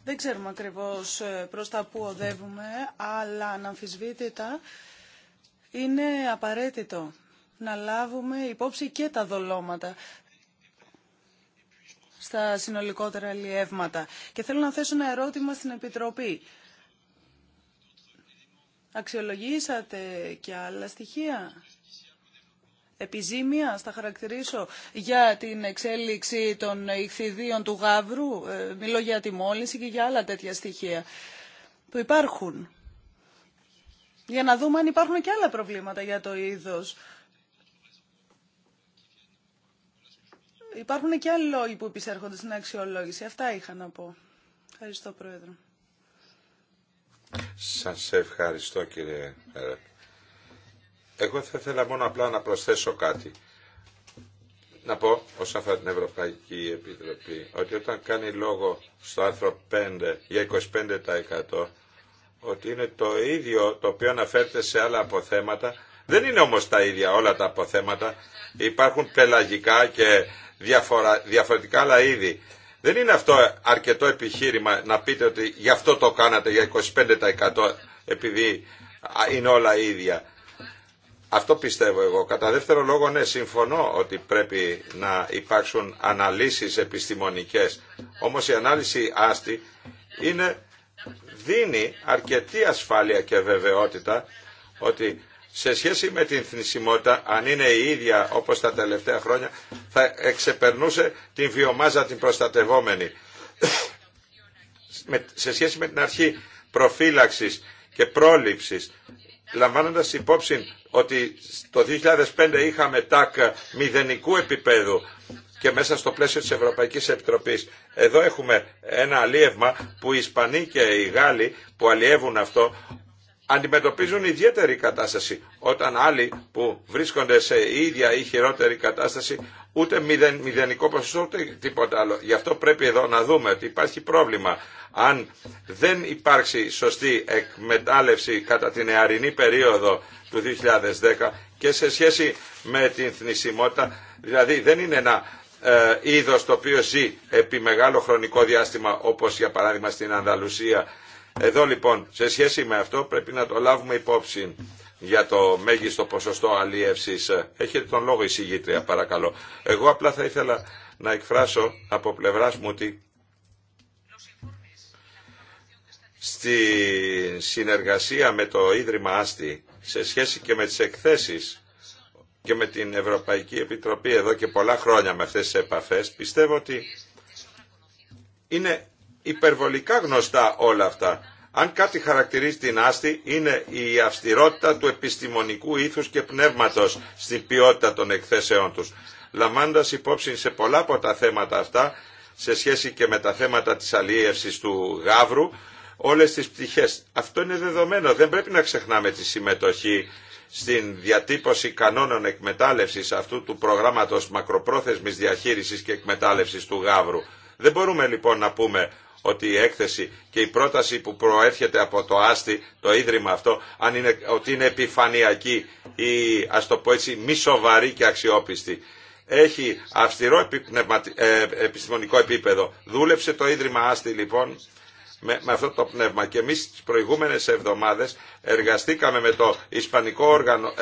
Δεν ξέρουμε ακριβώς προς τα που οδεύουμε, αλλά αναμφισβήτητα είναι απαραίτητο να λάβουμε υπόψη και τα δολώματα στα συνολικότερα λιεύματα. Και θέλω να θέσω ένα ερώτημα στην Επιτροπή. Αξιολογήσατε και άλλα στοιχεία επιζήμια, στα χαρακτηρίσω, για την εξέλιξη των ηχθιδίων του γάβρου. Ε, μιλώ για τη μόλυνση και για άλλα τέτοια στοιχεία που υπάρχουν. Για να δούμε αν υπάρχουν και άλλα προβλήματα για το είδος. υπάρχουν και άλλοι λόγοι που επισέρχονται στην αξιολόγηση. Αυτά είχα να πω. Ευχαριστώ, Πρόεδρο. Σας ευχαριστώ, κύριε Εγώ θα ήθελα μόνο απλά να προσθέσω κάτι. Να πω, όσον αφορά την Ευρωπαϊκή Επιτροπή, ότι όταν κάνει λόγο στο άρθρο 5 για 25% ότι είναι το ίδιο το οποίο αναφέρεται σε άλλα αποθέματα, δεν είναι όμως τα ίδια όλα τα αποθέματα. Υπάρχουν πελαγικά και διαφορα, διαφορετικά άλλα είδη. Δεν είναι αυτό αρκετό επιχείρημα να πείτε ότι γι' αυτό το κάνατε για 25% επειδή είναι όλα ίδια. Αυτό πιστεύω εγώ. Κατά δεύτερο λόγο, ναι, συμφωνώ ότι πρέπει να υπάρξουν αναλύσεις επιστημονικές. Όμως η ανάλυση άστη είναι, δίνει αρκετή ασφάλεια και βεβαιότητα ότι σε σχέση με την θνησιμότητα, αν είναι η ίδια όπως τα τελευταία χρόνια, θα εξεπερνούσε την βιομάζα την προστατευόμενη. σε σχέση με την αρχή προφύλαξης και πρόληψης, λαμβάνοντας υπόψη ότι το 2005 είχαμε τάκ μηδενικού επίπεδου και μέσα στο πλαίσιο της Ευρωπαϊκής Επιτροπής. Εδώ έχουμε ένα αλίευμα που οι Ισπανοί και οι Γάλλοι που αλλιεύουν αυτό αντιμετωπίζουν ιδιαίτερη κατάσταση όταν άλλοι που βρίσκονται σε ίδια ή χειρότερη κατάσταση ούτε μηδενικό ποσοστό ούτε τίποτα άλλο. Γι' αυτό πρέπει εδώ να δούμε ότι υπάρχει πρόβλημα. Αν δεν υπάρξει σωστή εκμετάλλευση κατά την εαρινή περίοδο του 2010 και σε σχέση με την θνησιμότητα, δηλαδή δεν είναι ένα ε, είδος το οποίο ζει επί μεγάλο χρονικό διάστημα όπως για παράδειγμα στην Ανδαλουσία εδώ λοιπόν, σε σχέση με αυτό πρέπει να το λάβουμε υπόψη για το μέγιστο ποσοστό αλίευσης. Έχετε τον λόγο εισηγήτρια, παρακαλώ. Εγώ απλά θα ήθελα να εκφράσω από πλευράς μου ότι στη συνεργασία με το Ίδρυμα Άστη, σε σχέση και με τις εκθέσεις και με την Ευρωπαϊκή Επιτροπή εδώ και πολλά χρόνια με αυτές τις επαφέ πιστεύω ότι είναι υπερβολικά γνωστά όλα αυτά. Αν κάτι χαρακτηρίζει την άστη είναι η αυστηρότητα του επιστημονικού ήθους και πνεύματος στην ποιότητα των εκθέσεών τους. λαμβάνοντα υπόψη σε πολλά από τα θέματα αυτά, σε σχέση και με τα θέματα της αλλιεύσης του γάβρου, όλες τις πτυχές. Αυτό είναι δεδομένο, δεν πρέπει να ξεχνάμε τη συμμετοχή στην διατύπωση κανόνων εκμετάλλευσης αυτού του προγράμματος μακροπρόθεσμης διαχείρισης και εκμετάλλευσης του γάβρου. Δεν μπορούμε λοιπόν να πούμε ότι η έκθεση και η πρόταση που προέρχεται από το Άστι, το ίδρυμα αυτό, αν είναι, ότι είναι επιφανειακή ή ας το πω έτσι μη σοβαρή και αξιόπιστη. Έχει αυστηρό ε, επιστημονικό επίπεδο. Δούλεψε το Ίδρυμα Άστι λοιπόν με, με αυτό το πνεύμα και εμείς τις προηγούμενες εβδομάδες εργαστήκαμε με το Ισπανικό όργανο,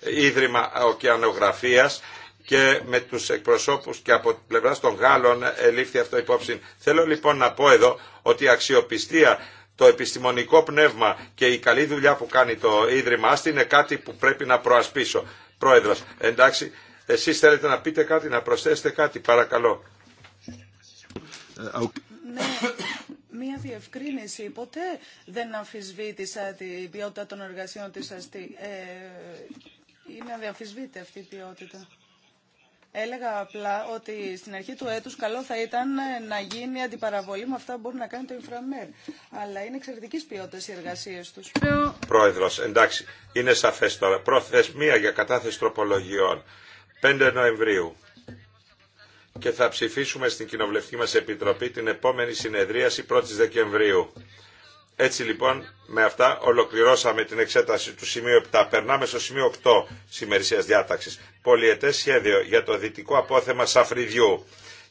ε, Ίδρυμα Οκεανογραφίας και με τους εκπροσώπους και από πλευρά των Γάλλων ελήφθη αυτό υπόψη. Θέλω λοιπόν να πω εδώ ότι η αξιοπιστία το επιστημονικό πνεύμα και η καλή δουλειά που κάνει το Ίδρυμα Άστι είναι κάτι που πρέπει να προασπίσω. Πρόεδρος, εντάξει, εσείς θέλετε να πείτε κάτι, να προσθέσετε κάτι, παρακαλώ. Ε, ναι, μία διευκρίνηση. Ποτέ δεν αμφισβήτησα την ποιότητα των εργασιών της αστή. Ε, είναι αδιαφυσβήτη αυτή η ποιότητα. Έλεγα απλά ότι στην αρχή του έτους καλό θα ήταν ε, να γίνει αντιπαραβολή με αυτά που μπορεί να κάνει το Ιφραμέρ. Αλλά είναι εξαιρετική ποιότητα οι εργασίες τους. Πρόεδρος, εντάξει, είναι σαφές τώρα. Προθεσμία για κατάθεση τροπολογιών. 5 Νοεμβρίου και θα ψηφίσουμε στην Κοινοβουλευτική μα Επιτροπή την επόμενη συνεδρίαση 1η Δεκεμβρίου. Έτσι λοιπόν με αυτά ολοκληρώσαμε την εξέταση του σημείου 7. Περνάμε στο σημείο 8 σημερισίας διάταξης. Πολιετές σχέδιο για το δυτικό απόθεμα Σαφριδιού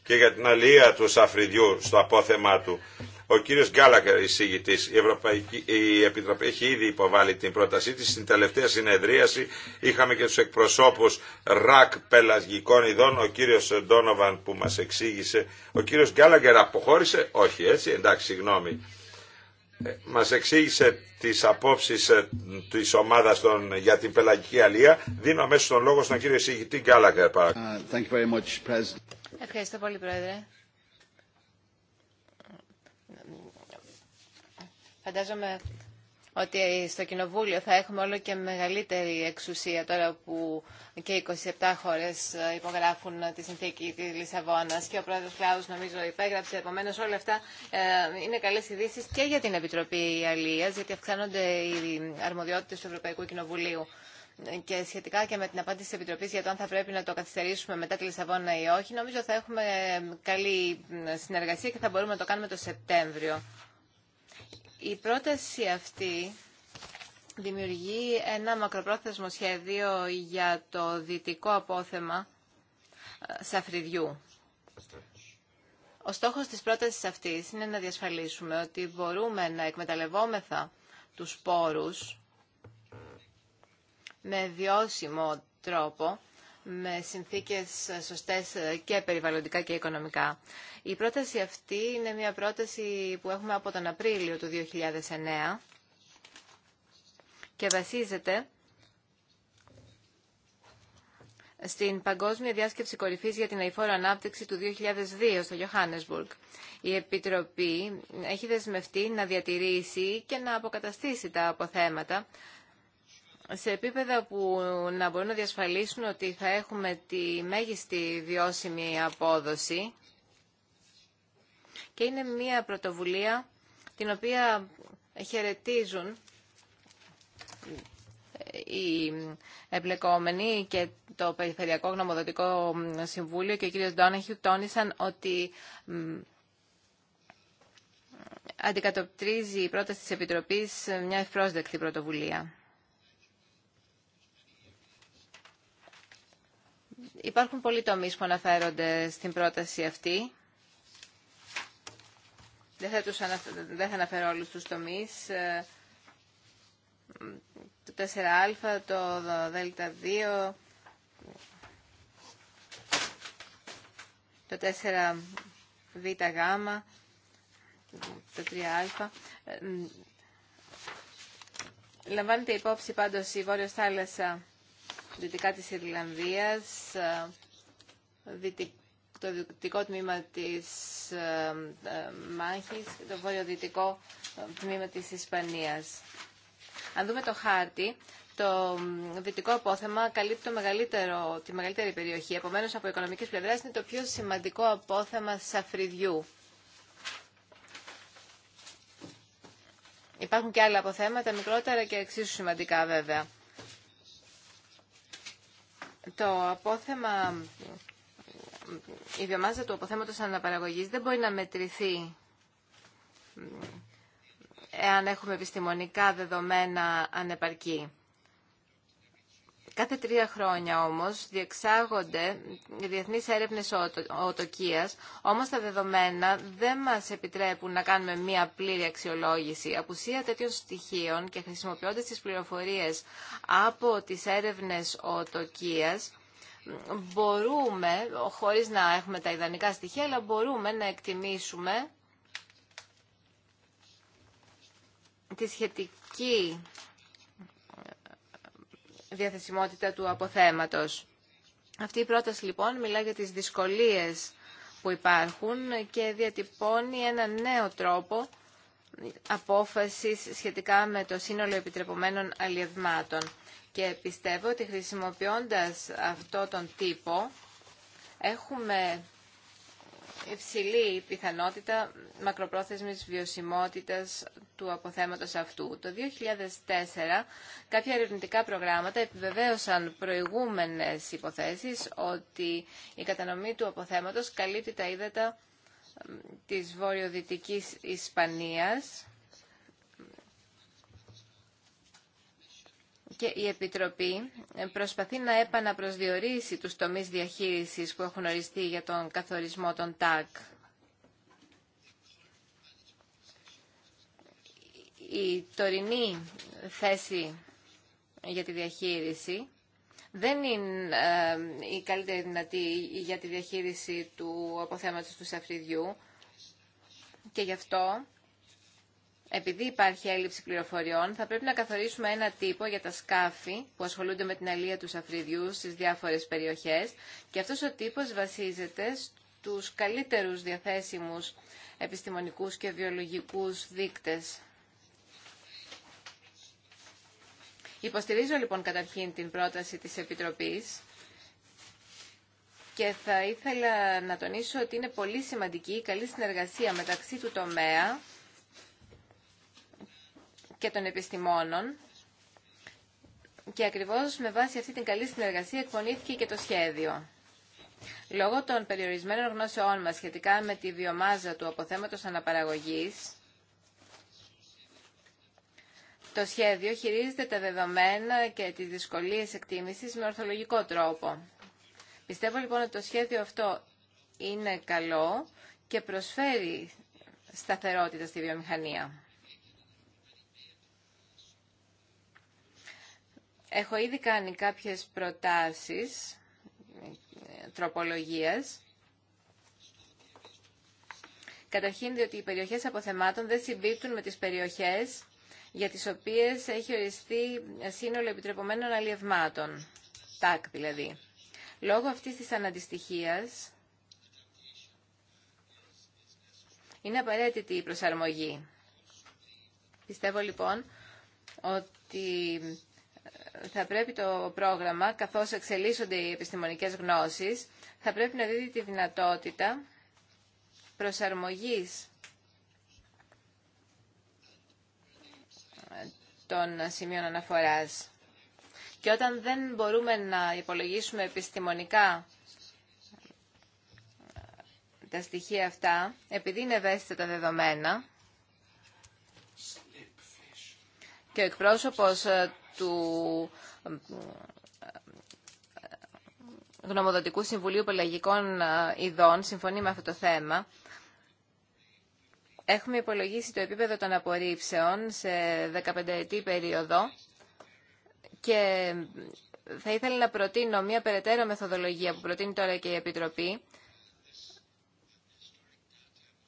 και για την αλληλεία του Σαφριδιού στο απόθεμά του. Ο κύριος Γκάλακερ, εισηγητής, η, Ευρωπαϊκή, Επιτροπή έχει ήδη υποβάλει την πρότασή της. Στην τελευταία συνεδρίαση είχαμε και τους εκπροσώπους ΡΑΚ πελασγικών ειδών, ο κύριος Ντόνοβαν που μας εξήγησε. Ο κύριος Γκάλακερ αποχώρησε, όχι έτσι, εντάξει, συγγνώμη. Ε, μας εξήγησε τις απόψεις ε, της ομάδας για την πελαγική αλία. Δίνω αμέσως τον λόγο στον κύριο εισηγητή Γκάλαγκερ. Uh, Ευχαριστώ πολύ, Πρόεδρε. Φαντάζομαι ότι στο Κοινοβούλιο θα έχουμε όλο και μεγαλύτερη εξουσία τώρα που και 27 χώρε υπογράφουν τη συνθήκη τη Λισαβόνα και ο πρόεδρο Κλάου νομίζω υπέγραψε. επομένω, όλα αυτά ε, είναι καλέ ειδήσει και για την Επιτροπή Αλίας γιατί αυξάνονται οι αρμοδιότητε του Ευρωπαϊκού Κοινοβουλίου και σχετικά και με την απάντηση τη Επιτροπή για το αν θα πρέπει να το καθυστερήσουμε μετά τη Λισαβόνα ή όχι, νομίζω θα έχουμε καλή συνεργασία και θα μπορούμε να το κάνουμε το Σεπτέμβριο. Η πρόταση αυτή δημιουργεί ένα μακροπρόθεσμο σχέδιο για το δυτικό απόθεμα ε, σαφριδιού. Ο στόχος της πρότασης αυτής είναι να διασφαλίσουμε ότι μπορούμε να εκμεταλλευόμεθα τους πόρους με βιώσιμο τρόπο με συνθήκες σωστές και περιβαλλοντικά και οικονομικά. Η πρόταση αυτή είναι μια πρόταση που έχουμε από τον Απρίλιο του 2009 και βασίζεται στην Παγκόσμια Διάσκεψη Κορυφής για την Αηφόρο Ανάπτυξη του 2002 στο Johannesburg. Η Επιτροπή έχει δεσμευτεί να διατηρήσει και να αποκαταστήσει τα αποθέματα σε επίπεδα που να μπορούν να διασφαλίσουν ότι θα έχουμε τη μέγιστη βιώσιμη απόδοση και είναι μια πρωτοβουλία την οποία χαιρετίζουν οι εμπλεκόμενοι και το Περιφερειακό Γνωμοδοτικό Συμβούλιο και ο κ. Ντόναχιου τόνισαν ότι αντικατοπτρίζει η πρόταση της Επιτροπής μια ευπρόσδεκτη πρωτοβουλία. Υπάρχουν πολλοί τομείς που αναφέρονται στην πρόταση αυτή. Δεν θα, τους Δεν θα αναφέρω όλους τους τομείς. Ε, το 4α, το δελτα 2 το 4βγ, το 3α. Ε, λαμβάνεται υπόψη πάντως η Βόρειος Θάλασσα δυτικά της Ιρλανδίας, ε, το δυτικό τμήμα της ε, ε, Μάχης και το βορειοδυτικό τμήμα της Ισπανίας. Αν δούμε το χάρτη, το δυτικό απόθεμα καλύπτει το μεγαλύτερο, τη μεγαλύτερη περιοχή. Επομένως, από οικονομικής πλευράς είναι το πιο σημαντικό απόθεμα σαφριδιού. Υπάρχουν και άλλα αποθέματα, μικρότερα και εξίσου σημαντικά βέβαια. Το απόθεμα, η βιομάζα του αποθέματος αναπαραγωγής δεν μπορεί να μετρηθεί εάν έχουμε επιστημονικά δεδομένα ανεπαρκή. Κάθε τρία χρόνια όμως διεξάγονται διεθνείς έρευνες οτοκίας, όμως τα δεδομένα δεν μας επιτρέπουν να κάνουμε μία πλήρη αξιολόγηση. Απουσία τέτοιων στοιχείων και χρησιμοποιώντας τις πληροφορίες από τις έρευνες οτοκίας, μπορούμε, χωρίς να έχουμε τα ιδανικά στοιχεία, αλλά μπορούμε να εκτιμήσουμε τη σχετική διαθεσιμότητα του αποθέματος. Αυτή η πρόταση λοιπόν μιλά για τις δυσκολίες που υπάρχουν και διατυπώνει ένα νέο τρόπο απόφασης σχετικά με το σύνολο επιτρεπωμένων αλλιευμάτων. Και πιστεύω ότι χρησιμοποιώντας αυτό τον τύπο έχουμε υψηλή πιθανότητα μακροπρόθεσμης βιωσιμότητας του αποθέματος αυτού. Το 2004 κάποια ερευνητικά προγράμματα επιβεβαίωσαν προηγούμενες υποθέσεις ότι η κατανομή του αποθέματος καλύπτει τα ύδατα της βορειοδυτικής Ισπανίας και η Επιτροπή προσπαθεί να επαναπροσδιορίσει τους τομείς διαχείρισης που έχουν οριστεί για τον καθορισμό των ΤΑΚ. Η τωρινή θέση για τη διαχείριση δεν είναι ε, η καλύτερη δυνατή για τη διαχείριση του αποθέματος του σαφριδιού και γι' αυτό επειδή υπάρχει έλλειψη πληροφοριών, θα πρέπει να καθορίσουμε ένα τύπο για τα σκάφη που ασχολούνται με την αλία του σαφριδιού στις διάφορες περιοχές και αυτός ο τύπος βασίζεται στους καλύτερους διαθέσιμους επιστημονικούς και βιολογικούς δείκτες. Υποστηρίζω λοιπόν καταρχήν την πρόταση της Επιτροπής και θα ήθελα να τονίσω ότι είναι πολύ σημαντική η καλή συνεργασία μεταξύ του τομέα και των επιστημόνων και ακριβώς με βάση αυτή την καλή συνεργασία εκπονήθηκε και το σχέδιο. Λόγω των περιορισμένων γνώσεών μας σχετικά με τη βιομάζα του αποθέματος αναπαραγωγής, το σχέδιο χειρίζεται τα δεδομένα και τις δυσκολίες εκτίμησης με ορθολογικό τρόπο. Πιστεύω λοιπόν ότι το σχέδιο αυτό είναι καλό και προσφέρει σταθερότητα στη βιομηχανία. Έχω ήδη κάνει κάποιες προτάσεις τροπολογίας. Καταρχήν διότι οι περιοχές αποθεμάτων δεν συμπίπτουν με τις περιοχές για τις οποίες έχει οριστεί σύνολο επιτρεπωμένων αλλιευμάτων, τάκ δηλαδή. Λόγω αυτής της αναντιστοιχίας είναι απαραίτητη η προσαρμογή. Πιστεύω λοιπόν ότι θα πρέπει το πρόγραμμα, καθώς εξελίσσονται οι επιστημονικές γνώσεις, θα πρέπει να δίδει τη δυνατότητα προσαρμογής των σημείων αναφοράς. Και όταν δεν μπορούμε να υπολογίσουμε επιστημονικά τα στοιχεία αυτά, επειδή είναι ευαίσθητα τα δεδομένα, και ο εκπρόσωπος του Γνωμοδοτικού Συμβουλίου Πελαγικών ε, Ειδών συμφωνεί με αυτό το θέμα. Έχουμε υπολογίσει το επίπεδο των απορρίψεων σε 15 ετή περίοδο και θα ήθελα να προτείνω μια περαιτέρω μεθοδολογία που προτείνει τώρα και η Επιτροπή.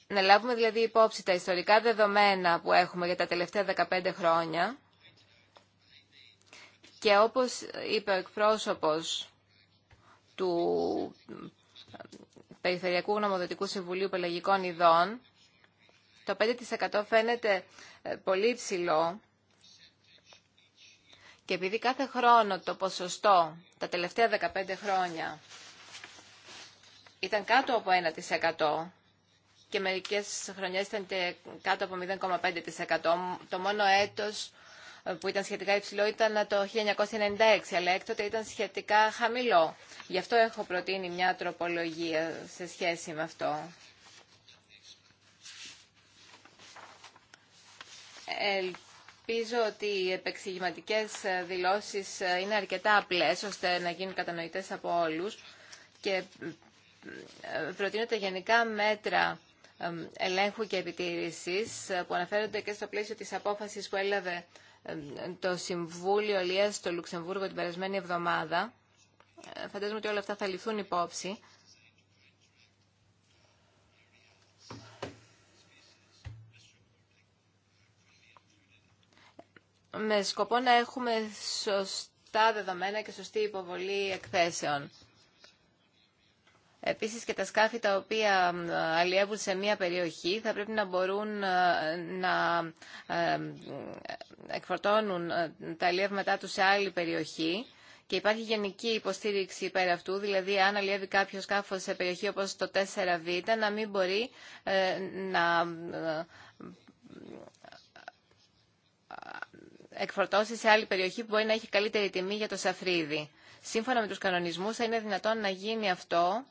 Να λάβουμε δηλαδή υπόψη τα ιστορικά δεδομένα που έχουμε για τα τελευταία 15 χρόνια και όπως είπε ο εκπρόσωπος του Περιφερειακού Γνωμοδοτικού Συμβουλίου Πελαγικών Ειδών, το 5% φαίνεται ε, πολύ ψηλό και επειδή κάθε χρόνο το ποσοστό τα τελευταία 15 χρόνια ήταν κάτω από 1% και μερικές χρονιές ήταν και κάτω από 0,5%. Το μόνο έτος ε, που ήταν σχετικά υψηλό ήταν το 1996, αλλά έκτοτε ήταν σχετικά χαμηλό. Γι' αυτό έχω προτείνει μια τροπολογία σε σχέση με αυτό. Ελπίζω ότι οι επεξηγηματικές δηλώσεις είναι αρκετά απλές, ώστε να γίνουν κατανοητές από όλους και ε, προτείνω τα γενικά μέτρα ε, ελέγχου και επιτήρησης που αναφέρονται και στο πλαίσιο της απόφασης που έλαβε το Συμβούλιο Λίας στο Λουξεμβούργο την περασμένη εβδομάδα. Ε, φαντάζομαι ότι όλα αυτά θα λυθούν υπόψη. με σκοπό να έχουμε σωστά δεδομένα και σωστή υποβολή εκθέσεων. Επίσης και τα σκάφη τα οποία αλλιεύουν σε μία περιοχή θα πρέπει να μπορούν ε, να ε, εκφορτώνουν ε, τα αλλιεύματά τους σε άλλη περιοχή και υπάρχει γενική υποστήριξη πέρα αυτού, δηλαδή αν αλλιεύει κάποιο σκάφο σε περιοχή όπως το 4Β να μην μπορεί να εκφορτώσει σε άλλη περιοχή που μπορεί να έχει καλύτερη τιμή για το σαφρίδι. Σύμφωνα με τους κανονισμούς θα είναι δυνατόν να γίνει αυτό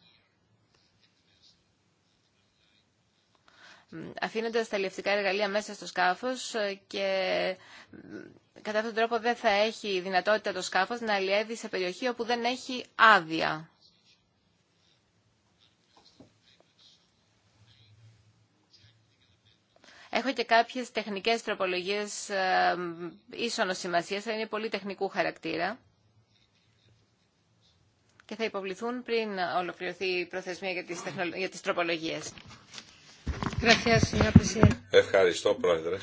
αφήνοντας τα λιευτικά εργαλεία μέσα στο σκάφος και κατά αυτόν τον τρόπο δεν θα έχει δυνατότητα το σκάφος να λιεύει σε περιοχή όπου δεν έχει άδεια. Έχω και κάποιες τεχνικές τροπολογίες ε, ίσονο σημασίας, αλλά είναι πολύ τεχνικού χαρακτήρα και θα υποβληθούν πριν ολοκληρωθεί η προθεσμία για τις, τροπολογίες. Ευχαριστώ, Πρόεδρε.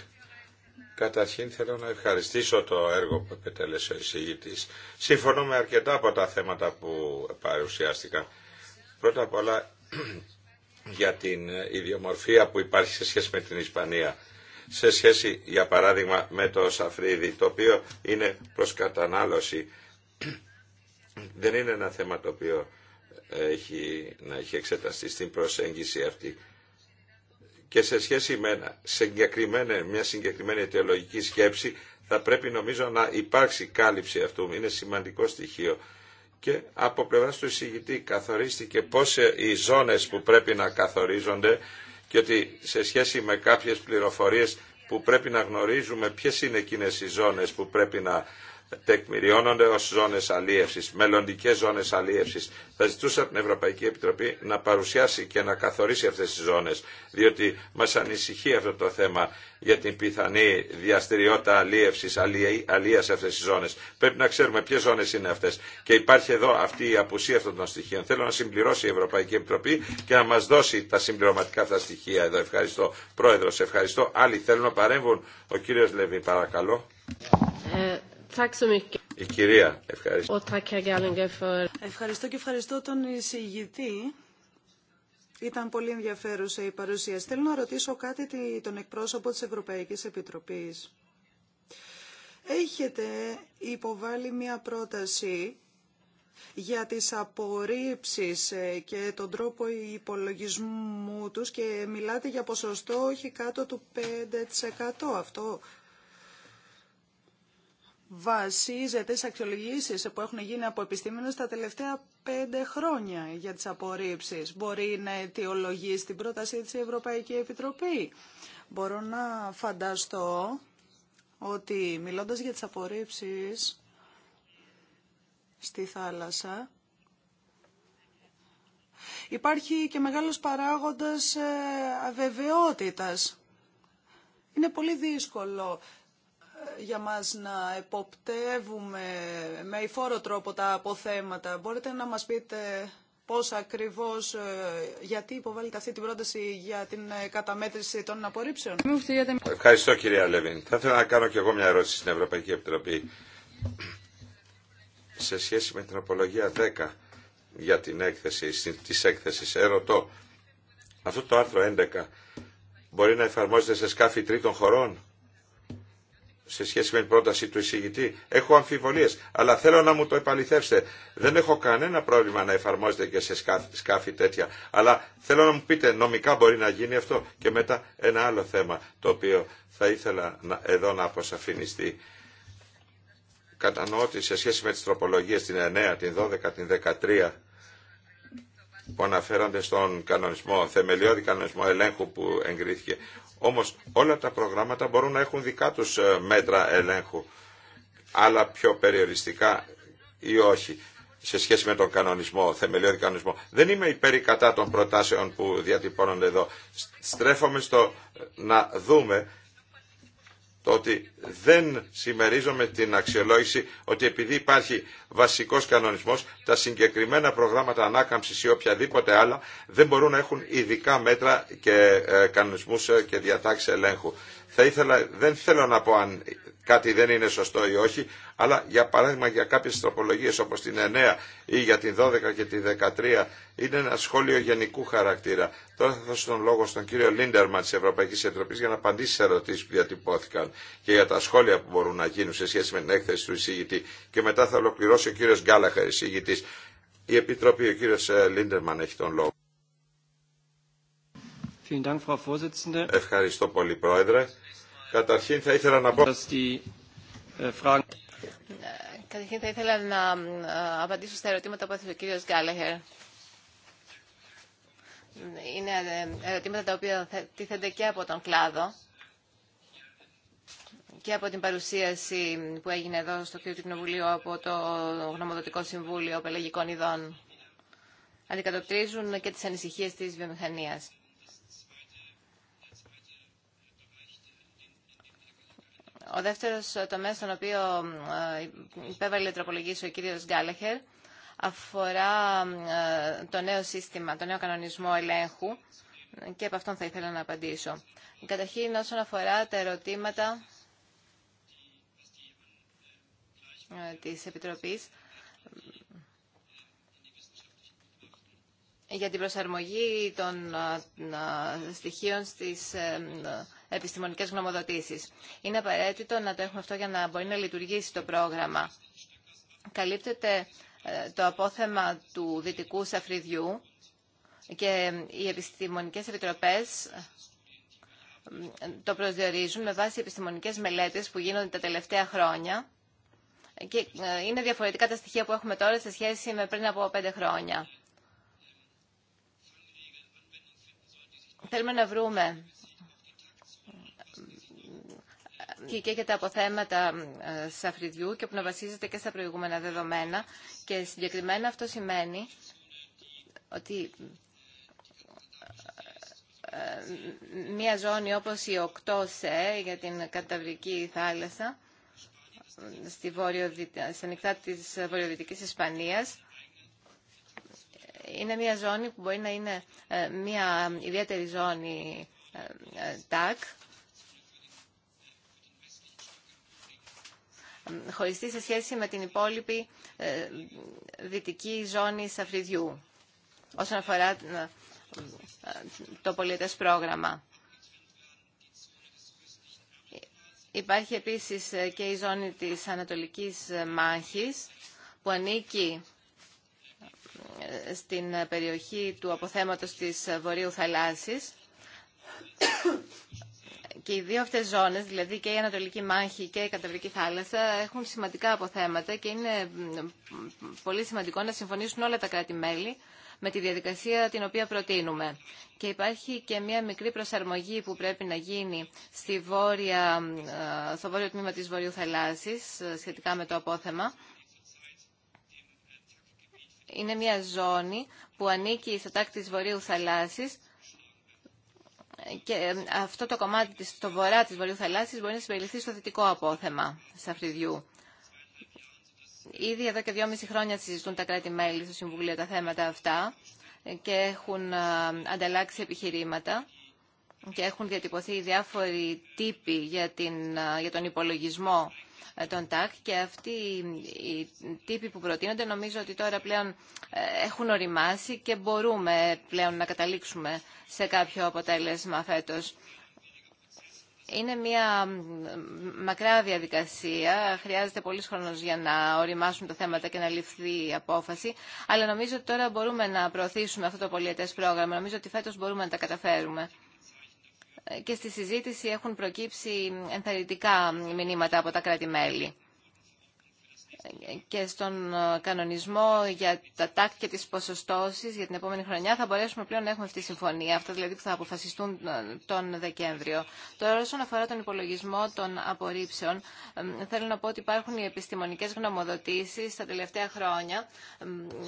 Καταρχήν θέλω να ευχαριστήσω το έργο που επιτέλεσε ο εισηγητής. Συμφωνώ με αρκετά από τα θέματα που παρουσιάστηκαν. Πρώτα απ' όλα για την ιδιομορφία που υπάρχει σε σχέση με την Ισπανία. Σε σχέση, για παράδειγμα, με το σαφρίδι, το οποίο είναι προς κατανάλωση. Δεν είναι ένα θέμα το οποίο ε, έχει, να έχει εξεταστεί στην προσέγγιση αυτή και σε σχέση με μια συγκεκριμένη αιτιολογική σκέψη θα πρέπει νομίζω να υπάρξει κάλυψη αυτού. Είναι σημαντικό στοιχείο. Και από πλευρά του εισηγητή καθορίστηκε πώς οι ζώνες που πρέπει να καθορίζονται και ότι σε σχέση με κάποιες πληροφορίες που πρέπει να γνωρίζουμε ποιες είναι εκείνες οι ζώνες που πρέπει να τεκμηριώνονται ω ζώνε αλίευσης, μελλοντικέ ζώνε αλίευσης. Θα ζητούσα από την Ευρωπαϊκή Επιτροπή να παρουσιάσει και να καθορίσει αυτέ τι ζώνε, διότι μα ανησυχεί αυτό το θέμα για την πιθανή διαστηριότητα αλίευσης, αλία σε αυτέ τι ζώνε. Πρέπει να ξέρουμε ποιε ζώνε είναι αυτέ. Και υπάρχει εδώ αυτή η απουσία αυτών των στοιχείων. Θέλω να συμπληρώσει η Ευρωπαϊκή Επιτροπή και να μα δώσει τα συμπληρωματικά αυτά στοιχεία εδώ. Ευχαριστώ. Πρόεδρο. ευχαριστώ. Άλλοι θέλουν να παρέμβουν. Ο κύριο Λεβί, παρακαλώ. Ε ευχαριστώ. Ευχαριστώ και ευχαριστώ τον εισηγητή. Ήταν πολύ ενδιαφέρουσα η παρουσία. Θέλω να ρωτήσω κάτι τον εκπρόσωπο της Ευρωπαϊκής Επιτροπής. Έχετε υποβάλει μια πρόταση για τις απορρίψεις ε, και τον τρόπο υπολογισμού τους και μιλάτε για ποσοστό όχι κάτω του 5%. Αυτό βασίζεται σε αξιολογήσεις που έχουν γίνει από επιστήμονες τα τελευταία πέντε χρόνια για τις απορρίψεις. Μπορεί να αιτιολογήσει την πρόταση της Ευρωπαϊκή Επιτροπή. Μπορώ να φανταστώ ότι μιλώντας για τις απορρίψεις στη θάλασσα, υπάρχει και μεγάλος παράγοντας ε, αβεβαιότητας. Είναι πολύ δύσκολο για μας να εποπτεύουμε με υφόρο τρόπο τα αποθέματα. Μπορείτε να μας πείτε πώς ακριβώς, ε, γιατί υποβάλλεται αυτή την πρόταση για την ε, καταμέτρηση των απορρίψεων. Ευχαριστώ κυρία Λεβίν. Θα ήθελα να κάνω και εγώ μια ερώτηση στην Ευρωπαϊκή Επιτροπή σε σχέση με την απολογία 10 για την έκθεση, της έκθεσης. Ερωτώ, αυτό το άρθρο 11 μπορεί να εφαρμόζεται σε σκάφη τρίτων χωρών σε σχέση με την πρόταση του εισηγητή. Έχω αμφιβολίες, αλλά θέλω να μου το επαληθεύσετε. Δεν έχω κανένα πρόβλημα να εφαρμόζεται και σε σκάφη τέτοια. Αλλά θέλω να μου πείτε, νομικά μπορεί να γίνει αυτό. Και μετά ένα άλλο θέμα, το οποίο θα ήθελα να, εδώ να αποσαφινιστεί. Κατανοώ ότι σε σχέση με τις τροπολογίες, την 9, την 12, την 13, που αναφέρονται στον κανονισμό, θεμελιώδη κανονισμό ελέγχου που εγκρίθηκε, όμως όλα τα προγράμματα μπορούν να έχουν δικά τους ε, μέτρα ελέγχου, αλλά πιο περιοριστικά ή όχι σε σχέση με τον κανονισμό, θεμελιώδη κανονισμό. Δεν είμαι υπέρ κατά των προτάσεων που διατυπώνονται εδώ. Στρέφομαι στο ε, να δούμε το ότι δεν συμμερίζομαι την αξιολόγηση ότι επειδή υπάρχει βασικός κανονισμός, τα συγκεκριμένα προγράμματα ανάκαμψης ή οποιαδήποτε άλλα δεν μπορούν να έχουν ειδικά μέτρα και ε, κανονισμούς ε, και διατάξεις ελέγχου. δεν θέλω να πω αν κάτι δεν είναι σωστό ή όχι, αλλά για παράδειγμα για κάποιες τροπολογίες όπως την 9 ή για την 12 και την 13 είναι ένα σχόλιο γενικού χαρακτήρα. Τώρα θα δώσω τον λόγο στον κύριο Λίντερμαν της Ευρωπαϊκή Επιτροπής για να απαντήσει σε ερωτήσεις που διατυπώθηκαν και για τα σχόλια που μπορούν να γίνουν σε σχέση με την έκθεση του εισηγητή και μετά θα ολοκληρώσει ο κύριος Γκάλαχερ εισηγητής. Η Επιτροπή, ο κύριος ε, Λίντερμαν έχει τον λόγο. Ευχαριστώ πολύ Πρόεδρε. Καταρχήν θα ήθελα να πω... Ε, Καταρχήν θα ήθελα να ε, απαντήσω στα ερωτήματα που έθεσε ο κύριος Γκάλεχερ. Είναι ε, ερωτήματα τα οποία τίθενται και από τον κλάδο και από την παρουσίαση που έγινε εδώ στο κύριο του από το Γνωμοδοτικό Συμβούλιο Πελαγικών Ειδών. Αντικατοπτρίζουν και τις ανησυχίες της βιομηχανίας. Ο δεύτερος τομέας στον οποίο ε, υπέβαλε τροπολογίες ο κύριος Γκάλεχερ, αφορά ε, το νέο σύστημα, το νέο κανονισμό ελέγχου και από αυτόν θα ήθελα να απαντήσω. Καταρχήν όσον αφορά τα ερωτήματα ε, της Επιτροπής για την προσαρμογή των στοιχείων στις επιστημονικές γνωμοδοτήσεις. Είναι απαραίτητο να το έχουμε αυτό για να μπορεί να λειτουργήσει το πρόγραμμα. Καλύπτεται ε, το απόθεμα του Δυτικού Σαφριδιού και ε, οι επιστημονικές επιτροπές ε, το προσδιορίζουν με βάση επιστημονικές μελέτες που γίνονται τα τελευταία χρόνια και είναι διαφορετικά τα στοιχεία που έχουμε τώρα σε σχέση με πριν από πέντε χρόνια. Θέλουμε να βρούμε και για τα αποθέματα ε, σαφριδιού και που να βασίζεται και στα προηγούμενα δεδομένα και συγκεκριμένα αυτό σημαίνει ότι μια ε, ζώνη όπως η 8ΣΕ για την Καταβρική θάλασσα στη βόρειο, στα νυχτά της βορειοδυτικής Ισπανίας είναι μια ζώνη που μπορεί να είναι ε, μια ιδιαίτερη ζώνη ΤΑΚ χωριστή σε σχέση με την υπόλοιπη ε, δυτική ζώνη Σαφριδιού όσον αφορά ε, το πολιτές πρόγραμμα. Υπάρχει επίσης ε, και η ζώνη της Ανατολικής Μάχης που ανήκει στην περιοχή του αποθέματος της Βορείου Θαλάσσης και οι δύο αυτέ ζώνες, δηλαδή και η Ανατολική Μάχη και η Καταβρική Θάλασσα, έχουν σημαντικά αποθέματα και είναι πολύ σημαντικό να συμφωνήσουν όλα τα κράτη-μέλη με τη διαδικασία την οποία προτείνουμε. Και υπάρχει και μια μικρή προσαρμογή που πρέπει να γίνει στη βόρεια, ε, στο βόρειο τμήμα της Βορειού Θαλάσσης ε, σχετικά με το απόθεμα. Είναι μια ζώνη που ανήκει στο τάκ της Βορείου Θαλάσσης και ε, αυτό το κομμάτι της, στο βορρά της Βορειού Θαλάσσης μπορεί να συμπεριληφθεί στο δυτικό απόθεμα Σαφριδιού. Ήδη εδώ και δυόμιση χρόνια συζητούν τα κράτη-μέλη στο Συμβουλίο τα θέματα αυτά και έχουν ε, ανταλλάξει επιχειρήματα και έχουν διατυπωθεί διάφοροι τύποι για, την, ε, για τον υπολογισμό ε, των ΤΑΚ και αυτοί οι τύποι που προτείνονται νομίζω ότι τώρα πλέον ε, έχουν οριμάσει και μπορούμε πλέον να καταλήξουμε σε κάποιο αποτέλεσμα φέτος. Είναι μια μακρά διαδικασία, χρειάζεται πολλή χρόνο για να οριμάσουν τα θέματα και να ληφθεί η απόφαση, αλλά νομίζω ότι τώρα μπορούμε να προωθήσουμε αυτό το πολιετές πρόγραμμα, νομίζω ότι φέτος μπορούμε να τα καταφέρουμε και στη συζήτηση έχουν προκύψει ενθαρρυντικά μηνύματα από τα κράτη-μέλη και στον ε, κανονισμό για τα τάκ και τις ποσοστώσεις για την επόμενη χρονιά θα μπορέσουμε πλέον να έχουμε αυτή τη συμφωνία, αυτά δηλαδή που θα αποφασιστούν ε, τον Δεκέμβριο. Τώρα όσον αφορά τον υπολογισμό των απορρίψεων, θέλω να πω ότι υπάρχουν οι επιστημονικές γνωμοδοτήσεις τα τελευταία χρόνια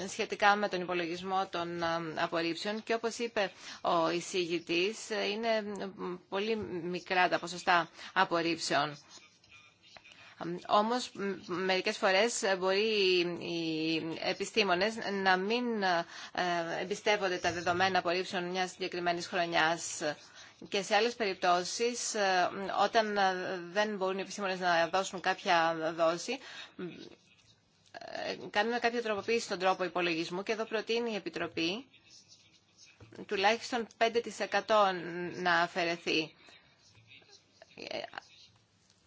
σχετικά με τον υπολογισμό των ε, απορρίψεων και όπως είπε ο εισηγητής, είναι πολύ μικρά τα ποσοστά απορρίψεων. Όμως μερικές φορές ε, μπορεί οι επιστήμονες να μην ε, εμπιστεύονται τα δεδομένα απορρίψεων μια συγκεκριμένη χρονιάς. Και σε άλλες περιπτώσεις, ε, όταν δεν μπορούν οι επιστήμονες να δώσουν κάποια δόση, κάνουμε κάποια τροποποίηση στον τρόπο υπολογισμού και εδώ προτείνει η Επιτροπή τουλάχιστον 5% να αφαιρεθεί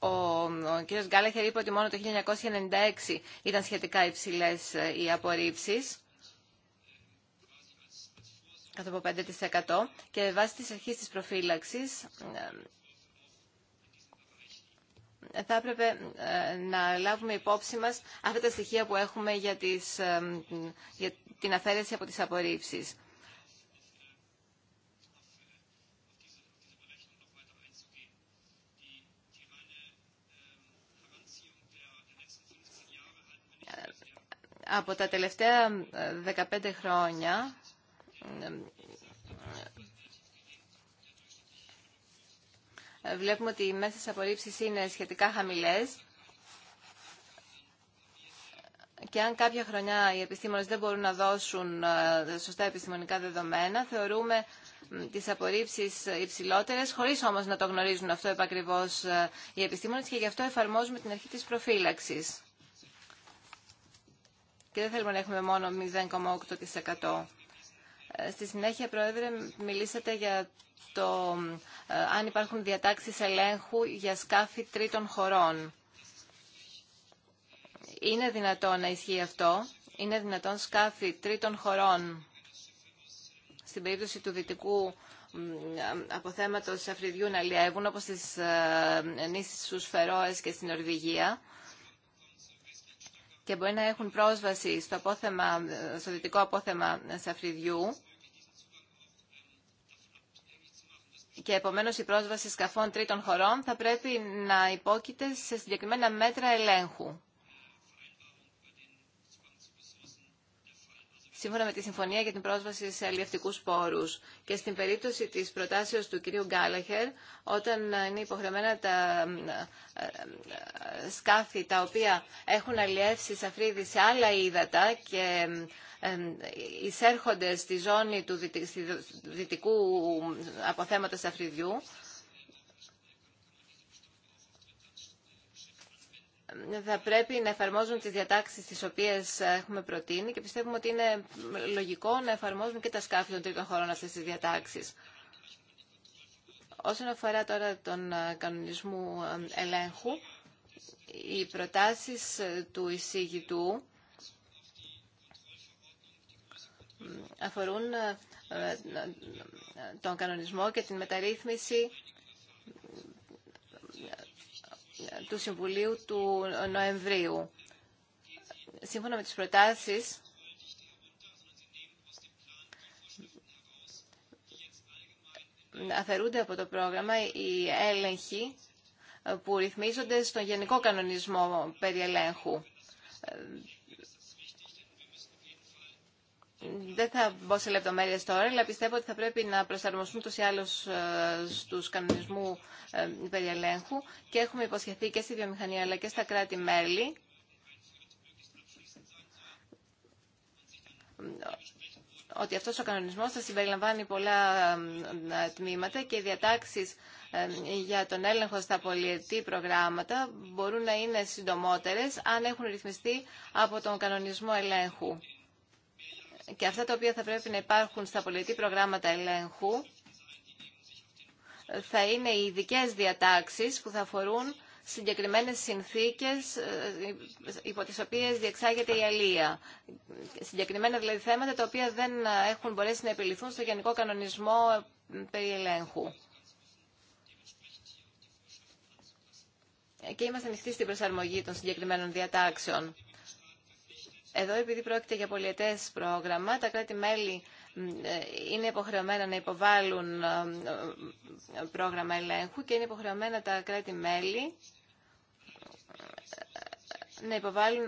ο, ο κύριος Γκάλαχερ είπε ότι μόνο το 1996 ήταν σχετικά υψηλές ε, οι απορρίψεις κάτω από 5% και βάσει της αρχής της προφύλαξης ε, θα έπρεπε ε, να λάβουμε υπόψη μας αυτά τα στοιχεία που έχουμε για, τις, για την αφαίρεση από τις απορρίψεις. Από τα τελευταία 15 ε, χρόνια ε, ε, βλέπουμε ότι οι μέσες απορρίψεις είναι σχετικά χαμηλές και αν κάποια χρονιά οι επιστήμονες δεν μπορούν να δώσουν σωστά επιστημονικά δεδομένα, θεωρούμε τις απορρίψεις υψηλότερες, χωρίς όμως να το γνωρίζουν αυτό επακριβώς οι επιστήμονες και γι' αυτό εφαρμόζουμε την αρχή της προφύλαξης και δεν θέλουμε να έχουμε μόνο 0,8%. Ε, στη συνέχεια, Πρόεδρε, μιλήσατε για το ε, αν υπάρχουν διατάξεις ελέγχου για σκάφη τρίτων χωρών. Είναι δυνατό να ισχύει αυτό. Είναι δυνατόν σκάφη τρίτων χωρών στην περίπτωση του δυτικού αποθέματος αφριδιού να λιεύουν όπως στις ε, νήσεις Φερόες και στην Ορβηγία και μπορεί να έχουν πρόσβαση στο, απόθεμα, στο δυτικό απόθεμα σαφριδιού και επομένως η πρόσβαση σκαφών τρίτων χωρών θα πρέπει να υπόκειται σε συγκεκριμένα μέτρα ελέγχου. σύμφωνα με τη Συμφωνία για την πρόσβαση σε αλλιευτικούς πόρους. Και στην περίπτωση της προτάσεως του κυρίου Γκάλαχερ, όταν είναι υποχρεωμένα τα ε, ε, σκάφη τα οποία έχουν αλλιεύσει σαφρίδι σε άλλα ύδατα και ε, εισέρχονται στη ζώνη του δυτικού αποθέματος σαφριδιού, θα πρέπει να εφαρμόζουν τις διατάξεις τις οποίες έχουμε προτείνει και πιστεύουμε ότι είναι λογικό να εφαρμόζουν και τα σκάφη των τρίτων χωρών αυτές τις διατάξεις. Όσον αφορά τώρα τον ε, κανονισμό ε, ελέγχου, οι προτάσεις ε, του εισηγητού αφορούν τον κανονισμό και την μεταρρύθμιση του Συμβουλίου του Νοεμβρίου. Σύμφωνα με τις προτάσεις, αφαιρούνται από το πρόγραμμα οι έλεγχοι που ρυθμίζονται στον Γενικό Κανονισμό Περιελέγχου δεν θα μπω σε λεπτομέρειε τώρα, αλλά πιστεύω ότι θα πρέπει να προσαρμοστούν τους ή άλλους ε, στου κανονισμού ε, περιελέγχου και έχουμε υποσχεθεί και στη βιομηχανία αλλά και στα κράτη-μέλη ότι αυτός ο κανονισμός θα συμπεριλαμβάνει πολλά ε, τμήματα και οι διατάξεις για τον έλεγχο στα πολιετή προγράμματα μπορούν να είναι συντομότερες αν έχουν ρυθμιστεί από τον κανονισμό ελέγχου και αυτά τα οποία θα πρέπει να υπάρχουν στα πολιτική προγράμματα ελέγχου θα είναι οι ειδικέ διατάξεις που θα αφορούν συγκεκριμένες συνθήκες ε, υπό τις οποίες διεξάγεται η αλία. Συγκεκριμένα δηλαδή θέματα τα οποία δεν έχουν μπορέσει να επιληθούν στο Γενικό Κανονισμό ε, περί ελέγχου. Και είμαστε ανοιχτοί στην προσαρμογή των συγκεκριμένων διατάξεων. Εδώ, επειδή πρόκειται για πολιετές πρόγραμμα, τα κράτη-μέλη ε, είναι υποχρεωμένα να υποβάλουν ε, ε, πρόγραμμα ελέγχου και είναι υποχρεωμένα τα κράτη-μέλη να υποβάλουν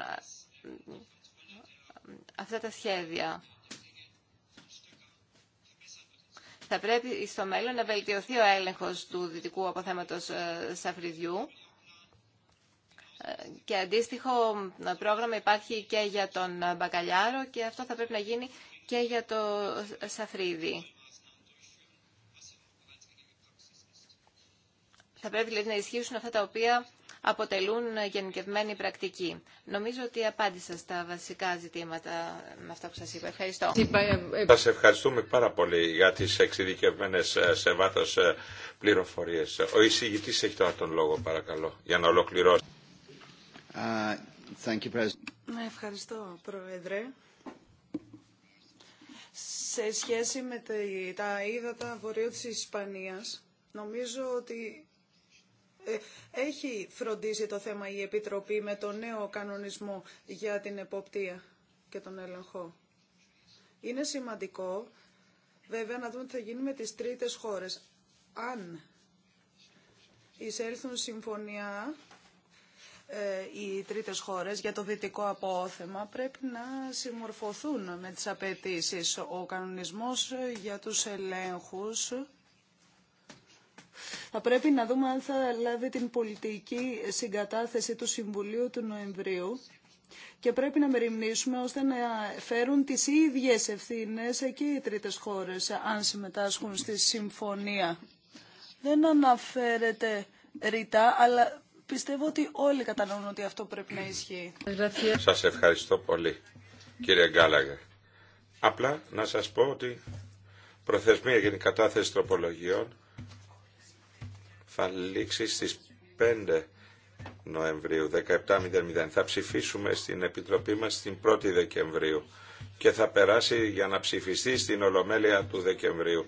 αυτά τα σχέδια. Θα πρέπει στο μέλλον να βελτιωθεί ο έλεγχος του δυτικού αποθέματος Σαφριδιού και αντίστοιχο πρόγραμμα υπάρχει και για τον μπακαλιάρο και αυτό θα πρέπει να γίνει και για το σαφρίδι. Θα πρέπει δηλαδή να ισχύσουν αυτά τα οποία αποτελούν γενικευμένη πρακτική. Νομίζω ότι απάντησα στα βασικά ζητήματα με αυτά που σας είπα. Ευχαριστώ. Σας ευχαριστούμε πάρα πολύ για τις εξειδικευμένες ε, σε βάθος ε, πληροφορίες. Ο εισηγητής έχει τώρα τον λόγο παρακαλώ για να ολοκληρώσει. Ναι, ευχαριστώ, Πρόεδρε. Σε σχέση με τα ύδατα βορείου της Ισπανίας, νομίζω ότι ε, έχει φροντίσει το θέμα η Επιτροπή με το νέο κανονισμό για την εποπτεία και τον έλεγχο. Είναι σημαντικό, βέβαια, να δούμε τι θα γίνει με τις τρίτες χώρες. Αν εισέλθουν συμφωνία ε, οι τρίτες χώρες για το δυτικό απόθεμα πρέπει να συμμορφωθούν με τις απαιτήσει. Ο κανονισμός για τους ελέγχους θα πρέπει να δούμε αν θα λάβει την πολιτική συγκατάθεση του Συμβουλίου του Νοεμβρίου και πρέπει να μεριμνήσουμε ώστε να φέρουν τις ίδιες ευθύνες και οι τρίτες χώρες αν συμμετάσχουν στη συμφωνία. Δεν αναφέρεται ρητά, αλλά Πιστεύω ότι όλοι κατανοούν ότι αυτό πρέπει να ισχύει. Σας ευχαριστώ πολύ, κύριε Γκάλαγε. Απλά να σας πω ότι προθεσμία για την κατάθεση τροπολογιών θα λήξει στις 5 Νοεμβρίου 17.00. Θα ψηφίσουμε στην Επιτροπή μας την 1η Δεκεμβρίου και θα περάσει για να ψηφιστεί στην Ολομέλεια του Δεκεμβρίου.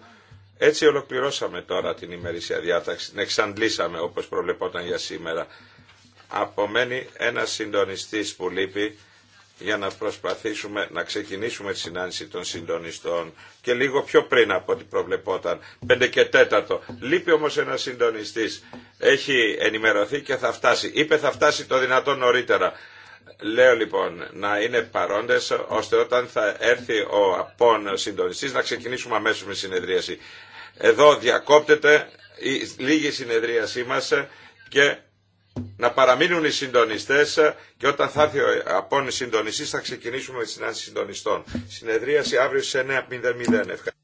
Έτσι ολοκληρώσαμε τώρα την ημερήσια διάταξη. Την εξαντλήσαμε όπως προβλεπόταν για σήμερα. Απομένει ένας συντονιστής που λείπει για να προσπαθήσουμε να ξεκινήσουμε τη συνάντηση των συντονιστών και λίγο πιο πριν από ό,τι προβλεπόταν, πέντε και τέταρτο. Λείπει όμως ένας συντονιστής. Έχει ενημερωθεί και θα φτάσει. Είπε θα φτάσει το δυνατόν νωρίτερα. Λέω λοιπόν να είναι παρόντες ώστε όταν θα έρθει ο απόν συντονιστής να ξεκινήσουμε αμέσως με συνεδρίαση. Εδώ διακόπτεται η λίγη συνεδρίασή μας και να παραμείνουν οι συντονιστές και όταν θα έρθει ο απόν συντονιστής θα ξεκινήσουμε με τη συνάντηση συντονιστών. Συνεδρίαση αύριο στις 9.00. ευχαριστώ.